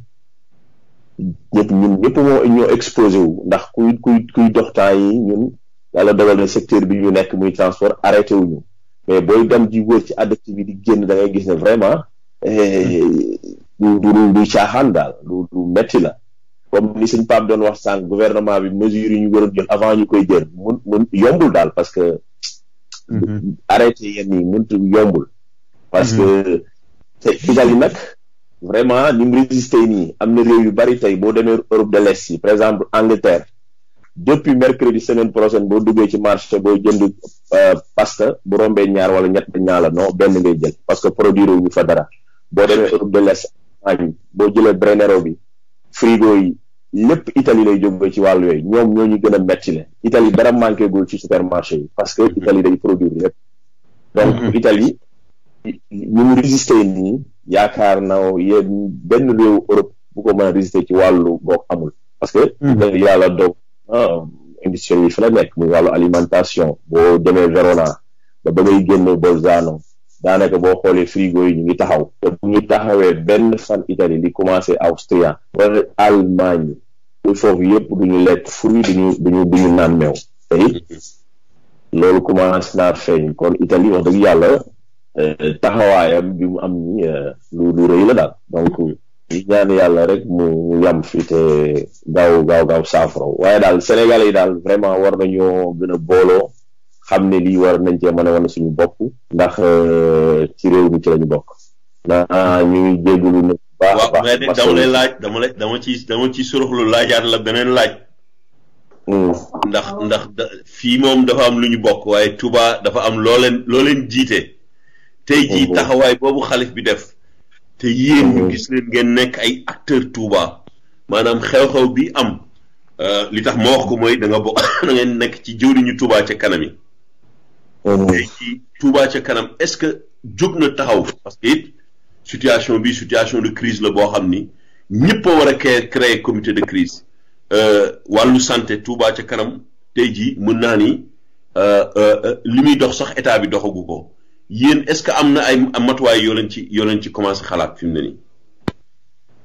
ñëpp ñun ñëpp moo ñoo exposé wu ndax kuy kuy kuy dox temps yi ñun yàlla dogal na secteur bi ñu nekk muy transport arrêté wuñu mais booy dem di wër ci àdduna bi di génn da ngay gis ne vraiment eh, du du caaxaan daal lu metti la comme ni suñ Pape doon wax sànq gouvernement bi mesures yi ñu waroon jël avant ñu koy jël mun mun yombul daal parce que. Mhm. arrêté yenn yi mënut yombul. parce mhm. que te Italie nag vraiment ni mu résisté nii am na réew yu bari tey boo demee Europe de l'Est yi par exemple Angleterre depuis mercredi semaine prochaine boo duggee ci marché boo jënd euh, pasta bu rombee ñaar wala ñett ñaar la non benn ngay jël parce que produire wu ñu fa dara boo demee Europe de l'Est boo jëlee Brennero bi. frigo yi lépp Italie lay jóge ci wàll yooyu ñoom ñoo ñu gën a metti le Italie dara manqué gul ci supermarché yi parce que mm-hmm. Italie day produire lépp donc mm-hmm. Italie ñu mu résister nii yaakaar na yéen benn réew Europe bu ko mën a résister ci wàllu boo amul parce que mm-hmm. yàlla doog ah, industrie yi fa la nekk muy wàllu alimentation boo demee Verona ba ba ngay génne Bolzano daanaka boo xoolee frigo yi ñu ngi taxaw te bu ñu taxawee benn fan Italie li commencé Austria wala Allemagne foofu yëpp du ñu lekk fruit duñu duñu du ñu naan meew tey loolu commencé naa feeñ kon Italie wax dëgg yàlla euh, taxawaayam bi mu am ni euh, lu rëy la daal donc ñu ñaan yàlla rek mu mu yam fi te gaaw gaaw gaaw saafara waaye daal Sénégal yi daal vraiment war nañoo gën a booloo xamne li war nañ ci mëna wone suñu bopp ndax euh, ci réew mi ci lañu bokk na ñu jégalu ne baax a baax dama lay laaj dama lay dama ci dama ci lu laajaat la benen laaj hmm. ndax ndax fi mom dafa am luñu bokk waye Touba dafa am loo leen loo leen jiite tey jii hmm. taxawaay boobu xalif bi def te yeen ñu hmm. gis leen ngeen nekk ay acteur Touba manam xew-xew bi am euh, li tax mo wax ko moy da nga bokk da ngeen nekk ci jëwriñu Touba ci kanam yi tey jii Touba ca kanam est-ce que jóg na taxaw parce que it situation bi situation de crise la boo xam ni ñëpp a war a créer comité de crise euh, wàllu santé Touba ca kanam tey jii mun naa ni euh, euh, li muy dox sax état bi doxagu ko yéen est-ce que am na ay matuwaay yoo leen ci yoo leen ci commencé xalaat fi mu ne nii.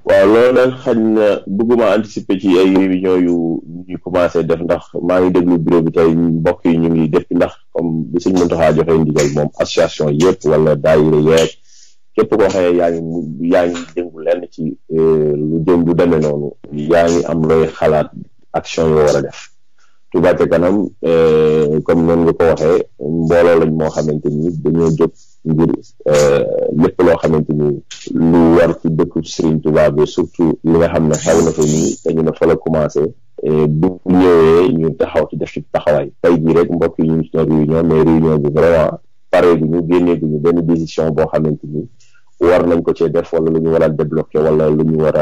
waaw loolu nag xañ na bëgguma anticiper ci ay réunion yu ñu commencé def ndax maa ngi déglu bureau bi tey mbokk yi ñu ngi def ndax. comme bi suñ mëntaxaa joxee ndigal moom association yëpp wala daayira yeeg képp koo xamee yaa ngi yaa ngi jëngu lenn ci euh, lu jëm lu demee noonu yaa am looy xalaat action yoo war a def Touba ca kanam euh, comme noonu nga ko waxee mbooloo lañ moo xamante ni dañoo jóg ngir euh, lépp loo xamante ni lu war ci dëkku Serigne Touba bi surtout lu nga xam ne xew na fa nii dañu ne fa la commencé Eh, bu ñëwee ñu taxaw ci def ci taxawaay tey jii rek mbokk yi ñu ngi ci réunion mais réunion bi vraiment pare bi ñu génnee bi ñu benn décision boo xamante ni war nañ ko cee def wala lu ñu war a débloqué wala lu ñu war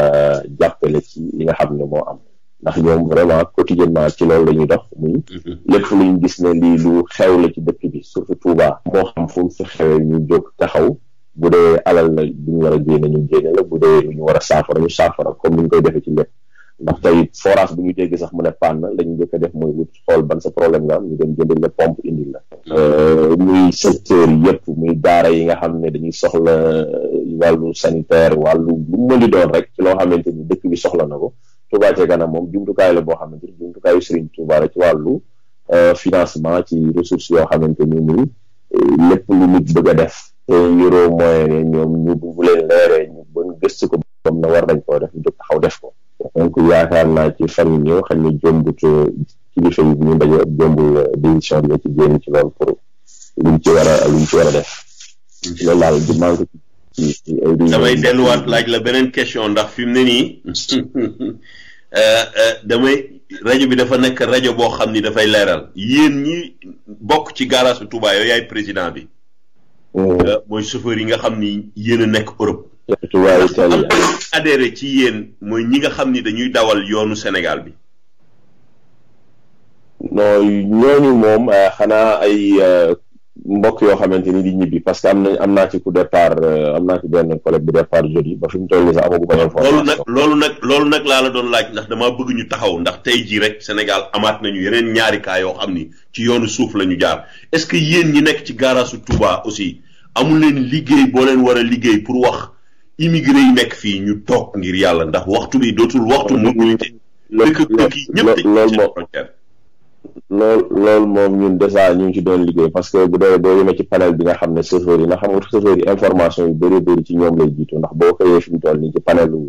jàppale ci li nga xam ne moo am ndax ñoom vraiment quotidiennement ci loolu la ñuy dox muy mhm. lépp lu ñu gis ne lii lu xew la ci dëkk bi surtout Touba moo xam fu mu xewee ñu jóg taxaw bu dee alal la bu ñu war a génne ñu génne la bu dee lu ñu war a saafara ñu saafara comme ni ñu koy defee ci ndax tey forage bu ñu dégg sax mu ne panne la ñu njëkk a def mooy wut xool ban sa problème nga am ñu dem jëndil la euh, yi nga xam ne dañuy soxla euh, wàllu sanitaire wàllu lu mën di doon rek ci loo xamante ni dëkk bi soxla na ko Touba ca kanam moom jumtukaay la boo xamante ni jumtukaayu Serigne Touba la ci wàllu euh, financement ci ressources yoo xamante ni muy lépp lu nit bëgg a def. te yoroo moyen ñoom ñu bu leen leeree ñu bon gëstu ko comme na war nañ koo def ñu jóg taxaw def ko. donc yaakaar naa ci fan yi xam ne jombut kilifa yi bu ñu daje jombul décision dina ci génn ci loolu pour luñ ci war a luñ ci war a def loolu daal di manque delluwaat laaj la beneen question ndax fi mu ne nii euh, euh, damay rajo bi dafa nekk rajo boo xam ni dafay leeral yéen ñi bokk ci garage bi Touba yooyu yaay président bi mm. euh, mooy chauffeur yi nga xam ni yéen a nekk Europe adhéré ci yéen mooy ñi nga xam ni dañuy dawal yoonu Sénégal bi non ñooñu moom euh, xanaa ay euh, mbokk yoo xamante ni di ñibbi parce que am na am naa ci ku départ euh, am naa ci benn collègue bu départ jeudi ba fi mu toll nii sax amagu loolu nag loolu nag loolu nag laa la doon laaj ndax damaa bëgg ñu taxaw ndax tey jii rek Sénégal amaat nañu yeneen ñaari cas yoo xam ni ci yoonu suuf la ñu jaar est-ce que yéen ñi nekk ci gaaraasu Touba aussi amul leen liggéey boo leen wara liggéey pour wax. immigré yi nekk fii ñu toog ngir yàlla ndax waxtu bi dootul waxtu mobilité mu dëkk yi ñëpp te frontière loolu loolu moom ñun dèjà ñu ngi ci doon liggéey parce que bu dee boo yemee ci panel bi nga xam ne chauffeur yi nga xam nga chauffeur yi information yu bëri bëri ci ñoom lay jiitu ndax boo xëyee fi toll nii ci panelu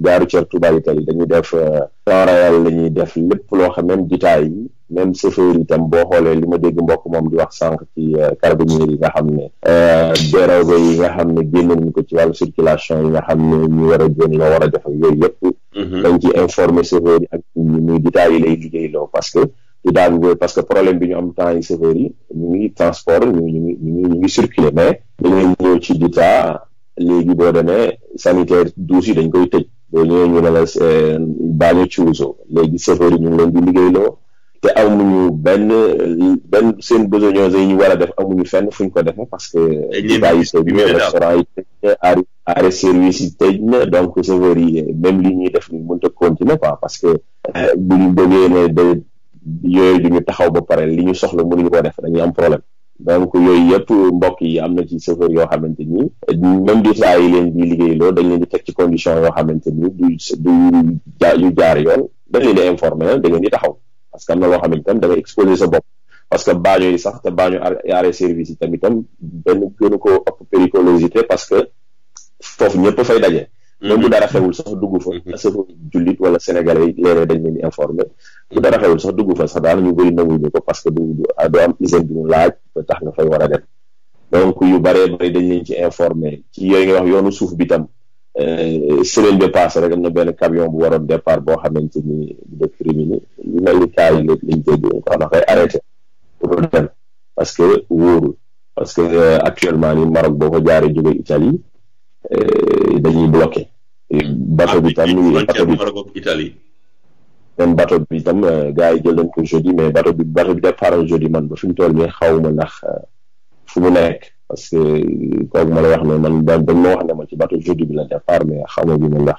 gaaru Thiel Touba Italie dañuy def euh, temps réel la ñuy def lépp loo xam même détails yi même chauffeur itam boo xoolee li ma dégg mbokk moom di wax sànq ci euh, carabinieri yi nga xam ne euh, dérobe yi nga xam ne génn nañ ko ci wàllu circulation yi nga xam ne ñu war a ak yooyu yëpp mm-hmm. dañ ci informer chauffeur yi ak ñu muy yi lay liggéeyloo parce que di daan parce que problème bi ñu am temps yi chauffeur yi ñu ngi transport ñu ngi ñu ngi ñu ngi circuler mais dañuy ñëw ci dita léegi boo demee sanitaire yi dañ koy tëj boo ñëwee ñu ne la euh, baañu cuuso léegi chauffeur yi ñu ngi leen di liggéeyloo te amuñu benn benn seen besognose yi ñu war a def amuñu fenn fuñ ko defee parce que bàyyi tëj na restaurant yi tëj na arrêt service yi tëj na donc chauffeur yi même li ñuy def ni mënut te continuer quoi parce que euh, bu ñu bëggee ne da du duñu taxaw ba pare li ñu soxla ñu ko def dañuy am problème donc yooyu yëpp mbokk yi am na ci chauffeur yoo xamante ni même di saa yi leen di liggéeyloo dañ leen di teg ci condition yoo xamante ni du du yu jaar yoon dañ leen di informer ah, da ngeen di taxaw parce que am na loo xam ne itam da sa bopp parce que baaño yi sax te baaño arrêt service yi tam itam benn gënu ko ëpp péricolosité parce que foofu ñëpp fay daje même bu dara mm-hmm. xewul sax dugg fa safar mm-hmm. jullit wala sénégalais yi léeg-léeg dañ leen informé dara xewul sax dugg fa sax daal ñu bëri nanguñu ko parce que du ah, am hygiène bi mu laaj ba tax nga fay war a dem donc yu bëree bëri dañ leen ci informé ci yooyu yoonu suuf bi tam euh, semaine bi passé rek am na benn camion bu waroon départ boo xamante ni dëkk Rimini lu mel ni cas yi lépp liñ dégg ko xam na koy arrêté pour dem parce que wóorul parce que euh, actuellement ni Maroc boo ko jaaree jóge Italie dañuy bloqué. bateau bi tam bateau bi Italie. même bateau bi tam gars yi jël nañ ko jeudi mais bateau bi bateau bi da faara jeudi man ba fi mu toll nii xaw ma ndax fu mu nekk parce que kooku ma la wax ne man dañ ma wax ne ma ci bateau jeudi bi la départ mais xaw bi ma ndax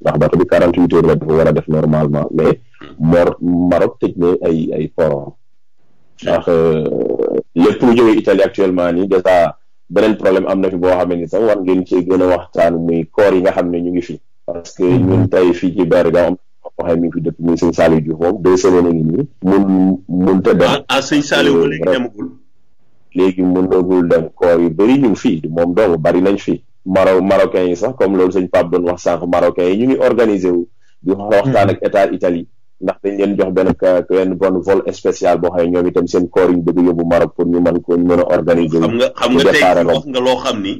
ndax bateau bi 48 heures la dafa war a def normalement mais Mor Maroc tëj na ay ay forum ndax lépp lu jógee Italie actuellement nii déjà. beneen problème am na fi boo xam ne ni sax war ngeen cee gën a waxtaan muy koor yi nga xam ne ñu ngi fi parce que mm-hmm. ñun fii ci Bergam am waxee mi ngi fi dëkk muy sëñ Saliou Diouf moom deux semaines ngi nii mun munta dem ah, ah sëñ Saliou ba euh, léegi demagul léegi dem koor yu bëri ñu ngi fii moom doomu bari nañ fi maro marocain yi sax comme loolu sañ Pape doon wax sànq marocain yi ñu ngi organiser wu di waxtaan mm-hmm. ak état Italie ndax dañ leen jox benn benn bon vol spécial boo xam ne ñoom itam seen koor yi bëgg yóbbu Maroc pour ñu mën ko mën a organiser. xam nga xam nga tey nga loo xam ni.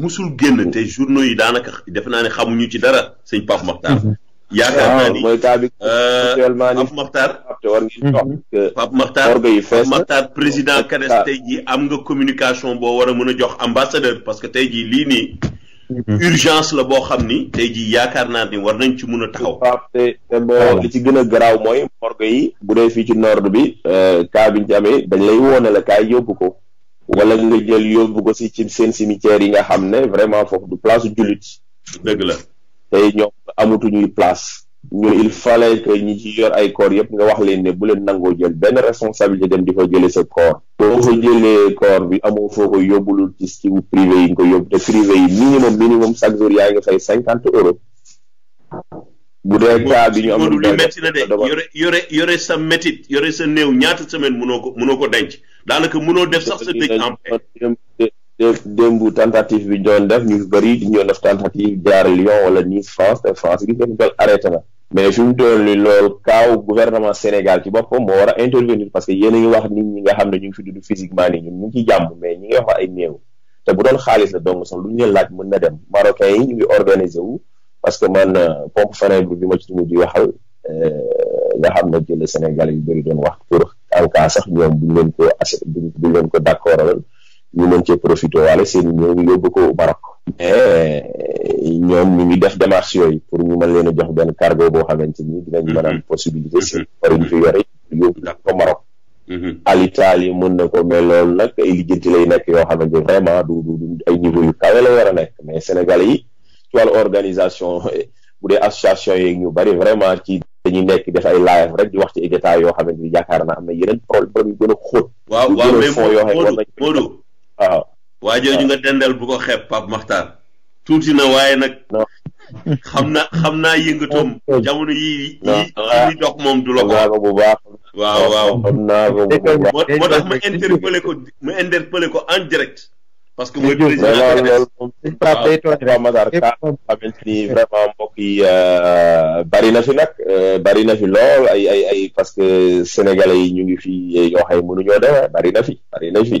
mosul génn te journaux yi daanaka def naa ne xamuñu ci dara sëñ Pape Makhtar. Mhm. yaakaar ah, naa ni mooy cas bi euh, actuellement nii Pape Makhtar. war ngeen jox mhm. Pape Makhtar Pape Makhtar président CADES tey jii am nga communication boo war a mën a jox ambassadeur parce que tey jii lii nii. Mm-hmm. urgence la boo xam ni tey jii yaakaar naa ni war nañ ci mun a taxaw. te boo li ci gën a garaaw mooy morgue yi bu dee fii ci nord bi euh, cas biñ ci amee dañ lay woone la kaay yóbbu ko wala nga jël yóbbu ko si ci seen cimetière yi nga xam ne vraiment foofu du place jullit. dëgg la tey ñoom amatuñuy place. ñu ne il fallait que ñi yor ay corps yëpp nga wax leen ne bu leen nangoo jël benn responsabilité dem di fa jëlee sa corps boo fa jëlee corps bi amoo foo ko yóbbulul ci ci privé yi nga ko yóbbu te privé yi minimum minimum chaque jour yaa nga fay cinquante euros bu dee cas bi ñu amul lu métti la de yore yore sa métit yore sa néew ñaata semaine mënoo ko mënoo ko denc daanaka mënoo def sax sa dëj en paix dembu tentative bi doon def ñu bari di ñëw def tentative jaar Lyon wala Nice France te France gi gitu, dem bal arrêté na mais fi mu toll nii loolu kaaw gouvernement Sénégal ci boppam moo war a intervenir parce que yéen a ngi wax nit ñi nga xam ne ñu ngi fi dudd physiquement nii ñun ñu ngi ci jàmm mais ñi ngi wax ay néew te bu doon xaalis la donc sax lu ñu leen laaj mën na dem marocain yi ñu ngi organisé wu parce que man euh, pompe funèbre bi ma ci tumu di waxal euh, nga xam ne jële Sénégal yu bari doon wax pour en cas sax ñoom buñ leen ko ass buñ leen ko d' ñu mën cee profité waale seen ñëw yóbbu ko Maroc mais eh, ñoom ñu ngi def demarche yooyu pour ñu mën leen a jox benn cargo boo xamante ni dinañ mën a am mm-hmm. possibilité si war mm-hmm. ñu fi yore yóbbu nag ko Maroc mm-hmm. Alitaali mën na ko mais nag ay lijjanti lay nekk yoo xamante ni vraiment du du du ay niveau yu kawe la war nekk mais Sénégalais yi ci organisation bu dee association yeeg ñu bari vraiment ci dañuy nekk def ay live rek di wax ci yoo xamante ni yaakaar na am na yeneen problème yu gën a xóot. waaw waaw mais Modou waaw waa jooju nga dendal bu ko xeeb pap Makhtar tuuti na waaye nag xam na xam naa yëngatoom jamono yi yi dox moom du la ko bu baax waaw waaw moo tax ma interpellé ko ma interpellé ko en direct parce que mooy président de la Matar ni vraiment mbokk yi euh, bari na fi nag euh, bari na fi lool ay ay ay parce que sénégalais yi ñu ngi fi yoo xay ne mënuñoo demee bari na fi bari na fi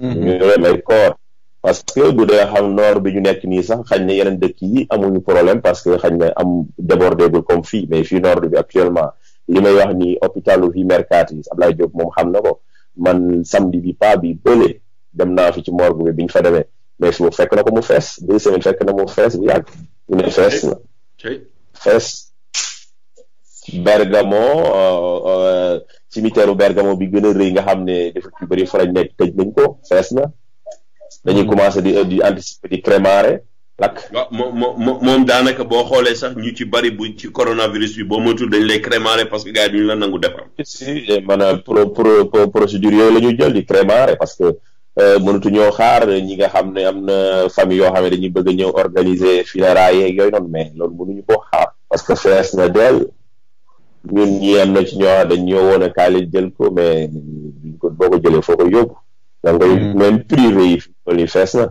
Mhm. ñu leen ay koor parce que bu dee xam nord bi ñu nekk nii sax xañ na yeneen dëkk yi amuñu problème parce que xañ ne am débordé bu comme fii mais fii nord bi actuellement li may wax ni hôpitalu fii Mercatis Ablaye Diop moom xam na ko man samedi bi pas bi bële dem naa fi ci morgue bi bi ñu fa demee mais foofu fekk na ko mu fees deux semaines fekk na mu fees bu yàgg ñu ne fees na fees Bergamo euh, euh, cimetière Bergamo bi gën a rëy nga xam ne dafa ci bëri fa lañ nekk tëj nañ ko fees na. dañuy hmm. commencé di di anticiper di crémaré lakk. waaw moom moom daanaka boo xoolee sax ñu ci bari bu ci coronavirus bi boo moytuwul dañ lay crémaré parce que gars yi duñu la nangu defar. si maanaam euh, pro la ñuy jël di crémaré parce que euh, mënatu ñoo xaar ñi nga xam ne am na famille yoo xam ne dañuy bëgg a ñëw organiser funérailles yeeg yooyu noonu mais loolu mënuñu koo xaar parce que fees na dell. ñun ñi am na ci ñoo dañ ñoo woon a kaale jël ko mais boo ko jëlee foo ko yóbbu da nga koy hmm. même privé yi loolu fees na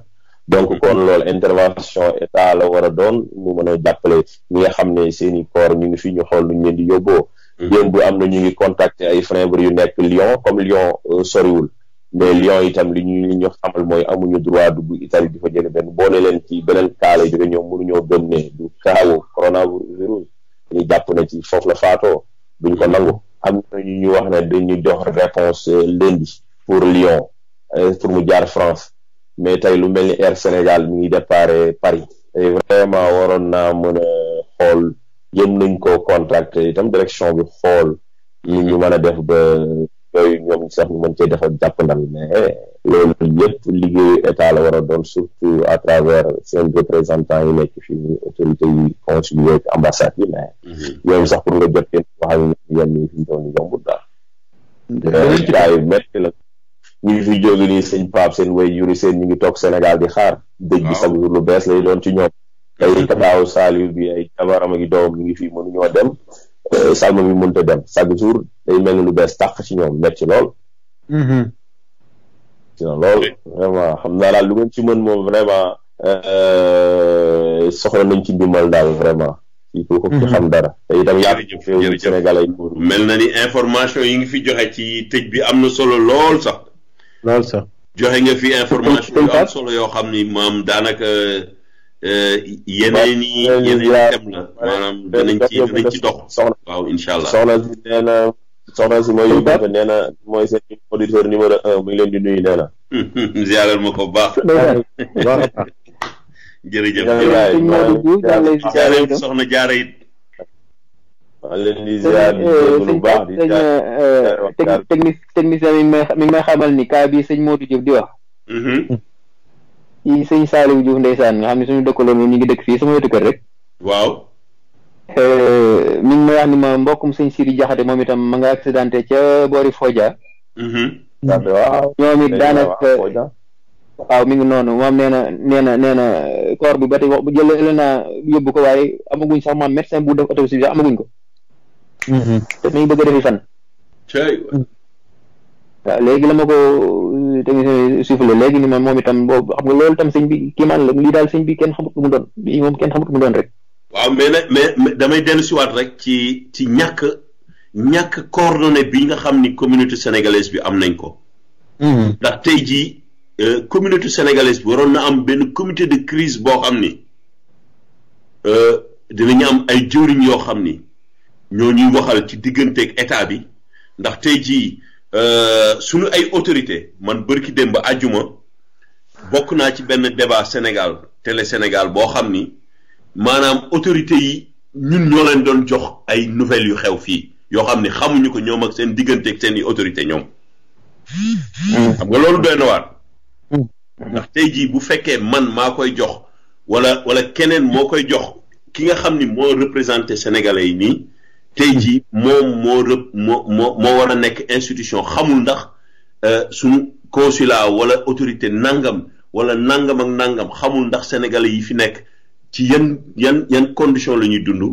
donc hmm. kon loolu intervention état la war a doon mu mën a jàppale ñi nga xam ne seen i ñu ngi fi ñu xool luñ leen di yóbboo hmm. démb bu am na ñu ngi contacter ay frères yu nekk Lyon comme Lyon euh, soriwul mais Lyon itam li ñu li ñu xamal mooy amuñu droit dugg Italie di fa jële benn boole leen ci beneen kaale jóge ñoom mënuñoo gëm ne du kaawu coronavirus ñu jàpp ne ci foofu la faatoo duñ ko nangu am na ñu ñu wax ne dañu jox réponse euh, lundi pour Lyon euh, pour mu jaar France mais tey lu mel ni Air Sénégal mi ngi déparé Paris tey vraiment waroon naa mën xool jëm nañ ko contracté itam direction bi xool ñu ñu a def ba yooyu ñoom sax ñu mën cee defal jàppandal mais loolu yëpp liggéeyu état la war a doon surtout à travers seen représentants yi nekk fii muy autorités yi consuliers ambassade yi mais mhm. yooyu sax pour nga jot yéen wax ak fi ñu doon yombul daal gaa yu métti la fi jóge nii seen paap seen way yuri seen ñu ngi toog Sénégal di xaar dëj bi sax lu bees lay doon ci ñoom mhm. ay kataaw Saliou bi ay jabaram ak doom ñu ngi fii mënuñoo dem salma euh, bi mënut a dem chaque jour day mel ni lu bees tàq ci ñoom ci lool. ci mm-hmm. lool vraiment xam naa laal lu ngeen ci mën moom vraiment. Euh, soxla nañ ci ndimbal daal vraiment. il faut que mm-hmm. xam dara. te itam yaatu Sénégal ay mel na ni information yi nga fi joxe ci tëj bi am na solo lool sax. lool sax joxe nga fi information solo yoo xam ni maam daanaka. Euh, yeneen yi yeneen tem la maanaam danañ ci danañ ci dox soxna si nee na soxna si mooy yóbbu nee na mooy seen auditeur numéro un mu leen di nuyu nee na ziaral ma ko baax jërëjëf jërëjëf soxna jaara it maa leen di ziar lu baax di euh, technicien mi may xamal ni kaa bi sëñ Modou Diop di wax mm-hmm. ci sey salew Diouf ndeysaan nga xamni suñu dëkkaloo ñu ngi dëkk fi sama wetu kër rek. waaw. Eh, mi ngi wax ni ma mbokum sëñ Siri Jaxate mom itam ma nga accidenté ca boori Fodja. Mhm. waaw ñoom it daanaka. waaw mi ngi noonu moom nee na nee na nee na corps bi ba tey wax jëlee naa yóbbu ko waaye amaguñ sax man médecin bu def autobus bi amaguñ ko. Mhm. te mi ngi bëgg a defi fan. waaw léegi la ma ko technicien sifflé léegi ni man moom itam boobu xam nga loolu itam sëñ bi kii man la lii daal sëñ bi kenn xamut mu doon bii moom kenn xamut mu doon rek. waaw mais nag damay dellu si rek ci ci ñàkk ñàkk coordonné bi nga xam ni communauté sénégalaise bi am nañ ko. Hmm. ndax tey jii euh, communauté sénégalaise bi waroon na am benn comité de crise boo xam ni euh, dinañu am ay jëwriñ yoo xam ni ñoo ñuy waxal ci digganteek état bi ndax tey jii. Euh, suñu ay autorité man bërki ba àjjuma bokk naa ci benn débat Sénégal télé Sénégal boo xam ni maanaam autorité yi ñun ñoo leen doon jox ay nouvelles yu xew fii yoo xam ni xamuñu ko ñoom ak seen diggante ak seen i autorité ñoom xam nga loolu doy na waar ndax tey jii bu fekkee man maa koy jox wala wala keneen moo koy jox ki nga xam ni moo représenté sénégalais yi nii tey jii moom moo rëb moo moo war a nekk institution xamul ndax euh, suñu consulat wala autorité nangam wala nangam ak nangam xamul ndax sénégalais yi fi nekk ci yan yan yan condition la ñuy dund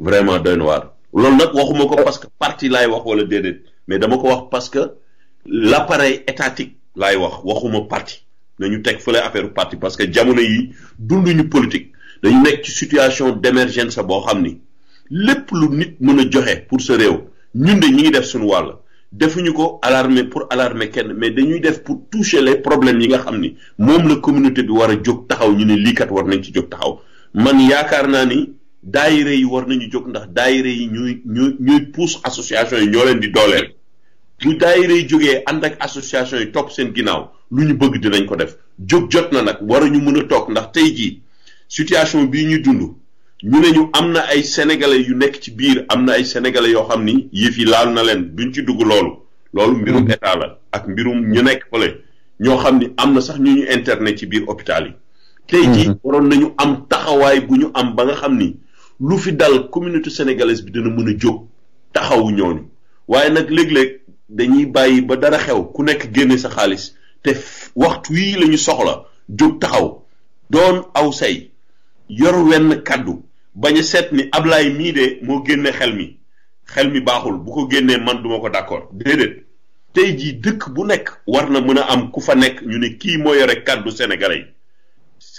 vraiment doy na waar loolu nag waxuma ko parce que parti laay wax wala déedéet mais dama ko wax parce que l'appareil étatique laay wax waxuma parti nañu teg fële affaire parti parce que jamono yi dunduñu politique dañu nekk ci situation d'urgence boo xam ni lépp lu nit mën a joxe pour sa réew ñun de ñi ngi def suñu wàll defuñu ko alarmer pour alarmer kenn mais dañuy def pour toucher les problèmes yi nga xam ni moom la communauté bi war a jóg taxaw ñu ne lii kat war nañ ci jóg taxaw man yaakaar naa ni daayira yi war nañu jóg ndax daayira yi ñuy ñuy ñuy pousse association yi ñoo leen di dooleel bu daayira yi jógee ànd ak association yi topp seen ginnaaw lu ñu bëgg dinañ ko def jóg jot na nag war a ñu mën a toog ndax tey jii situation bii ñu dund. ñu ne ñu am na ay sénégalais yu nekk ci biir am na ay sénégalais yoo xam ni yëf yi laal na leen ñu ci dugg loolu. loolu mbirum mm-hmm. état la ak mbirum ñu nekk fële ñoo xam ni am na sax ñu ñu internet ci biir hôpital yi. tey jii mm-hmm. waroon nañu am taxawaay bu ñu am ba nga xam ni lu fi dal communauté sénégalaise bi dina mën a jóg taxawu ñooñu waaye nag léeg-léeg dañuy bàyyi ba dara xew ku nekk génne sa xaalis te waxtu yii lañu soxla jóg taxaw doon aw say yor wenn kàddu bañ a seet ni ab laay mii de moo génne xel mi xel mi baaxul bu ko génnee man duma ko d'accord déedéet tey jii dëkk bu nekk war na mën a am ku fa nekk ñu ne kii mooy yore kàddu sénégalais yi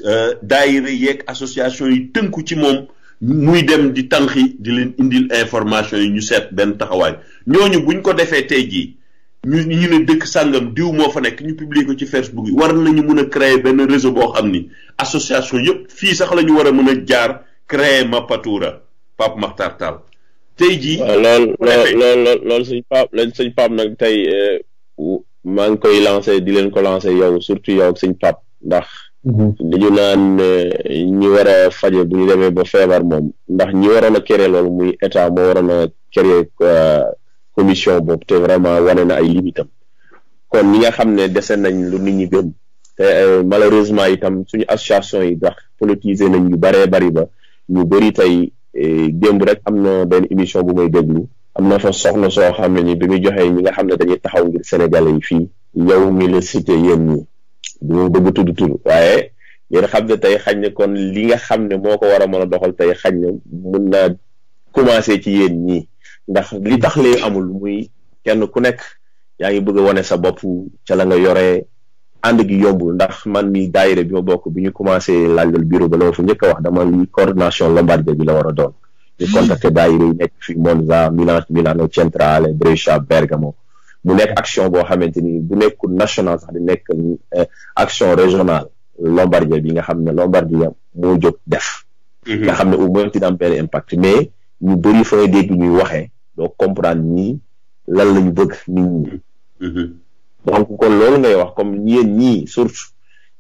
euh, daayira yeeg association yi tënku ci moom muy dem di tànqi di leen indil information yi ñu seet benn taxawaay ñooñu buñ ko defee tey jii ñu ñu ne dëkk sàngam diw moo fa nekk ñu publier ko ci Facebook yi war nañu mën a créer benn réseau boo xam ni association yëpp fii sax la war a mën a jaar créer Mapatoura Pape Makhtar Tall. tey jii. lool lool lool lool sëñ Pape lañ sëñ Pape nag tey euh, maa ngi koy lancé di leen ko lancé yow surtout yow ak sëñ Pape ndax. Mhm. dañu naan euh, ñi war a faje bu ñu ba feebar moom ndax ñi waroon a créer loolu muy état moo waroon a créer euh, commission te vraiment wane na ay limitam kon ñi nga xam ne dese nañ lu nit ñi gëm te malheureusement itam suñu association yi ndax politiser nañ yu baree bari ba. ñu bëri tey e, démb rek am na benn émission bu may déglu am na fa soxna soo xam ne ni bi joxe joxee nga xam ne dañuy taxaw ngir Sénégalais yi fii yow mi la cité yéen ñi du bëgg tudd tudd waaye ngeen xam ne tey xañ na kon li nga xam ne moo ko war a mën a doxal tey xañ na mun naa commencé ci yéen ñi ndax li tax lee amul muy kenn ku nekk yaa ngi bëgg a wane sa bopp ca la nga yoree ànd gi yombul ndax man mi daayira bi ma bokk bi ñu commencé laajal bureau ba la ma fa njëkk wax dama ni coordination Lombardia bi la war a doon ñu contacté daayira yi nekk fi Monza Milan Milano Centrale Brescia Bergamo mu nekk action boo xamante ni bu nekkul national sax di nekk euh, action régionale Lombardia bi nga xam ne Lombardia moo jóg def mhm. nga xam ne au moins dina am benn impact mais ñu bëri fay dégg ñuy waxe doo comprendre nii lan lañu bëgg nit donc kon loolu ngay wax comme yéen ñi surtout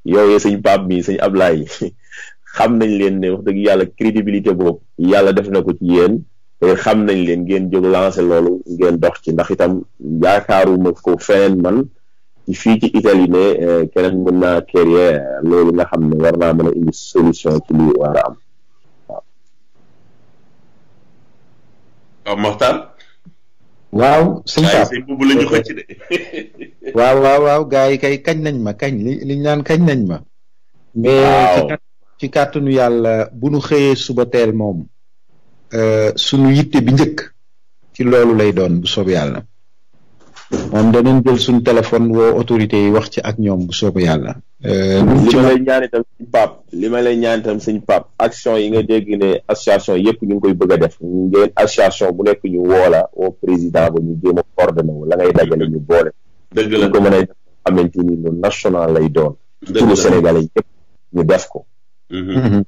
yow yee sëñ Pape bi sëñ Ablaye xam nañ leen ne dëgg yàlla crédibilité boobu yàlla def na ko ci yéen te xam nañ leen ngeen jóg lancé loolu ngeen dox ci ndax itam yaakaaruma ko feneen man fii ci Italie ne eh, keneen mën naa créer loolu nga xam ne war naa indi solution ci li war a am waaw. Mokhtar. waaw sëñ waaw waaw waaw gars yi kay kañ nañ ma kañ li liñ naan kañ nañ ma. mais ci kàttanu yàlla bu nu xëyee suba teel moom. Euh, sunu yitte bi njëkk. ci loolu lay doon bu soob yàlla. moom danañ jël suñ téléphone woo autorité yi wax ci ak ñoom bu soobee yàlla. Euh, li ma lay ñaan itam li ma lay ñaan itam suñ action yi nga dégg ne association yëpp ñu ngi koy bëgg a def ngeen association bu nekk ñu woo la woo président ba ñu jéem a coordonné la ngay dajale ñu boole. dëgg la ko mën a xamante ni lu lay doon. dëgg la Sénégalais yëpp ñu def ko. Mm-hmm. Mm-hmm.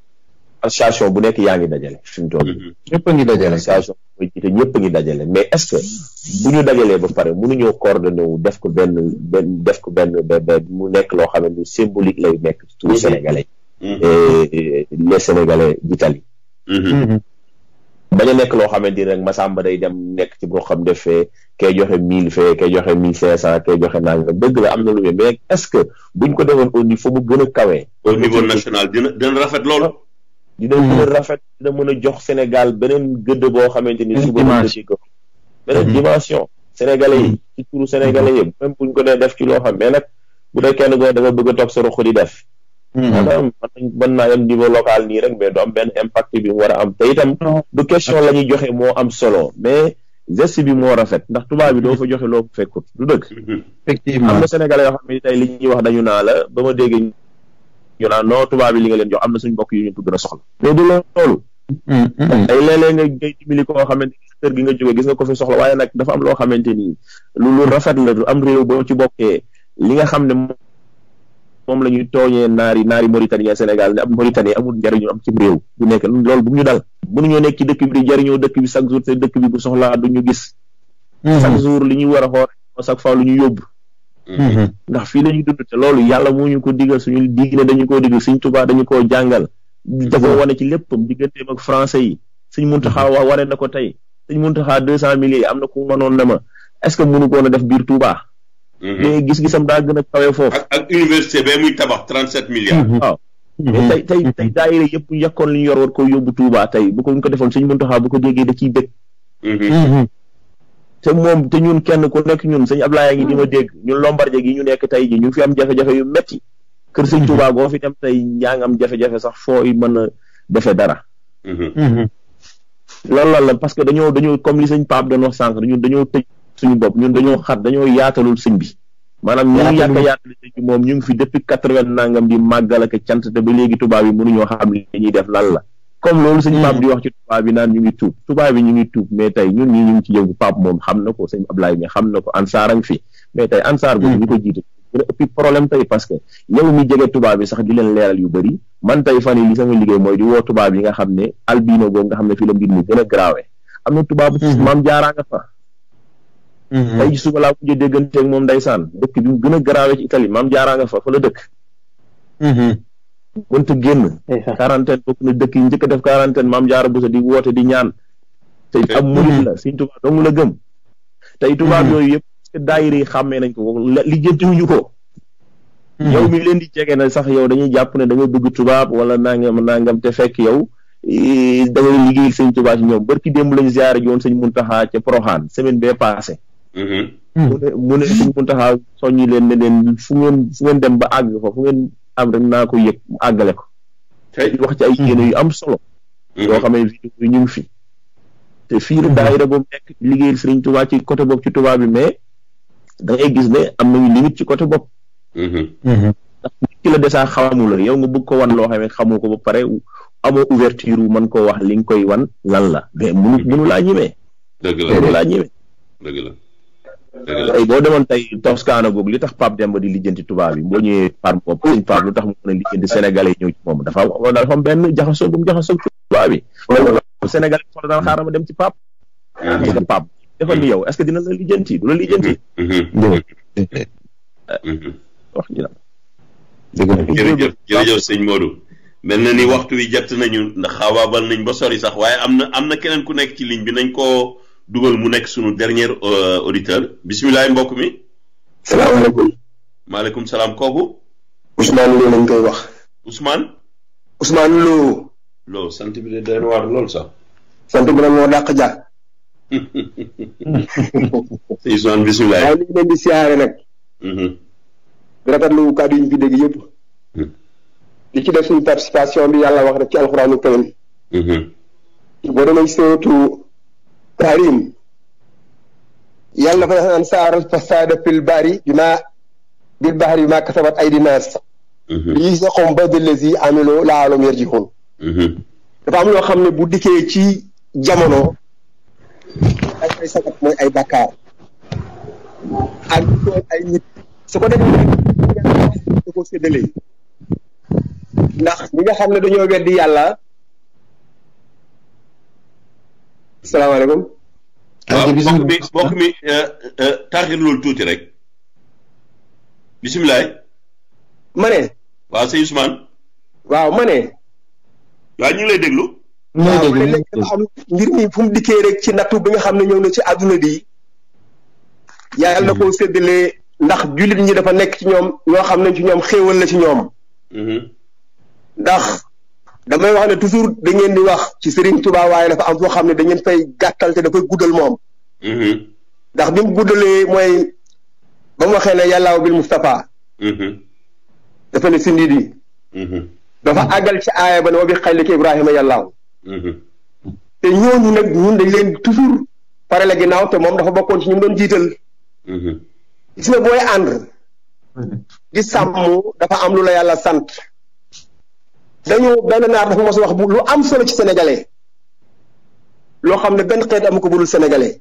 association bu nekk yaa ngi dajale fi tool toll mm-hmm. ñëpp a ngi dajale association mooy ñëpp a ngi dajale mais est-ce que bu ñu dajalee ba pare mënuñoo coordonné wu def ko benn benn def ko benn benn mu nekk loo xam ne lu symbolique lay nekk tout mm-hmm. sénégalais mm-hmm. et les sénégalais d'Italie nekk loo xamante ni rek Massamba day dem nekk ci boo xam def defee kay joxe mille fee kay joxe mille cinq cent kay joxe nangam dëgg la am na lu mais est-ce que buñ ko defoon au niveau mu gën a kawee au niveau national dina dina rafet loolu dina mën a hmm. rafet dina mën a jox Sénégal beneen gëdd boo xamante ni suba mën ci ko beneen hmm. dimension sénégalais yi hmm. ci turu sénégalais yi même buñ ko dee def ci loo xam mais nag bu dee kenn ko dafa bëgg a toog sa ruq di def maanaam mën naa yem niveau local nii rek mais du am benn impact bi mu war a am te itam du question la ñuy joxe moo am solo mais geste bi moo rafet ndax tubaab bi doo fa joxe loo fekkut du dëgg effectivement am na sénégalais yoo xam ne tey li ñuy wax dañu naa la ba ma dégg ñu naan tubaab yi li nga leen jox am na suñ bokk yu ñu ko a soxla mais du loolu ay mm-hmm. mm-hmm. léeg nga ngay dimbali xamante ni gi nga jóge gis nga ko fi soxla waaye nag dafa am loo xamante ni lu lu rafet la am réew boo ci bokkee li nga xam ne moom la ñuy tooñee naari naari Mauritanie Sénégal ne am Mauritanie amul njariñu am ci réew bu nekk loolu bu ñu dal mënuñoo nekk ci dëkk bi di jariñoo dëkk bi chaque jour te dëkk bi bu soxlaa du ñu gis mm-hmm. chaque jour li ñuy war a xool chaque lu ñu yóbbu Mm-hmm. ndax fii lañuy dund te loolu yàlla mu ñu ko digal suñu diine dañu koo digal suñ tubaa dañu koo jàngal dafa mm-hmm. wane ci léppam digganteem ak français yi suñ Muntaxa wa mm-hmm. wane na ko tey suñ Muntaxa deux cent milliers am na ku mënoon na ma est que mënu koon a def biir Tuubaa mais gis-gisam daa gën a kawe foofu ak université ba muy tabax trente-sept milliards waaw tey tey tey daayira yëpp yekkoon li ñu yor war ko yóbbu Tuubaa tey bu ko ñu ko defoon suñ Muntaxa bu ko déggee da ciy bëgg te moom te ñun kenn ku nekk ñun sëñ Ablaye ngi ni ma dégg ñun Lombardi gi ñu nekk tey ji ñu fi am jafe-jafe yu metti kër sëñ mhm. Touba goo fi dem tey yaa ngi am jafe-jafe sax fooy mën a defe dara mhm. Mhm. loolu loolu la parce que dañoo dañoo comme li sëñ Pape doon wax sànq ñun dañoo tëj suñu bopp ñun dañoo xat dañoo yaatalul sëñ bi maanaam ñu ngi yàq yaatal sëñ bi moom ñu ngi fi depuis quatre-vingt nangam bi màggal ak cant te ba léegi tubaab yi mënuñoo xam li ñuy def lan la comme loolu sëñ Pape mm. di wax ci tubaab bi naan ñu ngi tuub tubaab bi ñu ngi tuub mais tey ñun ñii ñu ngi ci yëngu Pape moom xam na ko sëñ Ablaye mais xam na ko ansaar a ngi fi mais tey ansaar boobu mm. ñu ko jiite tey parce que yow mi jege tubaab bi sax di leen leeral yu bëri man tey fan yi liggéey mooy di woo tubaab yi nga xam ne albino boobu nga xam ne fii la mbir mi gën a grave am na tubaab mm-hmm. maam jaaraa nga fa mm-hmm. tey ci suba laa mujjee dégganteeg moom saan dëkk bi mu gën a grave ci Italie maam jaaraa nga fa fa la dëkk mm-hmm. mënta génn quarantaine bokk na dëkk yi njëkk a def quarantaine maam jaara busa di woote di ñaan te ab murit la sëñ tubaab dong la gëm tey tubaab mm-hmm. yooyu yëpp daayira yi xàmmee nañ ko li jëntiwuñu ko mm-hmm. yow mi leen di jege na sax yow dañuy jàpp ne da nga bëgg tubaab wala nangam nangam te fekk yow eh, da nga liggéey sëñ tubaab ci ñoom barki démb lañ ziare yoon sëñ Muntaxa ca Poroxaan semaine bee passé mm-hmm. mu ne mu ne sëñ Muntaxa soññi leen ne leen fu ngeen fu ngeen dem ba àgg am rek naa ko yëg mu àggale ko wax ci ay hmm. yéene yu am solo hmm. yoo xam ne vidéo ñu ngi fi te fii la hmm. daayira boobu nekk liggéeyal Sëriñ Tuubaa ci côté bopp ci tubaab bi mais da ngay gis ne am nañu limite ci côté bopp ndax nit ki la desaa xamu la yow nga bëgg ko wan loo xam ne xamu ko ba pare amoo ouverture wu mën koo wax li nga koy wan lan la mais munu munu laa ñemee munu laa ñemee dëgg tey boo demoon tey kaana googu li tax Pape Demba di lijjanti tubaab yi boo ñëwee par moom sëñ Pape lu tax mu a lijjanti sénégalais yi ci moom dafa am dafa am benn jaxasoo bu mu jaxasoo tubaab yi sénégalais yi soxla daan xaaral ma dem ci Pape ah. parce que Pape defal ni yow est-ce que dina la lijjanti du la lijjanti mm-hmm. mm-hmm. wax ñu la jërëjëf jërëjëf sëñ ni waxtu wi jot nañu ndax xaabaabal nañ ba sori sax waaye am na am na keneen ku nekk ci ligne bi nañ ko dugal mu nekk sunu dernier euh, auditeur bisimilah mbokk mi. salaamaaleykum. maaleykum salaam kooku. Ousmane Lo lañ koy wax. Ousmane. Ousmane Lo. Lo sant bi de doy waar lool sax. sant bi mo moo dàq ja. si Ousmane bismillah ay ñu leen di siyaare nag. Mm-hmm. di rafetlu kàddu yi ñu fi dégg yëpp. di mm-hmm. ci def suñu participation bi yàlla wax rek ci alxuraanu karim. Mm-hmm. boo demee surtout. karim yàlla dafa naan saaral fasaada fil bari bi maa bil bahri bi maa kasabat aydi naas mhm. liyuziqahum ba'da llazi amilu la'allahum yarji'un mhm. dafa am loo xam ne bu dikkee ci jamono ay ay sabat mooy ay nit su ko defee da ndax ñi nga xam ne dañoo weddi yàlla salaamaaleykum. waaw mbokk mi mbokk mi euh, euh, taaxir loolu tuuti rek. bisimilah. ma ne. waaw sëñ Ousmane. waaw ma ne. ñu ngi lay déglu. waaw te léegi nga mi fu dikkee rek ci nattu bi nga xam ne ñëw na ci àdduna bi. yàlla na ko mm-hmm. séddalee ndax jullit ñi dafa nekk ci ñoom ñoo xam nañ ci ñoom xéewal la ci ñoom. Mm-hmm. ndax. damay wax ne toujours da ngeen di wax ci Serigne Touba waaye dafa am foo xam ne da ngeen fay gàttal te dafay guddal moom. Mm-hmm. ndax bi mu mooy ba mu waxee ne yàllaaw bil Moustapha. Mm-hmm. dafa ne sindi di. Mm-hmm. àggal ci aaya ba ne wa Ibrahima yàllaaw. te ñooñu nag dañ leen toujours pare ginnaaw te moom dafa bokkoon ci ñu doon jiital. gis nga booy ànd. di sàmm dafa am lu la yàlla sant. dañu benn naar dafa mos wax bu lu am solo ci sénégalais loo xam ne benn xeet amu ko budul sénégalais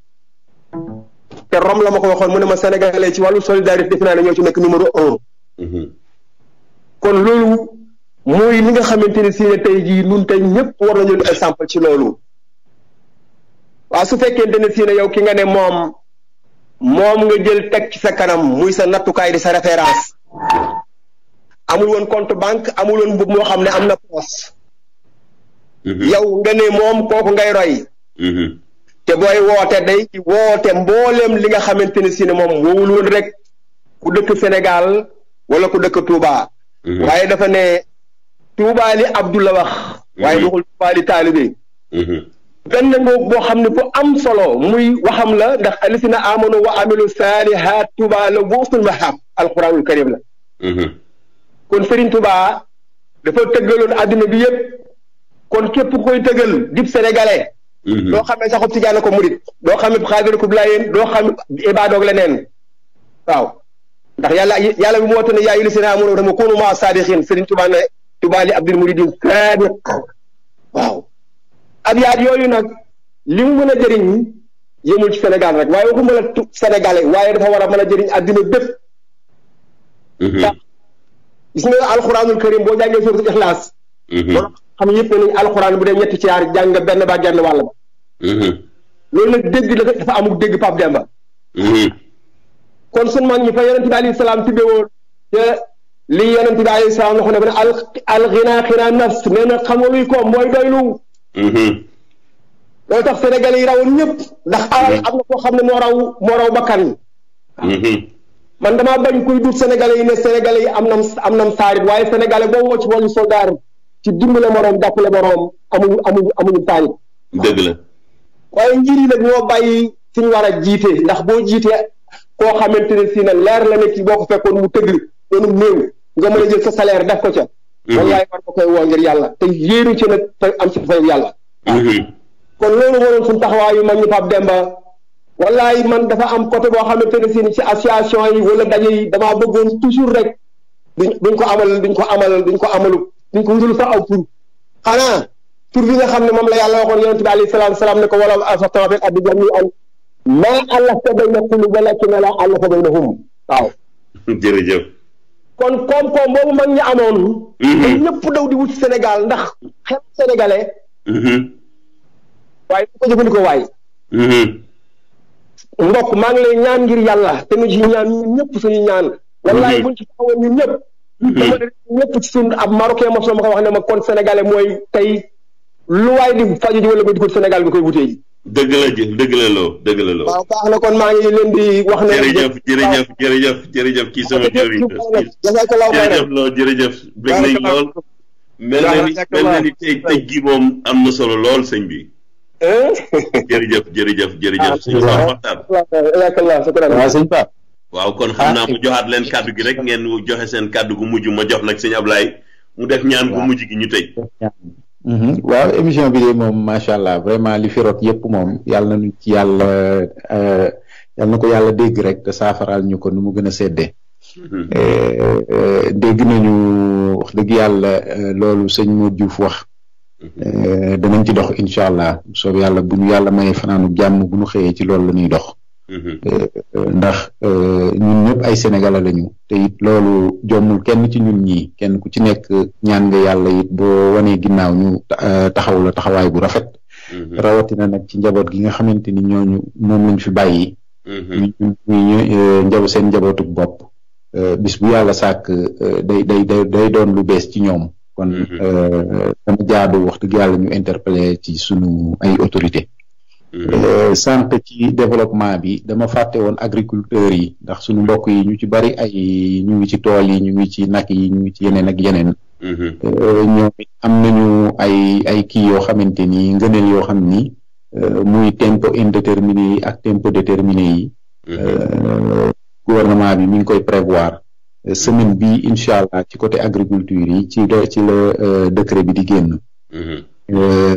te Rome la ma ko waxoon mu ne ma sénégalais ci wàllu solidarité defe naa ci nekk numéro un. Mhm. kon loolu mooy li nga xamante ne si ne tey jii ñun tey ñëpp war nañu exemple ci loolu waaw su fekkente ne si ne yow ki nga ne moom moom nga jël teg ci sa kanam muy sa nattukaay di sa référence. amul woon compte banque amul woon mbubb moo xam ne am na poos mhm. yow nga ne moom kooku ngay roy mhm. te booy woote day woote mbooleem li nga xamante ni si ne moom woowul woon rek ku dëkk Sénégal walla ku dëkk Touba mhm. waaye dafa ne Touba li Abdou la wax waaye waxul Touba li taalibe benn ngoog boo xam ne bu am solo muy waxam la ndax alisina amanu wa amilu saalihaat Touba la woosul mahab alquranul karim la kon Serigne Touba dafa tëggaloon àdduna bi yëpp kon képp koy tëggal dib sénégalais. Mhm. doo xamee saxub tijaan ko murit doo xamee xaadir ko laayeen doo xam ibaadoog leneen waaw ndax yàlla yàlla bi mu woote ne yaa yuli sina amuna tama kunu maa saadiqin Serigne Touba ne Touba li abdul muridin saadiq waaw abyaat yooyu nag li mu mën a jëriñ yëmul ci Sénégal rek waaye waxuma la sénégalais waaye dafa war a mën a jëriñ àddina bépp mhm. gis nga alxuraanul karim boo jàngee suuratul ixlaas. loolu xam yëpp ne nañ alxuraan bu dee ñetti ci yaar jàng benn ba genn wàll ba. loolu nag dégg la dafa amul dégg Pape Demba. kon sunu mag ñi fa yonent bi alayhi salaam tibbee woon te li yonent bi alayhi salaam waxoon ne ba ne al alxinaa xinaa nafs nee na xam nga luy koom mooy doylu. loolu tax Sénégal yi rawoon ñëpp ndax alal am na koo xam ne moo raw moo raw bakkan yi. man damaa bañ kuy dut sénégalais yi ne sénégalais yi am na am nam saarit waaye sénégalais boo woo ci wàllu soldaaram ci dimbale moroom jàppale moroom amuñu amuñu amuñu taalit dëgg la waaye njiit yi nag ñoo bàyyi suñu war a jiite ndax boo jiitee koo xamante ne si nag leer la ne ci boo ko fekkoon mu tëgli doonu nga mën a jël sa salaire def ko ca mhm. wallaay war ko koy woo ngir yàlla te yéeru ci nag te am ci fay yàlla mhm. kon loolu waroon suñu taxawaayu mag ñu Pape Demba wallaay man dafa am côté boo xamante ne si ci association yi wala daje yi damaa bëggoon toujours rek duñ duñ ko amal duñ ko amal duñ ko amalu duñ ko wutul sax aw tur xanaa tur bi nga xam ne moom la yàlla waxoon yonente bi alayhi salaam salaam ne ko walaw asatan bil ardi jami'an maa allafta bayna qulubi walakinna laa allafa baynahum waaw. jërëjëf. kon koom-koom boobu mag ñi amoon. Mhm. ñun ñëpp daw di wut Sénégal ndax xel Sénégalais. Mhm. waaye bu ko jëfandikoo waaye. Mhm. mbokk maa ngi lay ñaan ngir yàlla te nu ci ñaan ñun ñëpp suñu ñaan. wallaay buñ ci taxawoon ñun ñëpp. Mm-hmm. dama ne ñëpp ci suñ ab marocain mos na ma ko wax ne ma kon sénégalais mooy tey lu waay di faju ji wala nga dugg Sénégal nga koy wutee ji. dëgg la ji dëgg la loo dëgg la loo. waaw kon maa ngi leen di wax. ne jërëjëf jërëjëf jërëjëf jërëjëf kii sama jëriñ. jërëjëf loo jërëjëf. bëgg nañ lool mel na ni mel na moom am na solo lool sëñ bi Eh? jërëjëf jërëjëf jërëjëf ah, suñu Pape Makhtar waaw suñu waaw kon xam naa ah, mu joxaat leen kàddu gi rek ngeen joxe seen kàddu gu mujj ma jox nag sëñ Ablaye mu def ñaan gu mujj gi ñu tëj mhm. waaw émission bi de moom macha allah vraiment li fi rot yépp moom yàlla na ñu ci yàlla eh, yàlla na ko yàlla dégg rek te saafaraal ko nu mu gën a seddee mhm. eh, dégg wax dëgg yàlla loolu sëñ Modou Diouf wax Euh, danañ ci dox incha allah soob yàlla bu ñu yàlla mayee fanaanu jàmm bu ñu xëyee ci loolu la ñuy dox. Mm-hmm. Euh, euh, ndax ñun ñëpp ay sénégalais lañu te it loolu jommul kenn ci ñun ñi kenn ku ci nekk ñaan nga yàlla it boo wane ginnaaw ñu taxaw taxawaay bu rafet. Mm-hmm. rawatina nag ci njaboot gi nga xamante ni ñooñu moom lañ fi bàyyi. ñu mm-hmm. ñu seen njabootuk bopp bis bu yàlla sàkk day day day day doon lu bees ci ñoom. kon dama mhm. euh, jaadu waxtu yàlla ñu interpellé ci suñu ay autorité mhm. euh, sànq ci développement bi dama fàtte woon agriculteurs yi ndax suñu mbokk yi ñu ci bari ay ñu ngi ci tool yi ñu ngi ci nag yi ñu ngi ci yeneen ak yeneen mhm. euh, ñoom am nañu ay ay kii yoo xamante ni ngëneel yoo xam ni muy tempo indéterminé yi ak tempo déterminé yi gouvernement bi mi ngi koy prévoir semaine bi incha allah ci côté agriculture yi ci do ci la euh, décret bi di génn mm-hmm. euh,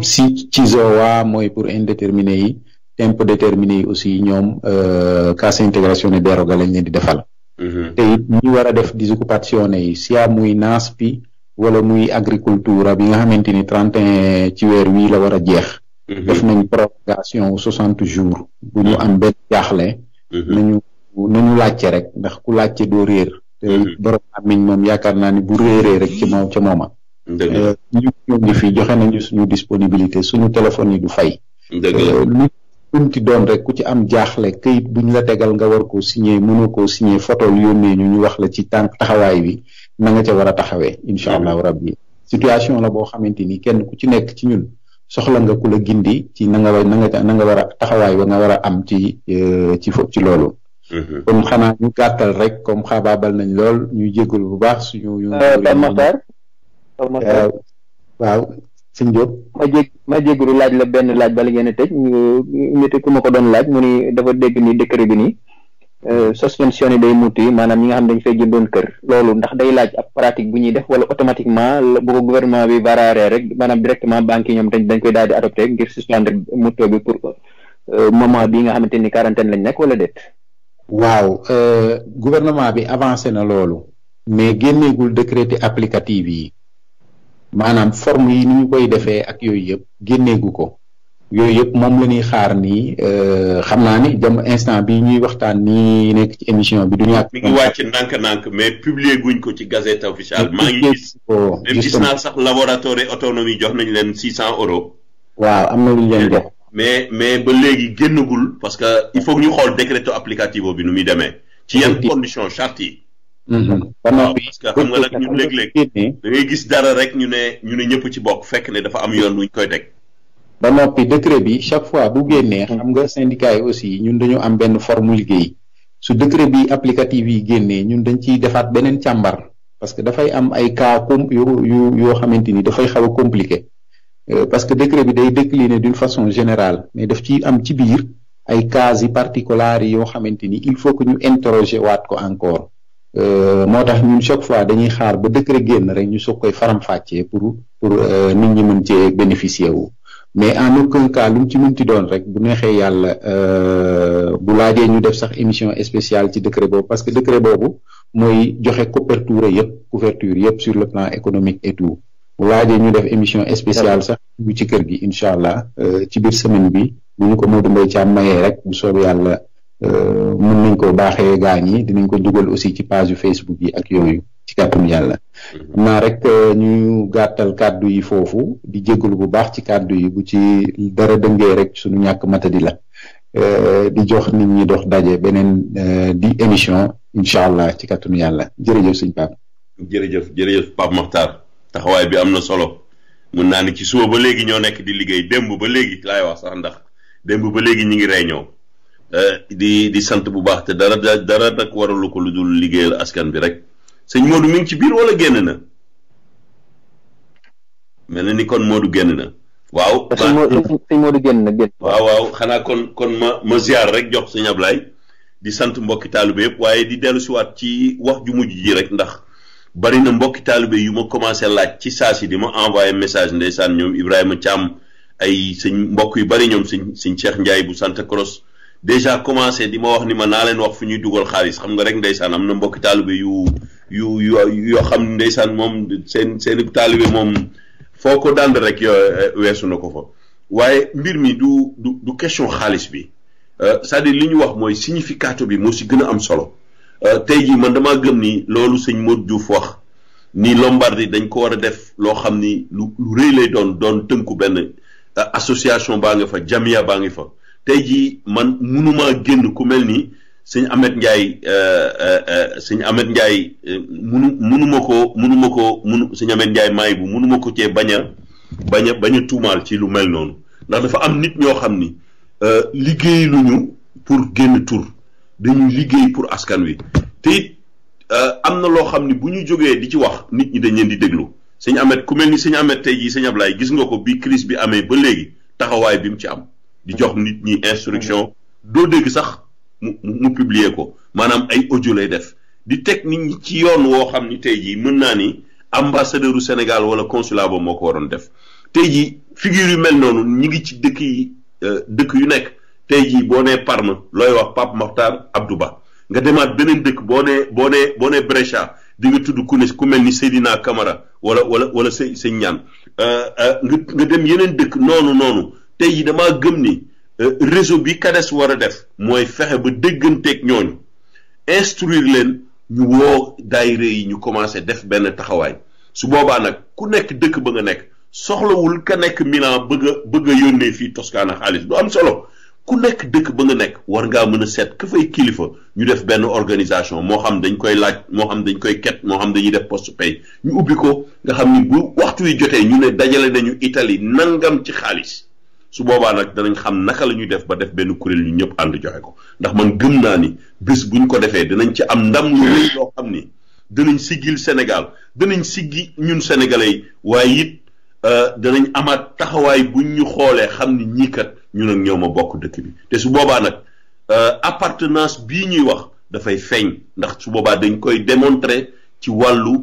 si ci zowa mooy pour indéterminé yi temp déterminé yi aussi ñoom euh, cas intégration ne déroga lañ leen di defal mm-hmm. te it ñi war a def disoccupazione yi sia muy NASPI wala muy agricultura bi nga xamante ni trente et un ci weer wii la war a jeex mm-hmm. def nañ prolongation soixante jours bu ñu am benn jaaxle nañu nañu laccé rek ndax ku laccé do rër té mhm. borom amiñ mom yaakaar naa ni bu rëré rek ci mom ci moma ñu ñu fi joxé nañu suñu disponibilité suñu téléphone yi du fay euh, lu doon rek ku ci am jaxlé kayit buñ la tegal nga war ko signé mëno ko signé photol yónnee ñu ñu wax la ci tank taxaway bi na nga ci wara taxawé inshallah rabbi situation la bo xamanteni kenn ku ci nekk ci ñun soxla nga ku la gindi ci na nga na nga wara taxaway ba nga wara am ci euh, ci ci lolu Mhm. comme xana ñu gàttal rek comme xabaabal nañ lool ñu jégalu bu baax suñu ñu euh, Pape Makhtar Pape Makhtar euh, waaw sëñ Diop ma jég ma jégalu laaj la benn laaj bala ngeen a tëj nit ku ma ko doon laaj mu ni dafa dégg ni décret bi ni euh, suspension yi day muti yi maanaam ñi nga xam dañ fay jëndoon kër loolu ndax day laaj ab pratique bu ñuy def wala automatiquement bu ko gouvernement bi varaaree rek maanaam directement banque yi ñoom dañ dañ koy daal di adopté ngir suspendre muto bi pour moment bi nga xamante ni quarantaine lañ nekk wala déet waaw euh, gouvernement bi avancé na loolu mais génneegul décret applicatif yi maanaam forme yi ni ñu koy defee ak yooyu yëpp génneegu ko yooyu yëpp moom la ñuy xaar nii euh, xam naa ni jam instant bi ñuy waxtaan nii nekk ci émission bi du ñàkk mi ngi nànk mais publier guñ ko ci gazette officielle maa ngi o même gis naa sax laboratoire autonomie jox nañ leen six cent euros waaw am na lu ñu leen jox mais mais ba léegi génnagul parce que il faut ñu xool décreto applicativo bi nu muy demee. ci yan condition charte yi. Mm-hmm. waaw parce que xam léeg-léeg. da ngay gis dara rek ñu ne ñu ne ñëpp ci bokk fekk ne dafa am yoon wuñ koy teg. ba noppi décret bi chaque fois bu génnee xam nga syndicat yi aussi ñun dañu am benn formu liggéey su décret bi applicative yi génnee ñun dañ ciy defaat beneen càmbar parce que dafay am ay cas yu yu yoo xamante ni dafay xaw a compliqué. Euh, parce que décret bi day décliner d'une façon générale mais def ci am ci biir ay cas yi particulari yoo xamante ni il faut que ñu interroger waat ko encore euh, moo tax ñun chaque fois dañuy xaar ba décret génn rek ñu soog koy faram-fàccee pour pour euh, nit ñi mën cee bénéficier wu mais en aucun cas lu mu ci mënti doon rek bu neexee yàlla bu laajee ñu def sax émission spéciale ci décret boobu parce que décret boobu mooy joxe couverture yëpp couverture yëpp sur le plan économique et tout bu laajee ñu def émission spéciale sax bu ci kër gi incha allah euh, ci biir semaine bi bu ñu ko Modou Mbaye Thiam mayee rek bu soob yàlla euh, mën nañ ko baaxee gaa ñi dinañ ko dugal aussi ci page yu Facebook yi ak yooyu ci kàttanu yàlla xam mhm. naa rek euh, ñu gàttal kàddu yi foofu di jégalu bu baax ci kàddu yi bu ci dara dëngee rek suñu ñàkk matadi la di jox nit ñi dox daje beneen di émission incha allah ci kàttanu yàlla jërëjëf sëñ Pape. jërëjëf jërëjëf Pape Makhtar. taxaway bi amna solo mën naa ni ci suba ba léegi ñoo nekk di liggéey démb ba léegi laay wax sax ndax démb ba léegi ñi ngi réunion eh, di di sant bu baax te dara dara nag waralu ko lu dul liggéeyal askan bi rek sëñ Modou mi ngi ci biir wala génn na mel na ni kon Modou génn na waaw sëñ Modou génn na génn waaw waaw xanaa kon kon ma ma ziar rek jox sëñ Ablaye di sant mbokki taalibe yëpp waaye di dellu siwaat ci wax ju mujj ji rek ndax bari na mbokki taalibe yu ma commencé laaj ci saa si di ma envoyé message ndeysaan ñoom Ibrahima Thiam ay sëñ mbokk yu bari ñoom sëñ sëñ Cheikh bu Santa Croce déjà commencé di ma wax ni ma naa leen wax fu ñuy dugal xaalis xam nga rek ndeysaan am na mbokki taalibe yu yu yu yoo xam ndeysaan moom seen seen i taalibe moom foo ko dànd rek eh, weesu na ko fa waaye mbir mi du du du question xaalis bi euh, cest à li ñu wax mooy significato bi moo si gën a am solo. Euh, tey jii man dama gëm ni loolu sëñ Modou Diouf wax ni Lombardie dañ ko war a def loo xam ni lu lu rëy lay doon doon tënku benn euh, association baa ngi fa jamia baa ngi fa tey jii man munuma génn ku mel nii sëñ Ahmed Ndiaye euh, sëñ Ahmed Ndiaye munu munuma ko munuma ko munu sëñ Ahmed Ndiaye maay bu munuma ko cee bañ a bañ a tuumaal ci lu mel noonu ndax dafa am nit ñoo xam ni liggéey luñu pour génn tur dañuy liggéey pour askan wi te it euh, am na loo xam ni bu ñu jógee di ci wax nit ñi dañ leen di déglu sëñ amet ku mel ni sëñ Ahmed tey jii sëñ Ablaye gis nga ko bi crise bi amee ba léegi taxawaay bi mu ci am di jox nit ñi instruction doo dégg sax mu mu publier ko maanaam ay audio lay def di teg nit ñi ci yoon woo xam ni tey jii mën naa ni ambassadeur u Sénégal wala consulat ba moo ko waroon def tey jii figure yu mel noonu ñi ngi ci dëkk yi euh, dëkk yu nekk tey jii boo nee Parme looy wax Pape Mokhtar Abdou Ba nga demaat beneen dëkk boo nee boo nee boo nee Brescia di nga tudd ku ne ku mel ni Seydina Camara wala wala wala sëñ sëñ ñaan nga nga dem yeneen dëkk noonu noonu tey jii dama gëm ni euh, réseau bi CADES war a def mooy fexe ba dégganteeg ñooñu instruire leen ñu woo daayira yi ñu commencé def benn taxawaay su boobaa nag ku nekk dëkk ba nga nekk soxlawul ka nekk Milan bëgg a bëgg a yónnee fii Toscana xaalis du am solo ku nekk dëkk ba nga nekk war ngaa mën a seet ka kilifa ñu def benn organisation moo xam dañ koy laaj moo xam dañ koy ket moo xam dañuy def poste pay ñu ubbi ko nga xam ni bu waxtu wi jotee ñu ne dajale nañu Italie nangam ci xaalis su boobaa nag danañ xam naka la ñuy def ba def benn kuréel ñu ñëpp ànd joxe ko ndax man gëm naa ni bés buñ ko defee dinañ ci am ndam lu rëy loo xam ni danañ siggil Sénégal danañ siggi ñun sénégalais waaye it euh, danañ amaat taxawaay buñ ñu xoolee xam ni ñii kat ñu ak ñëw ma bokk dëkk bi te su boobaa nag euh, appartenance bii ñuy wax dafay feeñ ndax su boobaa dañ koy démontrer ci wàllu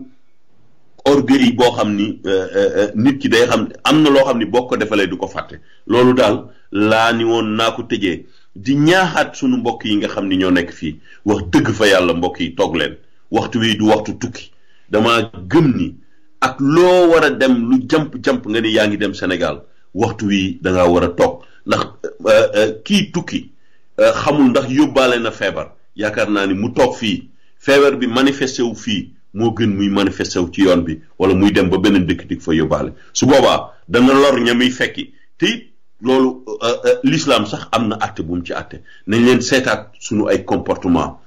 orgueil boo xam ni euh, euh, nit ki day xam am na loo xam ni boo ko defalee du ko fàtte loolu daal laa ni woon naa ko tëjee di ñaaxaat sunu mbokk yi nga xam ni ñoo nekk fii wax dëgg fa yàlla mbokk yi toog leen waxtu wi du waxtu tukki dama gëm ni ak loo war a dem lu jamp-jamp nga ni yaa ngi dem Sénégal waxtu wi da ngaa war a toog ndax euh, euh, kii tukki euh, xamul ndax yóbbaale na feebar yaakaar naa ni mu toog fii feebar bi manifesté wu fii moo gën muy manifesté wu ci yoon bi wala muy dem ba beneen dëkk dik fa yóbbaale su boobaa dana lor ña muy fekki te it loolu l'islam sax am na bu mu ci acte nañ leen seetaat sunu ay comportement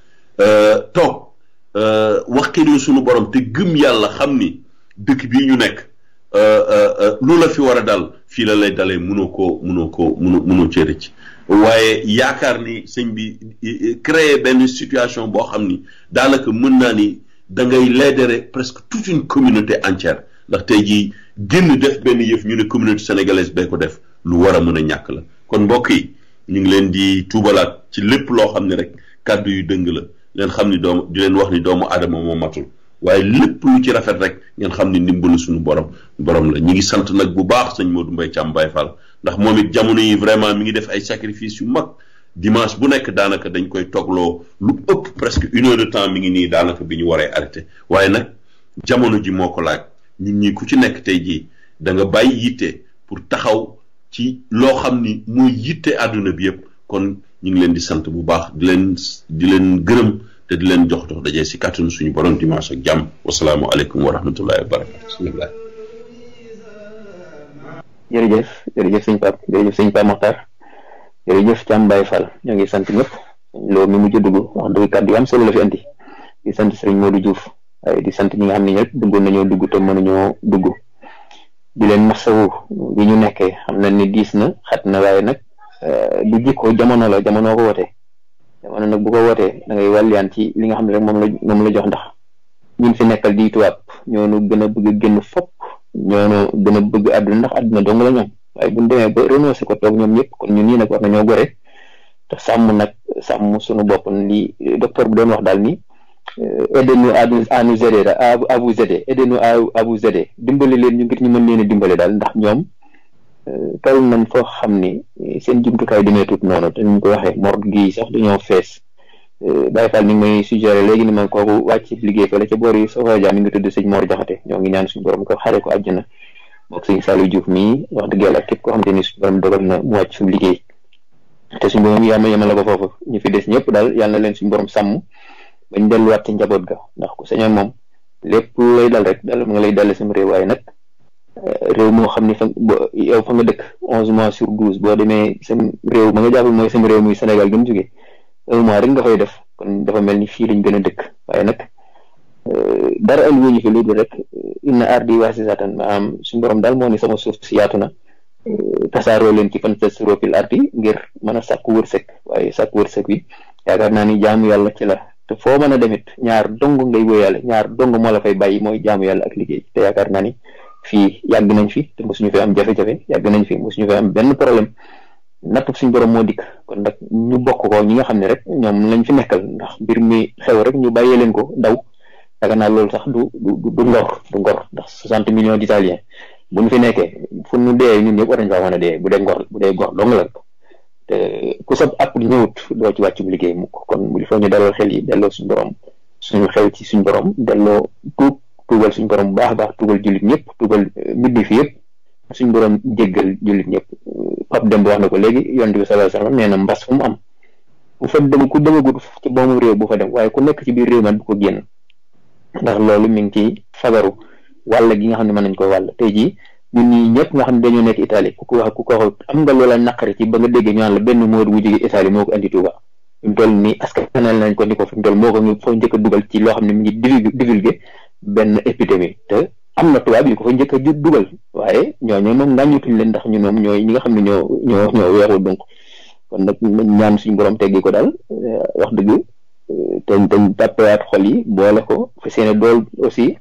toog waxkee sunu borom te gëm yàlla xam ni dëkk bii ñu nekk lu fi war dal fii la lay dalee munoo koo mënoo koo mënoo mënoo cee rëcc waaye yaakaar ni sëñ bi créer benn situation boo xam ni daanaka mën naa ni da ngay leedere presque toute une communauté entière ndax tey jii génn def benn yëf ñu ne communauté sénégalaise bee ko def lu war a mën a ñàkk la kon mbokk yi ñu ngi leen di tuubalaat ci lépp loo xam ne rek kàddu yu dëng la leen xam ni doomu di leen wax ni doomu aadama moo matul waaye lépp lu ci rafet rek ngeen xam ni ndimbalu suñu borom borom la ñi ngi sant nag bu baax sëñ Modou Mbaye Thiam Baye Fall ndax moom it jamono yi vraiment mi ngi def ay sacrifice yu mag dimanche bu nekk daanaka dañ koy toogloo lu ëpp presque union de temps mi ngi nii daanaka bi ñu waree arrêté waaye nag jamono ji moo ko laaj ñun ñi ku ci nekk tey jii danga bàyyi yitte pour taxaw ci loo xam ni mooy yitte àdduna bi yëpp kon ñu ngi leen di sant bu baax di leen di leen gërëm te di leen jox jox daje si kàttanu suñu borom dimanche ak jàmm alaykum wa rahmatullahi wa barakatu suñu bilaay jërëjëf jërëjëf sëñ Pape jërëjëf sëñ Pape Mokhtar jërëjëf Thiam Baye fal ñoo ngi sant ñëpp loolu mi mujj dugg wax dëgg kàddu yu am solo la fi andi di sant sëriñ Modou Diouf waaye di sant ñi nga xam ne ñëpp duggoon nañoo dugg te mënuñoo dugg di leen masawu bi ñu nekkee xam na ni diis na xat na waaye nag euh, du jikkoo jamono la jamono ko wote jamono nag bu ko wootee da ngay wàlliyaan ci li nga xam ne rek moom la moom la jox ndax ñun fi nekkal di tubaab ñoonu gën a bëgg a génn fopp ñoonu gën a bëgg ndax adduna dong la ñoom waaye bu ñu demee ba renoncé ko toog ñoom ñëpp kon ñun ñii nag war nañoo gore te sàmm nag sàmm suñu bopp li docteur bu doon wax daal ni eh, aidez-nous à nous aider à vous aider aidez-nous à dimbali leen ñu ngir ñu mën leen dimbale daal ndax ñoom toll nañ fo xamni ni eh, seen jumtukaay dina tut te dañ ko waxe mort gi sax dañu fess eh, Baye fal ni ngi may suggéré légui ni man kooku wàcc liggéey fële ca boori Soxoja mi ngi tuddu seigne Mor joxate ñoo ngi ñaan suñu borom ko xaré ko àjjana bok seigne salu juuf mi wax dëgg yàlla kep ko xam ni suñu borom dogal na mu wacc suñu liggéey te suñu borom yama la ko fofu ñu fi dess ñepp dal yalla leen suñu borom sam bañ wat ci njabot ga ndax ko sañoon mom lepp lay dal rek dal mu lay dal sama réew waaye réew moo xam ne fa yow fa nga dëkk onze mois sur douze boo demee seen réew ma nga mooy seen réew muy Sénégal gi mu jógee rek nga fay def kon dafa mel ni fii lañ gën a dëkk waaye nag euh, dara andi wuñu fi lu dul rek euh, inna ardi waasi'atan maanaam suñu borom daal moo ni sama suuf si yaatu na euh, tasaaroo leen ci fantastiroo fil ardi ngir mën a sàkku wërsëg waaye sàkku wërsëg bi yaakaar naa ni jaamu yàlla ci la te foo mën a demit ñaar dong ngay wóoyaale ñaar dong moo la fay bàyyi mooy jaamu yàlla ak liggéey te yaakaar naa ni Fi yag nañ fi te musuñu fi am jafé jafé yag nañ fi musuñu fi am benn problème natt suñu borom mo dik kon nak ñu bokk ko ñi nga xam rek ñom lañ fi nekkal ndax bir mi xew rek ñu bàyyee leen ko daw daga naa lool sax du du du ngor du ngor ndax 60 millions d'italiens bu ñu fi nekké fu ñu dee ñun ñëpp war nañ faa bu dé ngor bu dé ngor dong la te ku sab àpp di ñëwut ci waccu liggéey mu kon il fa ñu dalal xel yi delloo suñu borom suñu xew ci suñu borom delloo tuub tugal suñ borom baax baax tugal julit ñëpp tugal eh, bindi fi yëpp suñ borom jéggal julit ñëpp pap dem wax na ko léegi yonte bi sallallahu alayhi wasallam na mbass fu mu am bu fa dem ku demagut ci boomu réew bu fa dem waaye ku nekk ci biir réew man bu ko génn ndax loolu mi ngi ci fagaru wàll gi nga xam ne mën nañ ko wàll tey jii ñu ni ñëpp nga xam dañoo nekk Italie ku ko wax ku ko wax am nga loola naqari ci ba nga déggee ñu la benn moor wu jóge Italie moo ko andi Touba fi ni askanal nañ ko ni ko fi mu moko ñu fo ñëk duggal ci lo xam mi ngi divulgué ben épidémie te am na tubaab yi ko fa duggal a ñoo ñoo ñooñu nañu tuñ leen ndax ñu ñoom ñoy ñi nga xam ñoo ñoo ñoo wéxu donc kon nak ñaan suñ borom teggi ko dal eh, wax dëgg te eh, te tàppewaat xol yi boole ko fa seen dool aussi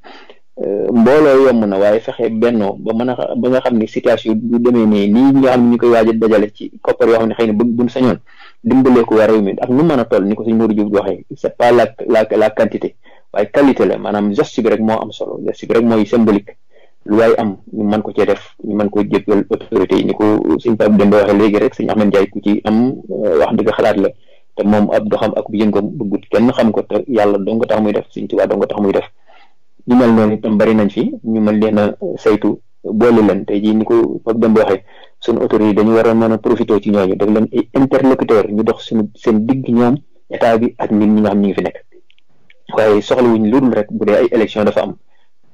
eh, mbolo yomb na waaye fexe bennoo ba mëna ba nga xamni situation du démé né ni nga xam ñu koy waaj dajalé ci copper yo xamni xeyna xëy buñ sañoon dimbaleeku waa réew mi ak nu mën a toll ni ko suñ Modou Diouf waxee c'est pas la la la quantité waaye qualité la maanaam geste bi rek moo am solo geste rek mooy symbolique lu waay am ñu mën ko cee def ñu mën ko jébbal autorité yi ni ko suñ Pape Demba waxee léegi rek suñu Ahmed Ndiaye ku ci am euh, wax dëgg xalaat la te moom ab doxam ak yëngoom bëggut kenn xam ko te yàlla dong nga tax muy def suñ Tuubaa dong nga tax muy def ñu mel noonu bari nañ fi ñu ma leen a saytu boole leen tey jii ni ko Pape Demba waxee suñu autorités yi dañu war a mën a profité ci ñooñu def leen ay interlocuteur ñu dox suñu seen digg ñoom état bi ak nit ñi xam ñu ngi fi nekk waaye soxlawuñ lu dul rek bu dee ay élection dafa am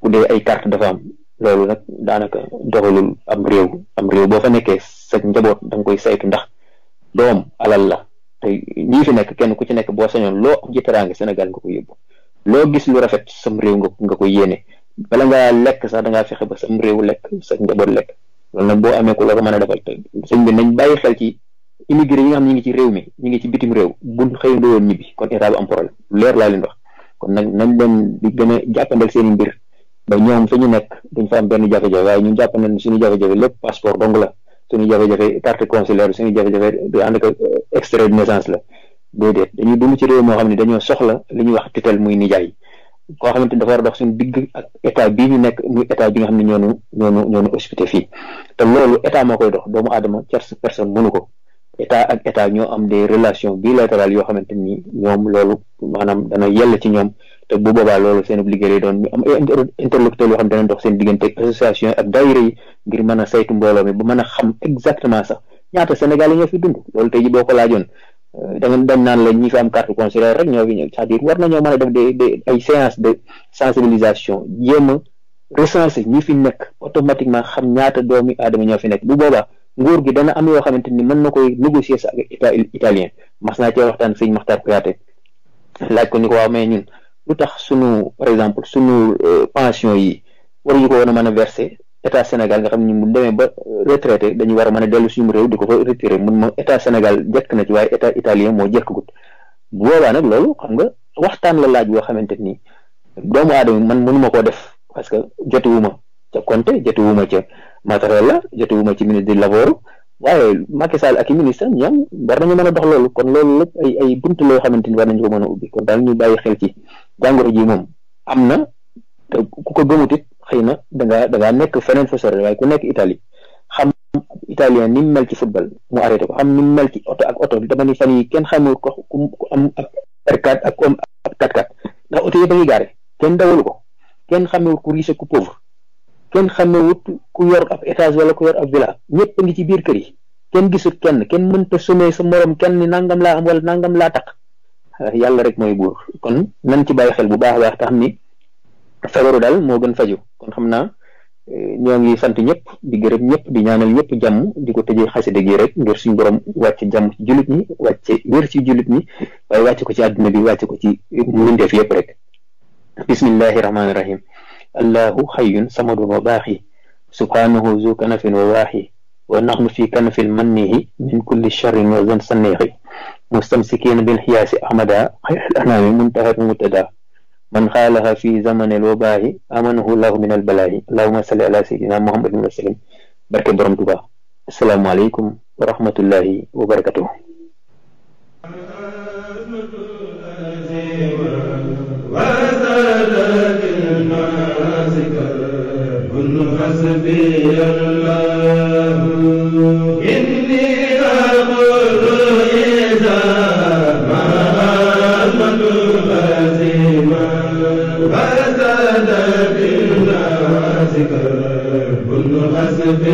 bu dee ay carte dafa am loolu nag daanaka doxalul am réew am réew boo fa nekkee sa njaboot da koy saytu ndax doom alal la te ñii fi nekk kenn ku ci nekk boo sañoon loo am ci teraanga Sénégal nga koy yóbbu loo gis lu rafet sam réew nga nga koy yéene bala ngaa lekk sax da ngaa fexe ba sam réew lekk sa njaboot lekk loolu nag boo amee ku la ko a defal te sëñ bi nañ bàyyi xel ci immigré yi nga xam ñu ngi ci réew mi ñu ngi ci bitim réew buñ xëyandoo woon ñibbi kon état bi am problème leer laa leen wax kon nañ dem di gën a jàppandal seen mbir ba ñoom fi ñu nekk duñ fa am benn jafe-jafe waaye ñun jàpp nañ suñu jafe-jafe lépp passeport dong la suñu jafe-jafe carte consulaire suñu jafe-jafe du ànd ak euh, extrait de naissance la déedéet dañuy dund ci réew moo xam ne dañoo soxla li ñuy wax titel muy nijaay koo xamante ni dafa war a dox suñu digg bii ñu nekk ñu état bi nga xam ne ñoonu ñoonu ñoonu hospité fii te loolu état moo koy dox doomu aadama tierce personne mënu ko état ak état ñoo am des relations bilatérales yoo xamante ni ñoom loolu maanaam dana yell ci ñoom te bu boobaa loolu seen liggéey doon ñu am interlocuteur yoo xam ne a dox seen diggante association ak daayira yi ngir mën a saytu mbooloo mi ba mën a xam exactement sax ñaata Sénégal yi ñoo fi dund loolu tey ji boo ko laajoon dangeen dañ naan la ñi fi am carte rek ñoo fi ñëw c'est-à-dire war nañoo mën a def des des ay séances de sensibilisation jëma a recenser ñi fi nekk automatiquement xam ñaata doomi aadama ñoo fi nekk bu boobaa nguur gi dana am yoo xamante ni mën na koy négocier sa ak état italien mas naa cee waxtaan sëñ Maxtar Kuyate laaj ko ni ko waaw mais ñun lu tax sunu par exemple sunu eh, pension yi waruñu ko woon a mën a verser état Sénégal nga xam ni mu demee ba euh, retraité dañu war a mën a dellu suñu réew di ko fa retiré mun moom état Sénégal jekk na ci waaye état italien moo jekkagut bu boobaa nag loolu xam nga waxtaan la laaj boo xamante nii doomu aadama man mënuma koo def parce que jotiwuma ca Conte jotiwuma ca Mattarella jotiwuma ci ministre di lavoro waaye Macky Sall ak i ministre ñoom war nañu mën a dox loolu kon loolu lépp ay ay bunt loo xamante ni war nañu ko mën a ubbi kon daal ñu bàyyi xel ci jàngoro ji moom am na te ku ko gëmut xëy na da da ngaa nekk feneen fu sore waaye ku nekk Italie xam italien ni mu mel ci football mu arrêté ko xam ni mu mel ak oto dama ni fan yi kenn xamul ko ku am ak R4 ak ku am ak 4x4 ndax oto yëpp a ngi gaare kenn dawalu ko kenn xamewut ku riche ku pauvre kenn xamewut ku yor ab étage wala ku yor ab villa ñëpp ngi ci biir kër yi kenn gisut kenn kenn mënta somee sa morom kenn ni nangam la am wala laa taq yàlla rek mooy buur kon nan ci bàyyi xel bu baax a baax tax ni feebaru daal moo gën faju kon xam naa eh, ñoo ngi sant ñëpp di gërëm ñëpp di ñaanal ñëpp jàmm di ko tëjee xasida gi rek ngir suñu borom wàcc jàmm ci jullit ñi ci jullit ñi waaye wàcc ko ci àdduna bi wàcc ko ci mbindeef yëpp rek bismillahi rahmaani rahim allahu xayyun samadun wa baaxi subhaanahu zu kanafin wa waaxi wa naxnu fi kanafin mannihi min kulli charrin a zan sanniixi mustamsikiina bil xiyaasi ahmada xayral anaami muntahat mutada من خالها في زمن الوباء امنه الله من البلاء لو صل على سيدنا محمد بن وسلم بارك برم دوبا السلام عليكم ورحمة الله وبركاته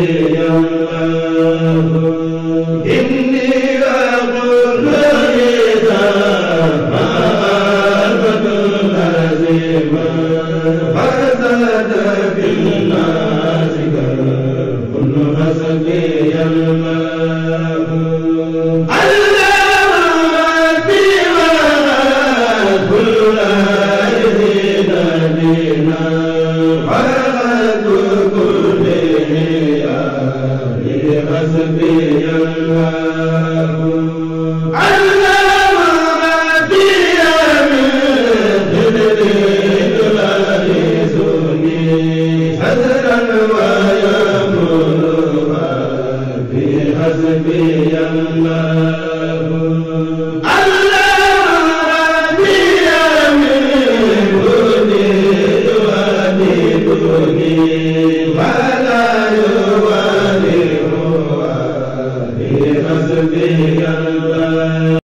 Yeah,